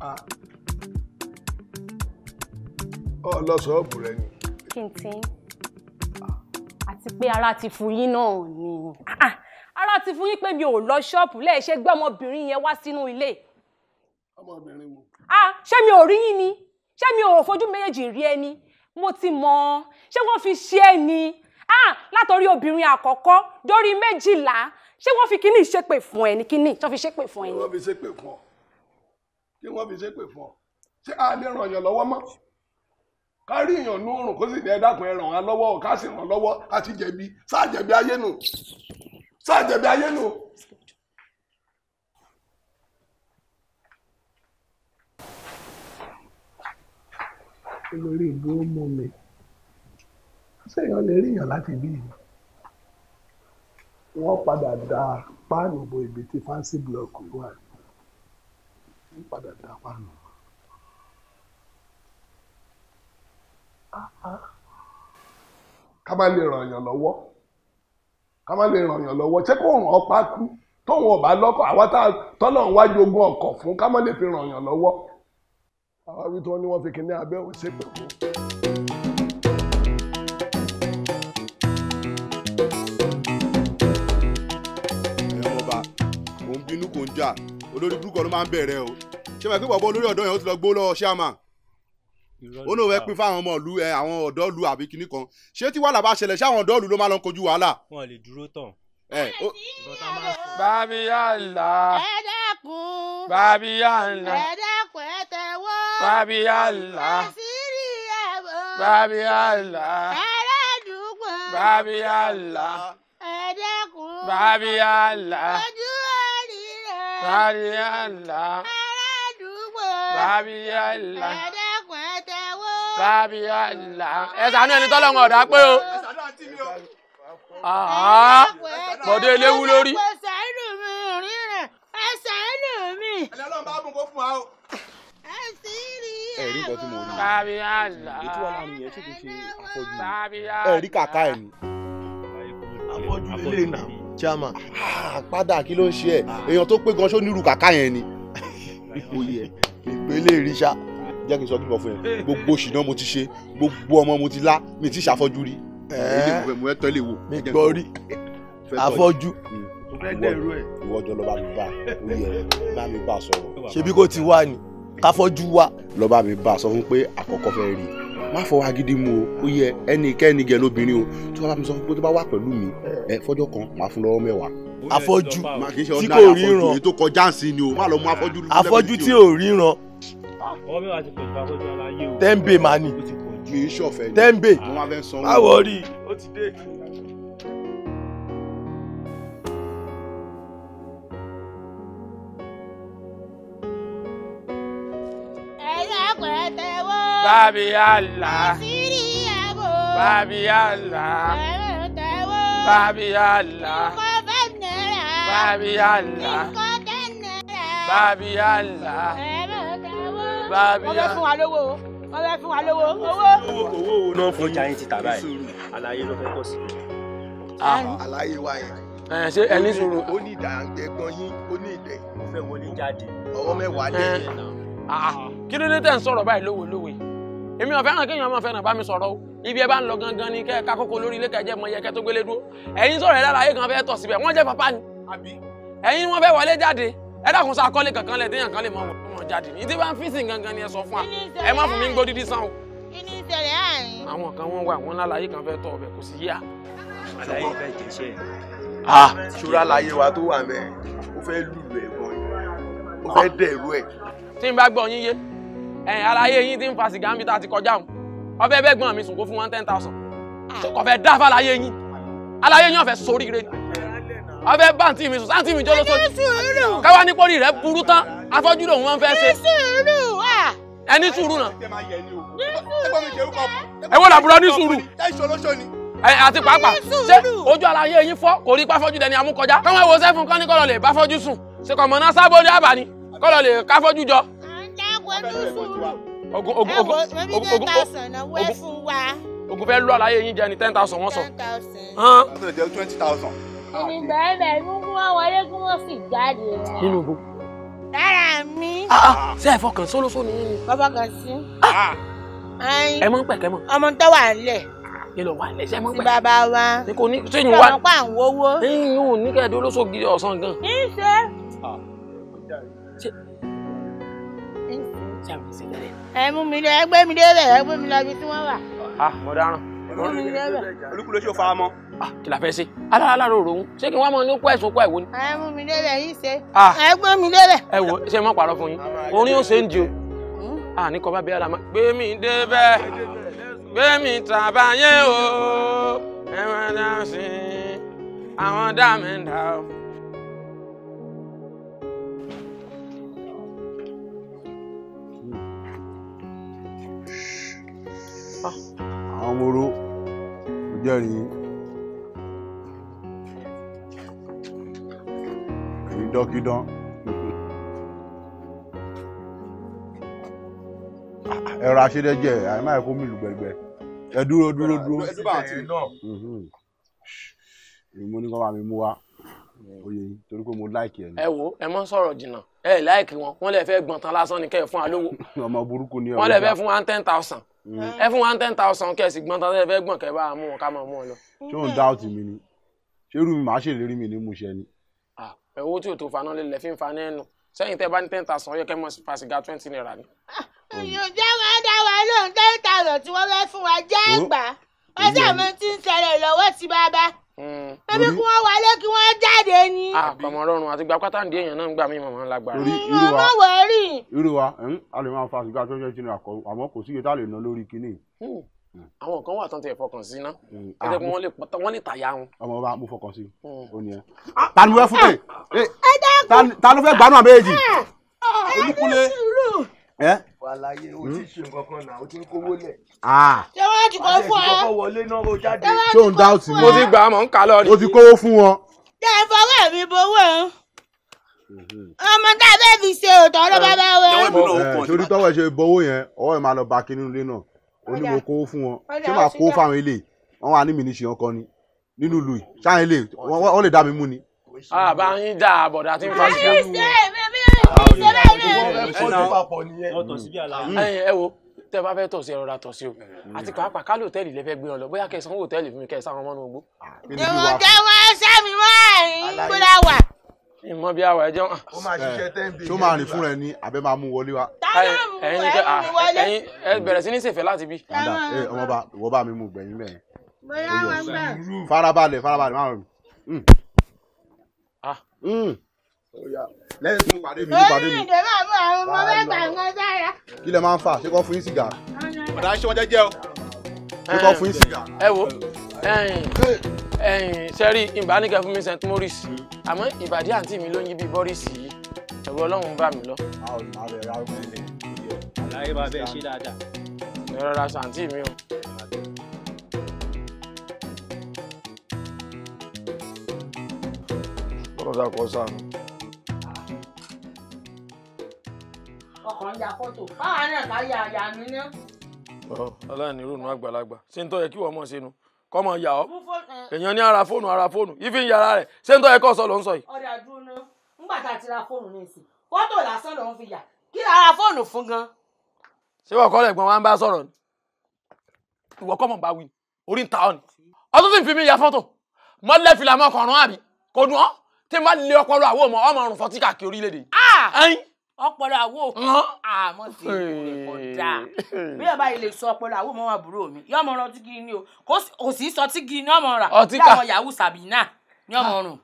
ah, ah. lọ ṣọ́ọ̀bù rẹ ni. kí n ti àti pé ara ti fún yín náà ni ah, rárá ti fún yín pé mi ò lọ ṣọ́ọ̀pù lẹ́ẹ̀ṣẹ́ gbé ọmọbìnrin yẹn wá sínú ilé. ọmọbìnrin wo. ah ṣé mi ò rí yín ni ṣé mi ò fojú méjèèjì rí ẹni mo ti mọ̀ ọ́ ṣé wọ́n fi ṣe é ni ah látọ̀rí obìnrin àkọ́kọ́ dórí méjìlá ṣé wọ́n fi kíní ṣépè fún ẹ ní kíní ṣọ́ fi ṣépè fún ẹ ní. ṣé wọ́n fi ṣépè fún ọ ṣé wọ́n fi ṣépè fún ọ ṣé a lè ràn yàn lọ́wọ́ mọ́ ká rí èèyàn ní kó sì ní ẹ dákun ẹ ràn án lọ́wọ́ ká sì ràn lọ́wọ́ àti jẹ̀bi sáà jẹ̀bi ayé nù sáà jẹ̀bi ayé nù. olórí ìbú ó mú mi séèyàn lè ríyàn láti bí yìí wọ́n padà da páànù bo ibi tí fáńsì blọọkù wà wọ́n padà da páànù. Ah, ah. ká má lè ràn yàn lọ́wọ́ ká má lè ràn yàn lọ́wọ́ ṣé kò ràn ọ́ pa kú tóun ọ̀bá lọ́kọ̀ àwa tá tọ́lọ̀ ń wájú ogún ọkọ̀ fún ká má lè fi ràn yàn lọ́wọ́ àwa wí tí wọ́n ní wọ́n fi kíní abẹ́ òṣèpẹ̀ fún. kò ń bínú kò ń jà olórí burúkú ọdún máa ń bẹ̀rẹ̀ o ṣé wàá gbé bàbá olórí ọ̀dọ́ yẹn ó ti lọ gbó lọ́wọ́ ṣáàmà ó náà wẹ́ pín fáwọn ọmọ ìlú ẹ àwọn ọ̀dọ́ ìlú àbí kinní kan ṣé tí wàhálà bá ṣẹlẹ̀ ṣé àwọn ọ̀dọ́ ìlú ló máa lọ kojú wàhálà. wọn lè dúró tán. ẹ ó. bàbí àlá. ẹ dákun. bàbí àlá. ẹ dákun ẹ tẹ̀wọ́. bàbí àlá. ẹ sì ẹ̀bọ. bàbí àlá. ẹ ládùúgbò. bàbí àlá. ẹ dákun. bàbí àlá. ojú ọ̀rí rẹ̀. bàbí àlá. ẹ ládùúgbò. bàbí àlá. ẹ bábí àlà ẹ ṣàánú ẹni tọ́lọ́wọ́n ọ̀dà pé o bọ̀dé eléwu lórí. ẹ ṣàánú mi rírẹ̀ ẹ ṣàánú mi. ẹlẹ́lọ́run bá bùn kó fún wa o. ẹ sì rí i. ẹ̀rí nǹkan tí mo rí bábí àlà ètò wà láàrin yẹn ṣèkì ṣe àfọ́jú ẹ̀rí kàkà ẹ̀ ni. àfọ́jú ilé nà chairman ah, padà kí ló ń ṣe ẹ èèyàn tó pé gan ṣó nírú kàkà yẹn ni. ìpele ìrìṣà jẹ́ kí n sọ kí n bọ̀ fún yẹn gbogbo ṣìnà mo ti ṣe gbogbo ọmọ mo ti lá mi ti ṣàfọ́jú rí. mo fẹ́ tọ́ ilé wo. mi gbọ́ rí afọ́jú. ìwọ jọ lọ́ba mi bá oyè rẹ̀ bá mi bá sọ̀rọ̀. ṣebí kò ti wá ni káfọ́jú wá. lọ́ba mi bá sọ fún pé àkọ́kọ́ fẹ́ rí má fọwọ́ agídí mu o ó yẹ ẹnikẹ́ni gẹ̀ lóbìnrin o tí wọ́n bá mi sọ pé tó bá wà pẹ̀lú mi ẹ fọ́jọ́ kan màá fún lọ́wọ́ mẹ́wàá afọ́jú tí kò ríran afọ́jú tí ò ríran ọwọ́ ten bay máa ní kì í ṣọ̀fẹ́ ni ten bay báwo rí i. ó ti dé. Bàbí àlá. Bàbí àlá. Bàbí àlá. Bàbí àlá. Bàbí àlá wọ́n fẹ́ fún wa lówó wọ́n fẹ́ fún wa lówó owó. owó wo náà fún ọjà yẹn ti tà báyìí àlàyé ló fẹ́ kọ́ sí. Ah. àlàyé wa yẹn. Eh, ẹ ṣe ẹni sùúrù. ó ní ìdàgbẹ́gbọ́n yín ó ní ìdẹ̀. mo fẹ́ wọlé jáde. ọwọ́ mẹ́wàá lé eh. ah, ah. kí ló dé tẹ̀ ń sọ̀rọ̀ báyìí lówó lówó èmi ò fẹ́ràn kéèyàn máa fẹ́ràn bá mi sọ̀rọ̀ o ibi ẹ bá ń lọ gangan ni kẹ́ ẹ kákókó lórí ilé kẹjẹ mọ iye kẹ́ tó gbélé dúró ẹ̀yin sọ̀rọ̀ ẹ̀ lára ayé kan fẹ́ tọ̀ síbẹ̀ wọ́n jẹ́ papa ni ẹ̀yin wọ́n fẹ́ wọlé jáde ẹ dákun sá kọ́lé kankan lẹ̀ déyàn kan lè mọ ọmọ jáde ní tí bá ń físìn gangan ni ẹ sọ fún wa ẹ má fún mi ń gbó dídí sán o. inú ìṣẹ̀lẹ̀ àárín. àwọn kan wọ́n wà wọ́n lálàyé kan fẹ́ tọ́ ọbẹ̀ kò sí yá. àlàyé ìfẹ́ jẹ́ṣẹ́ ẹ̀. Ah! ṣúra láyé wa tó wà mẹ́ o fẹ́ lùlù ẹ̀ bọ́ o fẹ́ dẹ̀rú ẹ̀. tí n bá gbọ́ yín yé ẹ̀yìn àlàyé yín ti ń fa sìgá níbi tá a ti kọjá òun ọbẹ̀ bẹ́ẹ̀ gbọ́n mi sùn kó fún one ten thousand kò fẹ́ dáfà àlàyé yín àlàyé yín ọ̀fẹ́ sóríire afẹ́ bá àǹtí mi sùn sáǹtì mi jọ ló sọ káwá ní pọ́lì rẹ̀ burú tán afọ́jú lòun wọn fẹ́ ṣe ẹni sùúrù náà ẹ wọ́n làbúrò ní sùúrù àti pàápàá ṣé ojú ara yé yín fọ́ kò rí páfọ́jú dẹni amúkọjá káwọn ẹ̀wọ̀ sẹ́fún kán ní kọ́lọ̀ lè páfọ́jú sùn ṣe kọ̀ mọ̀nà sábò ní àbá ni kọ́lọ̀ lè káfọ́jú jọ. ogun ogun ogun ogun ogun ogun ogun fẹ́ lọ́ọ́ láyé yín jẹ ni ten thousand wọ́n sọ. ten thousand ẹni bẹ̀rẹ̀ gbogbo wọn wọlé kí wọ́n sì jáde. nínú ibo. lára mi. Ah, ah, ṣé ẹ fọkàn sólóso ni yín ni. bàbá kan sí. Ah. ẹ mọ ń pẹ̀kẹ́ mọ. ọmọ tó wà nílẹ̀. yẹlọ wà nílẹ̀ ṣe mọ pẹ̀. bàbá wa. ṣé kò ní ṣé ìyún wa. ìjọba pa àwọn owó. ìyún ò ní kẹ́ẹ̀dọ́ olóṣò gidi ọ̀sán gan. kì í ṣe. ẹ mú mi lọ ẹ gbé mi dé bẹ̀ ẹ gbé mi lọ ibi tí wọ́n wà. mo dáràn. ẹ mú mi dé bẹ̀. Ah, kí la fẹ́ ṣe alárànlárò òun ṣé kí wọ́n máa ní ó kó ẹ̀sùn kó ẹ̀wò ni. ẹ mú mi débẹ̀ yìí ṣe ah. ẹ gbọ́ mi débẹ̀. ẹ wo ṣé mo pàrọ̀ fún yín orin ó ṣe ń di o àní hmm? ah, kọ́ bá bí ara máa gbé mi débẹ̀ gbé mi tàbá yẹn o ẹ máa dá sí àwọn dá mi dá o. àwọn ọmọ oró jẹ́rìí. ìdọ́kídán. ẹ̀rọ aṣẹ́dẹ́jẹ àìmọ́ ẹ̀kọ́ mi lù gbẹ̀gbẹ̀ ẹ dúró dúró dúró. mo ní kọ́ máa mi mú wa oyè torí pé mo láìkì ẹ ni. ẹ wo ẹ mọ sọ̀rọ̀ jìnnà ẹ láìkì wọn wọn lè fẹ́ gbọn tán lásán ni kẹ ẹ fún wa lówó. ọmọ burúkú ni ọmọ wọn lè fẹ́ fún wa ten thousand mm. ẹ fún wa ten thousand kẹ ẹ sì gbọn tán lè fẹ́ gbọn kẹ ẹ bá mú wọn ká máa mú wọn lọ. ṣé òun dáùtì mi ni ṣé irú mi màá ṣèlérí mi ní mo ṣe ni owó tí o tó faná lè fi ń faná ẹnu sẹ́yìn tẹ́ bá ní ten thousand ó yẹ kẹ́ mọ̀ fa sìgá twenty naira ni. ìjọba ah, wọn dá wa lóhùn ten thousand tí wọ́n fẹ́ fún wa jẹ́ àgbà wọ́n sàmì tí ń ṣẹlẹ̀ lọ́wọ́ ti bàbá. Hmm. bébí kí wọ́n wọlé kí wọ́n jáde ni. àpamọ́ ah, ọlọ́run àti gba pátá èèyàn náà ń gbà mí mọ̀mọ́ lágbára. mo mọ̀ wọ́n a lè máa fa sìgá twenty naira kọ àmọ́ kò sí iye tá a lè ná lórí kinní hmm. Mm. àwọn kan wà tán ti fọkàn sí ná mm. ẹjẹ pé ah, wọn lè pọ wọn lè tàyà wọn. ọmọ bá mo fọkàn sí o mm. nìyẹn. Ah! ta ló fẹ́ fún mi ah! eh, ta ló fẹ́ gbanú àbẹ́yẹjì. olùkúlé ẹ. wàlàyé o ti ṣe nǹkan kan náà o ti ń kówó lẹ̀. ṣé wọ́n ti kọ́ fún ọ. àti ẹ̀sìn wọlé náà o jáde. ṣé o ń dá òtí mi. mo ti gbà á mọ̀ ń kà lọ́ọ̀dì. o ti kówó fún wọn. ṣé ẹ fọwọ́ mi bowó o ọmọ tá a fẹ́ fi ṣe òtọ́ ló bá mm-hmm. eh, torí tọ́wọ́ ẹ ṣe bọ́wọ́ yẹn ọwọ́ ẹ máa lọ bá kinní ilé náà ó ní mo kó fún wọn ṣé màá kó fáwọn ilé wọn wà ní mi ní ṣe ọkọ ni nínú ìlú yìí ṣáà ilé wọn lè dá mi mú ni. àbá yín dá àbọ̀dá tí ń fa sí i. ẹ wo tẹ bá fẹ́ tọ̀ sí ẹrọra tọ̀ sí o àti pàápàá ká lóòtẹ́ẹ̀lì lẹ gbé wọn lọ bóyá kẹsàn-án hòtẹ́ẹ̀lì fún mi kẹsàn-án ọmọ náà gbó. èèwọ̀ kẹwàá sẹ́mi mọ́ ẹ̀rín gbọ́dọ̀ wà ìmọ̀ bí àwọ̀ ẹjọ́ wọn. ó máa ṣiṣẹ́ ten billion. tó máa rìn fún rẹ ni àbẹ máa mú wọlé wa. ẹyin ni ẹyin ẹ bẹ̀rẹ̀ sí ní ṣèfẹ́ láti bí. ọmọ bá ìwọ bá mi mú gbẹ̀yìn bẹ́ẹ̀. bóyá wọn gbà. farabalẹ̀ farabalẹ̀ máa rìn. Mm. Mm. lẹ́yìn tí mo pàdé mi ní pàdé mi. ó lè dè máa bọ̀ àwọn ọmọ mẹ́ta kan sára. kí lẹ máa ń fà ṣé kò fún yín sìgá. ọ̀dà ṣé wọ́n jẹ́jẹ́ o. ṣé kò fún yín sìgá. ẹ wo sẹ́rí ìbánikẹ́ fún mi st morris àmọ́ ìbàdí àǹtí mi ló ń yí bí boris yìí ẹ̀rù ọlọ́run bá mi lọ. àlàyé bá bẹ́ẹ̀ ṣe dáadáa. ẹ̀rọ ra sàǹtí mi o. kọ́ńtà kọ́ sáà. ọkọ̀ ń ya fọ́tò báwa náà ká yà yà mí ná. ọlọ́run ní ìrònú àgbàlagbà ṣé ń tọ́ yẹ kí wọ́n mọ̀ ṣe nu kọ́mọ yà ọ́ èèyàn ní ara fóònù ara fóònù ifi ń yàrá rẹ̀ ṣé ń tọ́ ẹ kọ́ sọ ló ń sọ yìí. ọ̀rẹ́ àdúró náà ńgbà tá a ti ra fóònù ní ìsìn fọ́tò lásán lòún fi yà kí la ra fóònù fún gan. ṣé wọ́n kọ́lẹ̀ gbọ́n wá ń bá sọ̀rọ̀ ni ìwọ kọ́mọ̀ bá wí orí ń ta ọ́ ni ọtún sì ń fi mí ya fọ́tò mọ́ lẹ́fìlà mọ́ kọ̀ọ̀rún àbí kò dùn ọ́ tí má lé ọpọlọ àwọn ọmọ ọmọ ọrùn fọtí káàkiri orílẹ̀-èdè ah! ọpọlọ àwo àmọ́ sí ìkọjá bí ọba ilé sọ ọpọlọ àwo mọ àbúrò mi yọmọ ọrọ tí gíní o kò sì sọ tí gíní ọmọ rà bí àwọn yahoo Sabina ní ọmọ ah. ọrùn.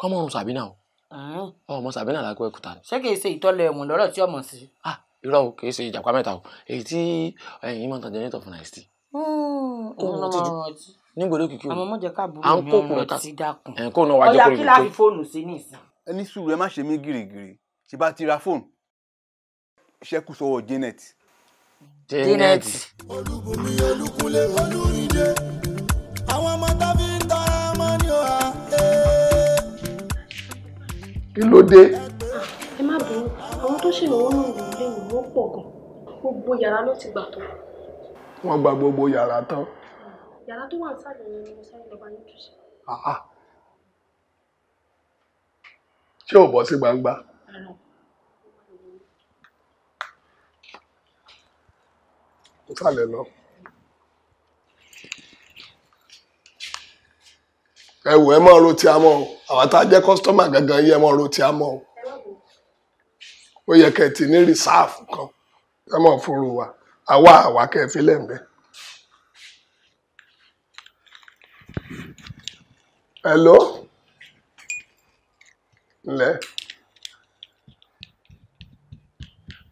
kọ́mọ ọrùn Sabina o hmm. ọmọ Sabina làákú ẹ̀kúta ni. ṣé kìí ṣe ìtọ́lẹ̀ ẹ̀mù lọ́rọ̀ tí ọmọ sí. Ah, irọ́ o kìí ṣe ìjàpá mẹ́ta o èyí tí ẹ̀yìn mọ́tàn jẹ́nẹ́tọ̀ fún àìsí. òun ló mọ ọrọ̀ ọtí nígbòdo kìkì o àwọn ọmọ jẹ ká burú mi ọmọ ti dákun ọyà kí láàfin fóònù sí ní ìsìn. ẹni sùúrù ẹ má ṣe mí gírígírí ṣe bá ti ra fóònù ṣẹ́kù sọ́wọ́ Janet. Janet. olúbomi olúkunlé olúrinde àwọn ọmọ tó fi ń tọrọ ọmọ ní ọ̀hà. Eh. kí ló dé. ẹ má bínú àwọn tó ṣèrànwọ́ náà wò lé ìwọ́ pọ̀ gan gbogbo yàrá ló ti gbà tó. wọ́n gba gbogbo yàrá tán. yàrá tó wà nísàlẹ̀ ni mo sáré lọ́ba yín ah, ah. ṣé ò bọ́ sí gbangba no. Ìsàlẹ̀ lọ. Ẹ wò ẹ mọ̀ ro ti amọ̀ o, àwọn tá a jẹ́ kọ́sítọ́mà gangan yìí ẹ mọ̀ ro ti amọ̀ o. Ó yẹ kẹ́ ẹ ti ní rìsáàfù kan, ẹ mọ̀ fúru wa, àwa àwa kẹ́ ẹ fi lẹ́m̀bẹ́. Hello? Ǹlẹ́.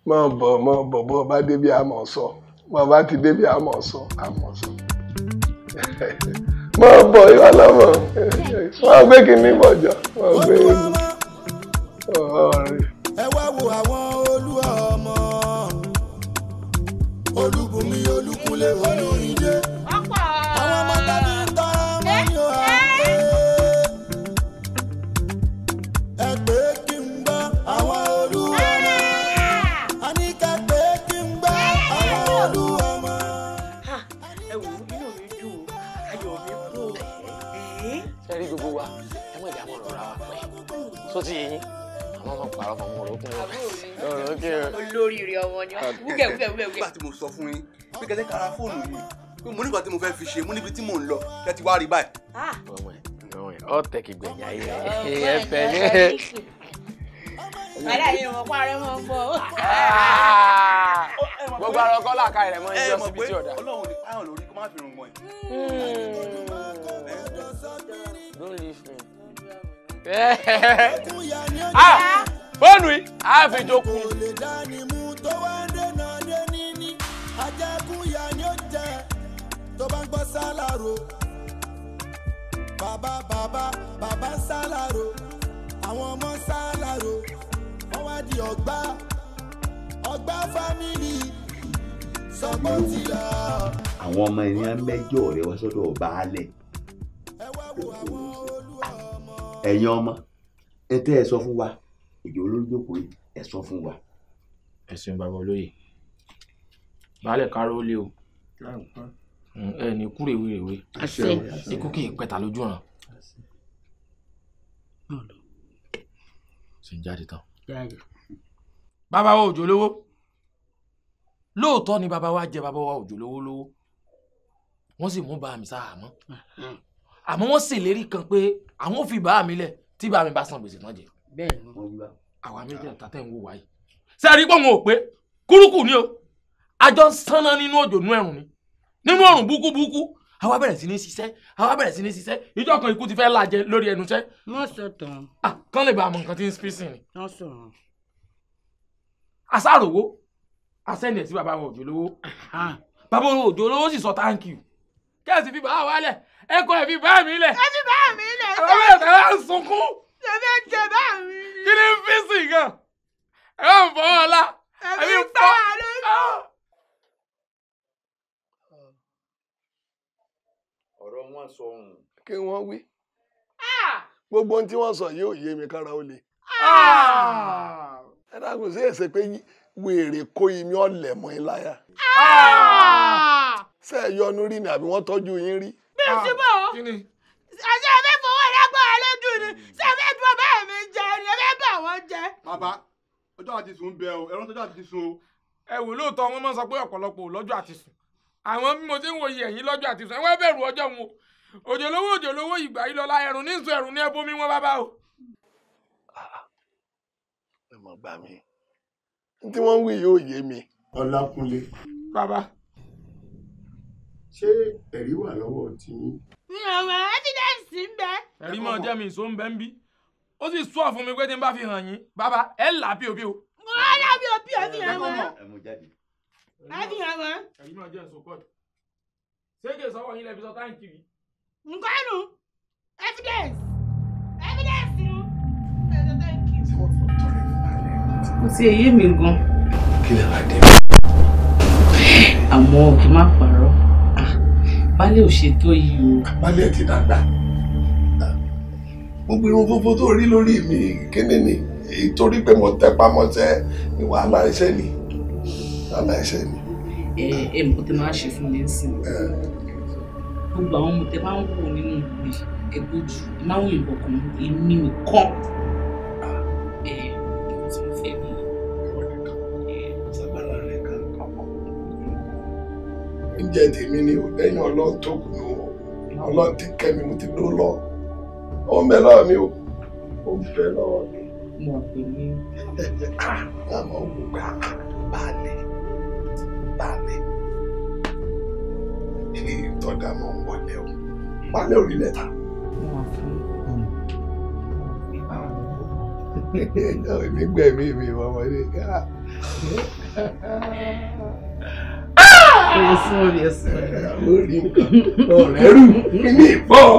mọ̀ bọ̀ mọ̀ bọ̀ bọ̀ bá débi àmọ̀ sọ mọ̀ bá ti débi àmọ̀ sọ àmọ̀ sọ mọ̀ bọ̀ ìwà lọ́mọ mọ̀ gbé kìíní bọ̀ jọ mọ̀ gbé ọ̀rẹ́. ẹ wá wo àwọn olú ọmọ olúbùnmi olúkúnlé olóyè. fọmọ òrókùn òrókè olóríire ọmọ ni wúkẹ wúkẹ wúkẹ. nígbà tí mo sọ fún yín pé kẹ́tẹ́ kára fóònù yìí pé mo nígbà tí mo fẹ́ fi ṣe mo níbi tí mò ń lọ kẹ́ ti wá rí báyìí. ọ tẹ kì gbẹ̀yìn ayé rẹ ẹ fẹ́ yẹ. Bàdá yìí mọ̀ pa rẹ mọ̀ fọ. Ah. Gbogbo ara ọkọ làkà rẹ̀ mọ́ ẹjọ́ síbi tí ọ̀dà. Ọlọ́run ní páyọ̀ lórí kó má fi rùn mọ́ ẹ̀. Hmm. Hmm. Don't leave me. ah! fóònù yìí á fi jókòó. kò lè dánimú tó wá ń dènà dé níní ajẹ́kúnya ni ó jẹ tó bá ń gbọ́ sálárò bàbá bàbá bàbá sálárò àwọn ọmọ sálárò wọ́n wá di ọ̀gbá ọ̀gbá fámìlì sọ́kọ́ àwọn ọmọ ènìyàn mẹ́jọ rẹ wá sọ́dọ̀ baálẹ̀ ẹ̀yin ọmọ ẹ tẹ́ ẹ sọ fún wa ìjọ olórí jókòó ẹ sọ fún wa. ẹ̀sìn bàbá olóyè baálẹ̀ káró lé o ẹ ní kú rèwerèwe ikú kì í pẹ̀ta lójú ọ̀ràn. ṣe ń jáde tán. bàbá wa òjò lówó lóòótọ́ ni bàbá wa jẹ bàbá wa òjò lówó lówó wọ́n sì mú bá mi sá àmọ́ àmọ́ wọ́n ṣèlérí kan pé àwọn ò fi bá mi lẹ̀ tí bá mi bá san gbèsè tán jẹ bẹ́ẹ̀ ni àwa méjèèta tẹ̀ ń wò wáyé. ṣé ẹ rí pé ò pé kúrúkù ni o àjọ ń sáná nínú òjò nú ẹ̀rùn ni nínú ọ̀rùn búkúbúkú àwa bẹ̀rẹ̀ sí ní ṣiṣẹ́ àwa bẹ̀rẹ̀ sí ní ṣiṣẹ́ ìjọ kan ikú ti fẹ́ lajẹ lórí ẹnu iṣẹ́. wọ́n sọ tán. ah kán lè bá àmọ̀ nǹkan tí ń spacing ni. wọ́n sọ tán. àṣàròwó àṣẹ́ni ẹ̀ sí bàbá wọn òjò lówó bàbá wọn òjò lówó sì sọ thank you kẹ́sì fi bàá wálẹ̀ ẹ̀kọ́ ẹ̀ fi bàá mi lẹ̀. ẹ fi bàá mi lẹ̀. ọmọ ẹ̀ tẹ̀lé tẹ̀mí ẹ̀jẹ̀ bá mi. kí ni fíìsì gan ẹ bá ń fọ ọlá. ẹ̀mí tá a lè fọ. ọ̀rọ̀ wọn sọ ohun. kí wọ́n wí. gbogbo ohun tí wọ́n sọ yóò yé mi kára ó le. ẹ dákun sí èsè pé wèrè kó imi ọ̀lẹ̀ mọ́ ẹ láyà. ṣé ẹ yọnu rí ni àbí wọ́n tọ́jú yín rí. bí o ti bọ̀ ọ́ ṣe fẹ́ fọwọ́ rẹ gbọ́ lójú ni ṣe fẹ́ máa jẹ. bàbá ọjọ́ àti sùn bẹ o ẹran tọ́jọ́ àti sùn o. ẹ wò lóòótọ́ wọn máa ń sọ pé ọ̀pọ̀lọpọ̀ lọ́jọ́ àti sùn àwọn bí mo ti ń wòye ẹ̀yìn lọ́jọ́ àti sùn ẹ wá bẹ̀rù ọjọ́ wọn òjò lówó òjò lówó ìgbà yìí lọ́la ẹ̀rùn ní sùn ẹ̀rùn ní ẹ bomi wọn bàbá o. Ah, ẹ mọ̀ gbà mí tí wọ́n ń wí yóò yé mi. ọlákúnlé. bàbá. ṣé ẹ̀rí wà lọ́wọ́ tí. mi ò mọ̀ ẹ́ ti dẹ́ sí ń bẹ́. ẹ̀rí mọ̀ jẹ́ mi ìṣó ń bẹ́ ń bí ó sì sọ fún mi pé tí n bá fi hàn yín bàbá ẹ là bí òbí o. wọ́n rà bí òbí ẹ fi hàn wọn. ẹ fi hàn wọn. ẹ̀yin náà jẹ́ èso kọ́ọ̀tù ṣéèké sọ́wọ́ yín lẹ́bi sọ táǹkì yìí. nǹkan nù evidence evidence nù. ó ti èyí mi gan. àmọ́ kí má parọ́ ah, baálé ò ṣe tó yìí o. baálé ti dàgbà gbogbo irun funfun tó rí lórí mi kíni ni ìtorí pé mo tẹ pamọ́ tẹ wàhálà iṣẹ́ ni wàhálà iṣẹ́ ni. ẹ ẹ mo tẹ máa ṣe fún mi sí i gbogbo àwọn ọmọ tẹ máa ń wò nínú ìwé ẹgbójú máa ń yìnbọn kan èmi nìkan ah. ẹ tèmi ni ò lẹ́yìn ọlọ́run tó kù ní ọlọ́run ti kẹ́ mo ti ló lọ́ọ́ ó ń bẹ lọ́wọ́ mi o ó ń bẹ lọ́wọ́ mi. mo pè ní. àmọ́ wò gbà ah, balẹ̀ balẹ̀ ilé ìtọ́jà mọ̀ ń o balẹ̀ ò rí lẹ́ta. nígbẹ̀mí mi ọmọdé ká. Èso ni èso. Àwọn orí ọ̀rẹ́rù ní ìbọn.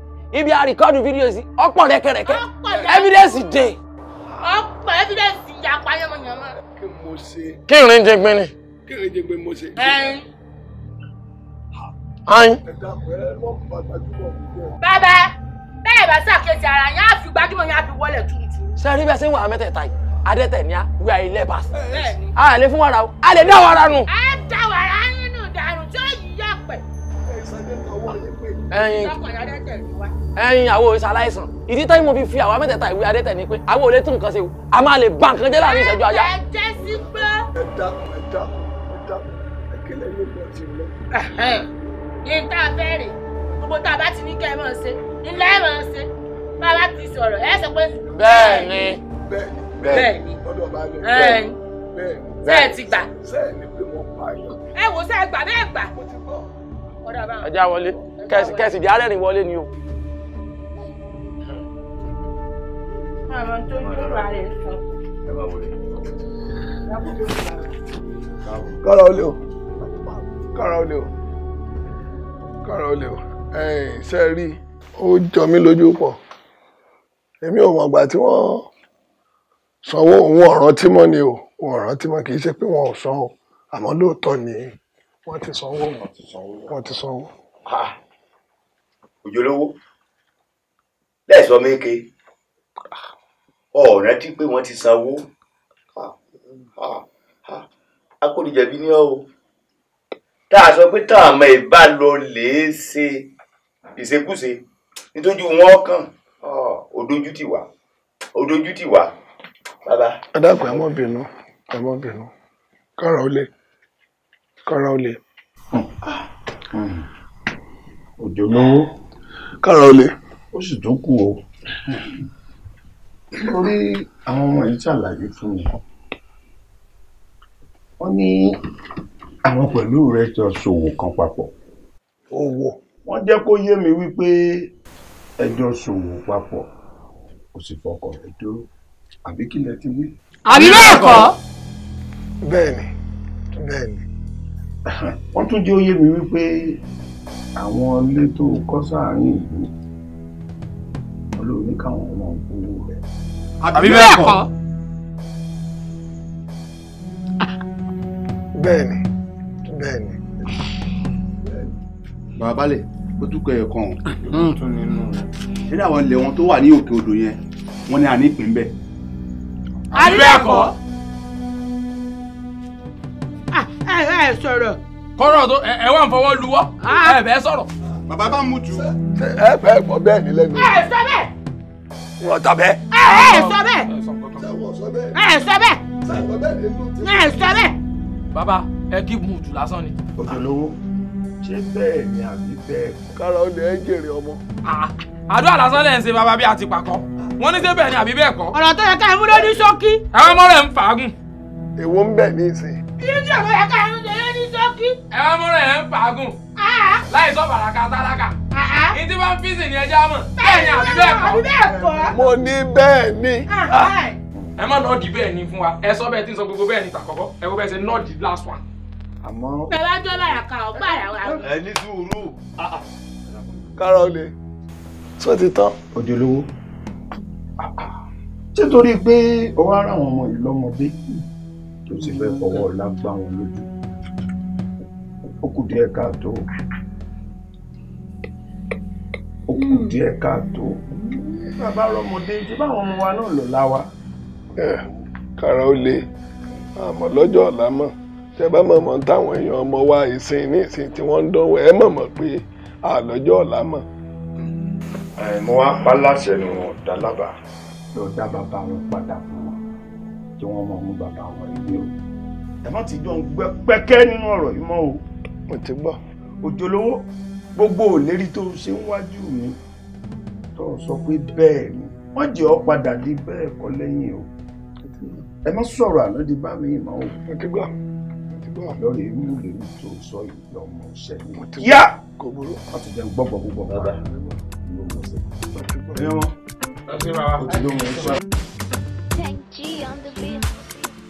ibi a record video sí ọ̀pọ̀ rẹ́kẹ̀rẹ́kẹ́ evidence dé. ọ̀pọ̀ evidence yapa yánmọ̀yánmọ̀. kí mo ṣe. kí ìrìn jẹ gbin ni. kí ìrìn jẹ gbin mo ṣe. ẹyin. ayin. bàbá bẹ́ẹ̀ bá ṣàkíyèsí ara yẹn á fi gbajúmọ̀ yẹn á fi wọlé tuurutuuru. sẹ́rí bẹ́ẹ̀ sẹ́yìn wà á mẹ́tẹ̀ẹ̀ta yìí adẹ́tẹ̀ ni a we are lepers. a lè fún wàrà o a lè dá wàrà nù. a dá wàrà nínú ìdàrú tí ó yí yàpẹ̀. ẹyin ẹyin àwọn òrìṣà aláìsàn ìdí tẹ́yìn mo fi fi àwa mẹ́tẹ̀ẹ̀ta ìwé adẹ́tẹ̀ ni pé àwọn ò lè tún nǹkan ṣe o a máa lè ba nǹkan jẹ́ láàrin ìṣẹ́jú ajá. ẹ jẹ́ sí pé. ẹ dákun ẹ dákun ẹ dákun ẹ kílẹ̀ yóò bọ̀ tí mo lọ. ní tá a fẹ́ rè gbogbo tá a bá ti ní kẹ́ ẹ máa ṣe ilé ẹ máa ṣe bá a bá ti sọ̀rọ̀ ẹ sọ pé. bẹ́ẹ̀ni bẹ́ẹ̀ni ọ̀dọ̀ bá mi bẹ́ẹ̀ni bẹ́ẹ̀ ti gbà. sẹ́ẹ̀ni pé mo pààyàn. ẹ wò sẹ́ẹ̀ gbà bẹ́ẹ̀ gbà. ọ̀dà bá wọn. ẹ já wọlé kẹ́sì kẹ́sì di arẹ́rìn wọlé ni o. àwọn tó ń dúró rẹ̀ sọ. ẹ máa wọlé. kára olè o kára olè o kára olè o ṣe é rí ó jọ mí lójú pọ̀ èmi ò mọ̀ ìgbà tí wọ́n sanwó òun ọ̀ràn tí ni o òun ọ̀ràn tí kì í ṣe pé wọn ò san o àmọ́ lóòótọ́ ni wọ́n ti sanwó wọ́n ti sanwó. òjòlówó lẹ́ẹ̀sọ́ mi ké ọ rántí pé wọ́n ti sanwó akónijẹ̀bi ni ọ́ o tá a sọ pé táwọn ọmọ ìbá lọ lè ṣe ìṣekúṣe nítorí wọn kàn òdojú ti wà òdojú ti wà bàbá. ẹ dákun ẹ mọ bínú ẹ mọ bínú kọrọ ó lè kọrọ ó lè. òjò lówó kọrọ ó lè. ó sì tún kù o torí àwọn ọmọ yìí ṣàlàyé fún mi wọ́n ní àwọn pẹ̀lú rẹ̀ jọ ṣòwò kan papọ̀ owó wọ́n jẹ́ kó yé mi wípé ẹ jọ ṣòwò papọ̀ ó sì fọkàn rẹ̀ dúró àbí kí lẹ ti wí. àbí bẹ́ẹ̀ kọ́. bẹ́ẹ̀ni bẹ́ẹ̀ni. wọ́n tún jẹ́ ó yé mi wípé àwọn ilé tó kọ́ sáàárín ìlú olóòní káwọn ọmọ owó rẹ. àbí bẹ́ẹ̀ kọ́. bẹ́ẹ̀ni bẹ́ẹ̀ni. bàbá balẹ̀ hmm. ó tún kẹyọ kan o. nínú àwọn ilẹ̀ wọn tó wà ní òkè odò yẹn wọ́n ní àní ìpín bẹ́ẹ̀. àbí bẹ́ẹ̀ kọ́. Ah, ẹ ẹ sọ̀rọ̀. kọ́rọ̀ tó ẹ wà ń fọwọ́ luwọ́ ah. ẹ bẹ́ẹ̀ sọ̀rọ̀ bàbá bá mú jù. ẹ fẹ́ gbọ́ bẹ́ẹ̀ ni lẹ́nu. ẹ sọ bẹ́ẹ̀ wọ́n tọ̀ bẹ́ẹ̀. ẹ ẹ sọ bẹ́ẹ̀. ẹ sọ bẹ́ẹ̀. ẹ sọ bẹ́ẹ̀. bàbá ẹ kí mu jù lásán ni. òjòlówó ṣé bẹ́ẹ̀ ni àbí bẹ́ẹ̀. kára ọ̀nà ẹ jèrè ọmọ. àdúrà lásán lẹ́yìn ṣe bàbá bí a ti pàkọ́ wọ́n ní ṣé bẹ́ẹ̀ ni àbí bẹ́ẹ̀ kọ́. ọ̀rọ̀ tó yẹ ká ẹ mú lórí ṣókí. ẹ wá mọ́rẹ̀ ń fàágùn. èwo ń bẹ̀ ní ìsìn. iye tí ọ̀rọ̀ yẹ ká ẹ mú lórí ṣókí. ẹ wá mọ́rẹ̀ ń fàágùn. Ah. láì sọ bàràkà tálákà ní tí wọ́n fíìsì ní ẹja mọ̀ bẹ́ẹ̀ ni àbí bẹ́ẹ̀ kọ́. mo ní bẹ́ẹ̀ ni. Ah, ah. ẹ má nọ́ọ̀dì bẹ́ẹ̀ ni fún wa ẹ sọ bẹ́ẹ̀ tí ń sọ gbogbo bẹ́ẹ̀ ni tàkọ́kọ́ ẹ wo bẹ́ẹ̀ ṣe nọ́ọ̀dì last one. àmọ́. bẹ́ẹ̀ jọ láyà ká ọ gbà yà wá. ẹ ní sùúrù. Ah, kára o lè sọ ti tán. òde olówó ṣé torí pé ọwọ́ ara àwọn ọmọ ìlọ́mọdé tó ti fẹ́ fọwọ́ ọ̀la gbá wọn lójú ó kù díẹ̀ káàtó ó kù díẹ̀ káàtó bàbá rọmọdé tí báwọn ọmọ wa náà lọ láwa. kára ó le àmọ́ lọ́jọ́ ọ̀la mọ̀ tẹ bá mọ̀ mọ̀ táwọn èèyàn ọmọ wa ìsìn ní ìsìn tí wọ́n ń dánwò ẹ mọ̀ mọ̀ pé àlọ́jọ́ ọ̀la mọ̀. mo wá pa láṣẹ ni wọn dá lábàá. lọ dá bàbá wọn padà fún wọn tí wọn mọ mú bàbá wọn ilé o. ẹ má ti jọ ń gbẹ pẹkẹ nínú ọ̀rọ̀ yìí mọ́ o. mo ti gbọ́. òjò gbogbo òlérí tó ṣe ń wájú mi tó sọ pé bẹ́ẹ̀ ni wọ́n jẹ́ ọ padà di bẹ́ẹ̀ kọ́ lẹ́yìn o ẹ má sọ̀rọ̀ àná di bá mi ìmọ̀ o. mo ti gbọ́ mo ti tó sọ yìí lọ́mọ iṣẹ́ mi. mo ti yá kò burú. wọ́n ti jẹun gbọ́gbọ́ púpọ̀ pa. bàbá ló mọ̀ o ti ló mọ̀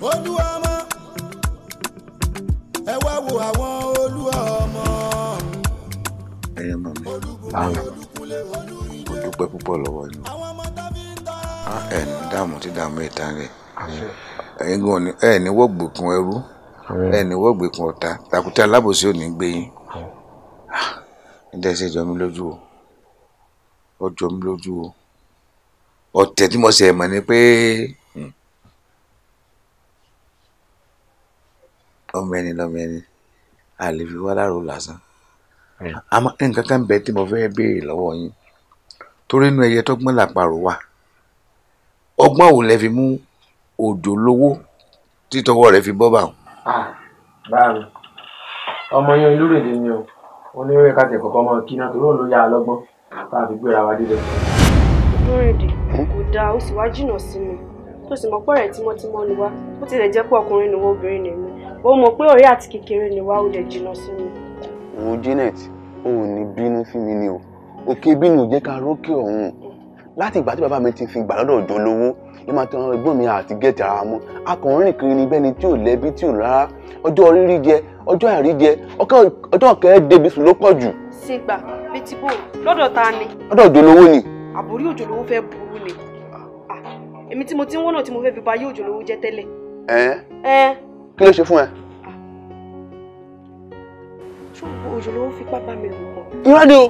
olúwa mọ ẹ wá wo àwọn olúwa ọ ẹyẹ mọ mi lánàá mo dúpẹ́ púpọ̀ lọ́wọ́ yín ẹ ní dààmú tí dààmú ẹ tán rẹ ẹyin gan ni ẹ ní wọgbẹkun ẹrú ẹ ní wọgbẹkun ọ̀tá tàkùtà alábòsí ò ní gbé yín nítorí ah, ẹsẹ̀ jọ mí lójú o ó jọ mí lójú o ọ̀tẹ̀ tí mo ṣe mọ̀ ni pé hmm, ọmọ ẹni lọmọ ẹni àlè fi wá láàrú lásán àmọ́ hmm. nǹkan kan bẹ tí mo fẹ́ béèrè lọ́wọ́ yín torí inú ẹyẹ tọ́gbọ́n làparò wà ọgbọ́n òun lẹ fi mú òjò lówó títọwọ́ rẹ fi bọ́ bà wọn. báàmì ọmọ yẹn olúrèdè ni o wọn ní wẹ́ẹ́ káṣẹ̀ kọ̀ọ̀kan mọ́ kí náà torí òun ló yá a lọ́gbọ́n tá a fi gbéra wa dídẹ. olúrèdè hmm? kò dáa ó sì wá jìnnà sí mi tó sì mọ pé ọ̀rẹ́ tímọ́tímọ́ ni wá bó tilẹ̀ jẹ́ pé ọkùnrin ni wọ́n obìnrin nìyẹn ó mọ̀ pé ọ̀rẹ́ àti kékeré ni wá ó dẹ̀ jìnnà sí mi wo Janet o ò ní bínú sí mi ni o òkè bínú ò jẹ́ ká rókè ọ̀hún láti ìgbà tí bàbá mi ti fi ìgbà lọ́dọ̀ òjò lówó ló máa tan ẹ̀gbọ́n mi àti gẹ̀ẹ́tì ara mọ́ akọ̀rin kiri ni bẹ́ni tí ò lẹ́bi tí ò rárá ọjọ́ rírí jẹ ọjọ́ àìrí jẹ ọjọ́ ọ̀kẹ́ débi sùn ló pọ̀ jù. sígbà bítíbò lọ́dọ̀ ta ni. lọ́dọ̀ òjò lówó ni. àbórí òjò lówó fẹ́ burú ni èmi tí mo ti ń wọ́nà tí mo fẹ́ fi ba ayé òjò lówó jẹ́ tẹ́lẹ̀. ẹ ẹ kí ló ṣe fún ẹ. ṣe ló ń fipá bá mi lò pọ̀. irọ́ ni o.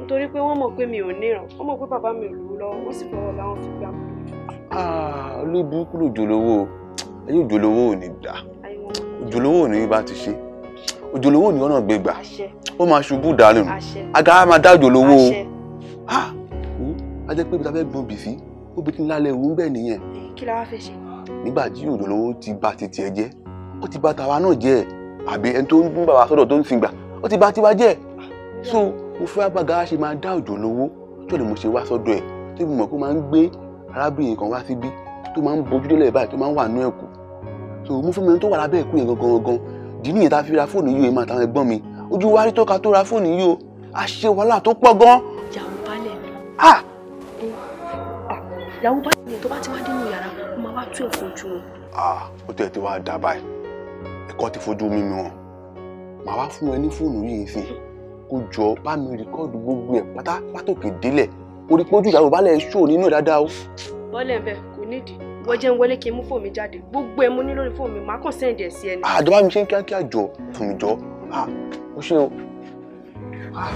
nítorí pé wọ́n mọ̀ pé mi ò níran wọ́n mọ̀ pé bàbá mi lò ó lọ́wọ́ wọ́n sì fọwọ́ bá wọn fi gbà mí lójú. Ah, olúburúkú ló jòlówó ayé òjòlówó ò ní dá òjòlówó ò ní bá ti ṣe òjòlówó ò ní ọ̀nà gbégbà ó máa ṣubú dànù agara máa dá òjòlówó o ah, a jẹ́ pé ibi a fẹ́ gbọ́n bì sí ó bí kí n lálẹ́ òun bẹ́ẹ̀ nìyẹn. kí la wá fẹ́ ṣe. nígbà tí òjòlówó ti bà titi ẹ jẹ́ ó ti bà tàwa náà jẹ́ ẹ̀ àbí ẹni tó ń mú bàbá sọ́dọ̀ tó ń sìn gbà ó ti bà tiwa jẹ́ so hmm. mo fẹ́ abága ṣe máa dá òjò lówó tó lè mo ṣe wá sọ́dọ̀ ẹ̀ tí mo mọ̀ pé ó máa ń gbé arábìnrin kan wá síbí tó máa ń bojú délẹ̀ báyìí tó máa ń wà nú ẹ̀kú so mo fún mi tó wà lábẹ́ ẹ̀kú yẹn gangan gangan dì níyẹn tá a fi ra fóònù yìí o èmi àtàwọn ẹ̀gbọ́n mi ojú wa rí tọ́ka tó ra fóònù yìí o a ṣe wàhálà tó pọ̀ gan. yàwó balẹ̀ mi. Ah! Ah! yàwó balẹ̀ mi tó bá ti wá dé ẹ̀kọ́ ti fojú mímu wọn màá wá fún ẹ ní fóònù yìí sí kó jọ bá mi rìkọ́ọ̀dù gbogbo ẹ̀ pátá pátòkè délẹ̀ kó rí pójú ìyàwó balẹ̀ ṣó nínú ẹ̀ dáadáa o. bọ́lẹ̀ ń bẹ̀ kò nídìí wọ́n jẹ́ ń wọlé kí n mú fóònù mi jáde gbogbo ẹ̀ mo ní lórí fóònù mi màá kàn sẹ́ǹdì ẹ̀ sí ẹni. àdàbà ah, mi ṣe ń kíákíá jọ fún mi jọ ah, ó ṣe o. Ah.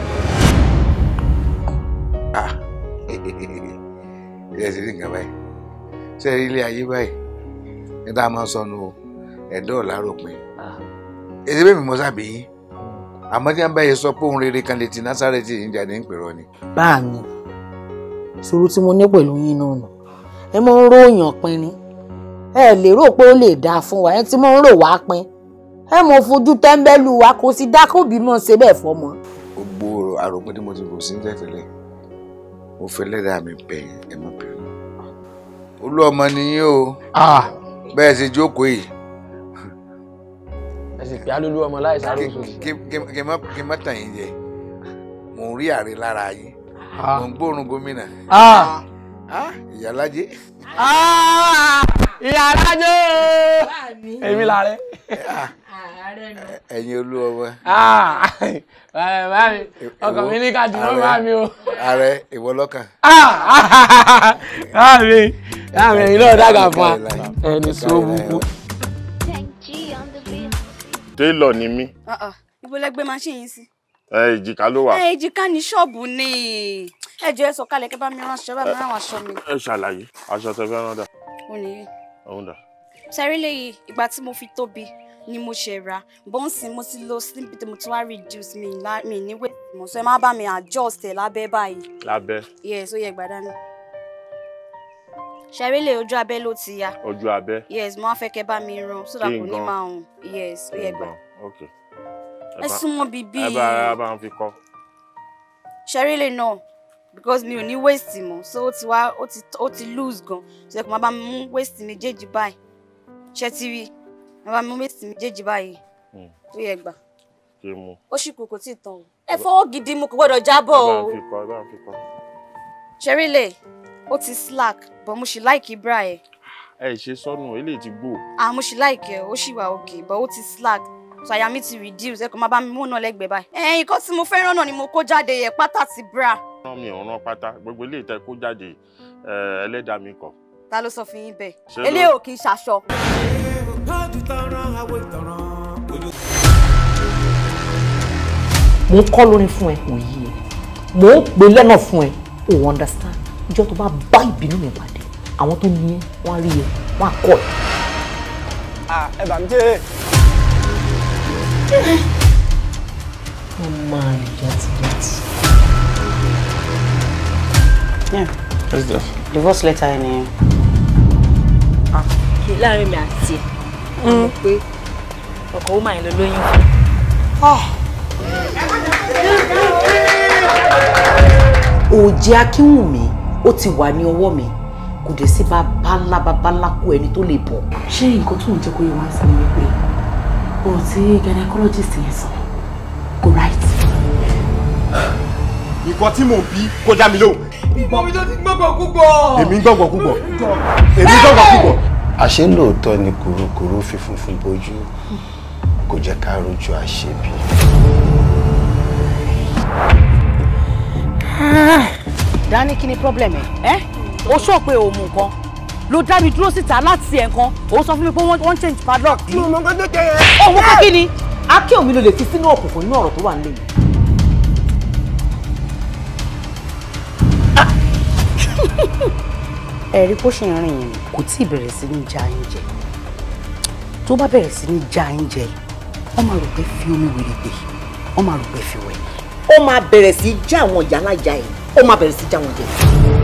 ẹ ṣe rí nǹkan báyìí ṣe rí ilé ayé báyìí ẹ dá máa sọnù o ẹ̀dọ́ ọ̀làròpin èdè bẹ́ẹ̀ mi mọ sábì yín hmm. àmọ́ tí wọ́n bá yẹ sọ pé ohun rere kan lè ti násàrẹ́tì ìjà ní ìpẹ̀rọ ni. báà mi ṣòro tí mo ní pẹ̀lú yín náà nù ẹ mọ ń ròyàn pin ẹ lérò pé ó lè dáa fún wa ẹ tí mo ń rò wá pin ẹ mọ fojú tẹ́ńbẹ́lú wa kò sí dákòbí mọ̀ ṣe bẹ́ẹ̀ fọmọ. gbogbo àròpin tí mo ti rò sí tẹ̀tẹ̀lẹ̀ mo fẹ́ lẹ́dàá mi bẹ̀yìn ẹ̀ mọ̀ olú ọmọ nìyí o ah. bẹ́ẹ̀ ṣe jókòó yìí ẹsẹ̀ pé alólú ọmọ láì sáré oṣooṣù. kí n má tàn yín jẹ mò ń rí àrí lára yín mò ń gbóòórùn gómìnà ìyálájé. ìyálájé èmi là rẹ. ẹ̀yin olú ọmọ. bàbá mi ọkọ mi ní ká dúró bá mi o. ààrẹ ìwọ lọ́kàn. bàbá mi bàbá náà dàgbà fún wa ẹni sọ búkú télọ̀ ni mi. Ah, ah. ibo lẹ gbé machine yín sí. ẹ èjìká ló wà. ẹ èjìká ní ṣọ́ọ̀bù ni ẹ jọ ẹ sọ kalẹ̀ kẹ bá mi ránṣẹ́ bá mi rán aṣọ mi. ẹ ṣàlàyé aṣọ tẹ fẹ́ rán dà. ó nìyí. òun dà. sẹ́rí lèyí ìgbà tí mo fi tóbi ni mo ṣe ra bọ́ǹsì mo ti lo slim bit mo ti wá reduce mi ní wẹ́ẹ̀tì mo sọ ẹ má bá mi adjust ẹ̀ lábẹ́ báyìí. lábẹ́. yẹ ẹ sọ yẹ gbàdánù ṣẹrílẹ̀ ojú abẹ́ ló ti ya. ojú abẹ́. yes mo á fẹ́ kẹ́ bá mi rán so that kò ní máa hùn yes ó yẹ gbà. ẹ súnmọ́ bíbí. ẹ bá ara bá ń fi kọ́. ṣẹrílẹ̀ náà because mi ò ní waste mọ́ so ó ti wá ó ti ó ti lose gan so ẹ kò máa bá mú waste méjèèjì báyìí ṣe ti rí máa bá mi mú waste méjèèjì báyìí hmm. ó yẹ gbà. kí mu. ó sì kù kò tí ì tán o. ẹ fọwọ́ gidi mu kò gbọ́dọ̀ jábọ̀ o. ẹ bá ń fi kọ́ ẹ bá ń fi kọ́. ṣẹrílẹ̀ ó ti slack but mo ṣì like bra ẹ̀. ẹ ṣe sọnù eléyìí ti gbó. ah mo ṣì like ẹ ó ṣì wà okay but ó ti slack so àyà mi ti reduce ẹ kò má bá mi mú náà lẹ́gbẹ̀ẹ́ báyìí. ẹyin nǹkan tí mo fẹ́ràn náà ni mo kó jáde yẹ pátá ti bra. ràn mí ọ̀ràn pátá gbogbo eléyìí tẹ kó jáde ẹlẹ́dàá mi kọ. ta ló sọ fún yín bẹ́ẹ̀ eléyìí ò kì í ṣaṣọ. mo ń kọ́ lórin fún ẹ kò mo ń pè lẹ́nà fún ẹ ò understand ìjọ tó bá bá ìbínú mi pàdé àwọn tó ní ẹ wọn á rí ẹ wọn á kọ ẹ. ẹ bà mí jẹ́. wọ́n máa rìn yàtìyàtì. Yeah. What's this? Divorce letter ni. Ah. Láàrin mi àti ẹ̀. Mo mm. pé ọkọ ó máa ń lọ lóyún fún. Ah. Òjì Akínwùmí ó ti wà ní ọwọ́ mi kò dẹ̀ sí bá bálá bá bálá kú ẹni tó lè bọ̀. ṣé nǹkan tó ń jẹ́ kó yẹ wá sí ni wípé ọ̀rọ̀ tí gynecologist yẹn sọ kò right. nǹkan tí mò ń bí kó dá mi lóhùn. ìgbà mi ló ti gbọ́gbọ̀ púpọ̀. èmi gbọ́gbọ̀ púpọ̀ èmi gbọ́gbọ̀ púpọ̀. àṣé lóòótọ́ ni kòrókòró fi funfun bójú kò jẹ́ ká rojú àṣebí. Ah ọ̀dà ní kí ni problem ẹ̀ ẹ́ o sọ pé o mú nǹkan ló dá mi dúró síta láti ẹ̀kan o sọ fún mi pé wọ́n change padlock ni. mo mọ nǹkan tó jẹ yẹn. òun kọ́ kí ni. akí omi ló lè fi sínú òkùnkùn nínú ọ̀rọ̀ tó wà nílé yìí. Ah! ẹ̀rí bó ṣe ń rìn yìí kò tí ì bẹ̀rẹ̀ sí ní já oúnjẹ tó bá bẹ̀rẹ̀ sí ní já oúnjẹ wọ́n máa rò pé fi omi wèrè gbé wọ́n máa rò pé fi wẹ̀. ó máa bẹ̀rẹ̀ sí í já àwọn ìyá alájà yìí ó máa bẹ̀rẹ̀ sí já jẹ.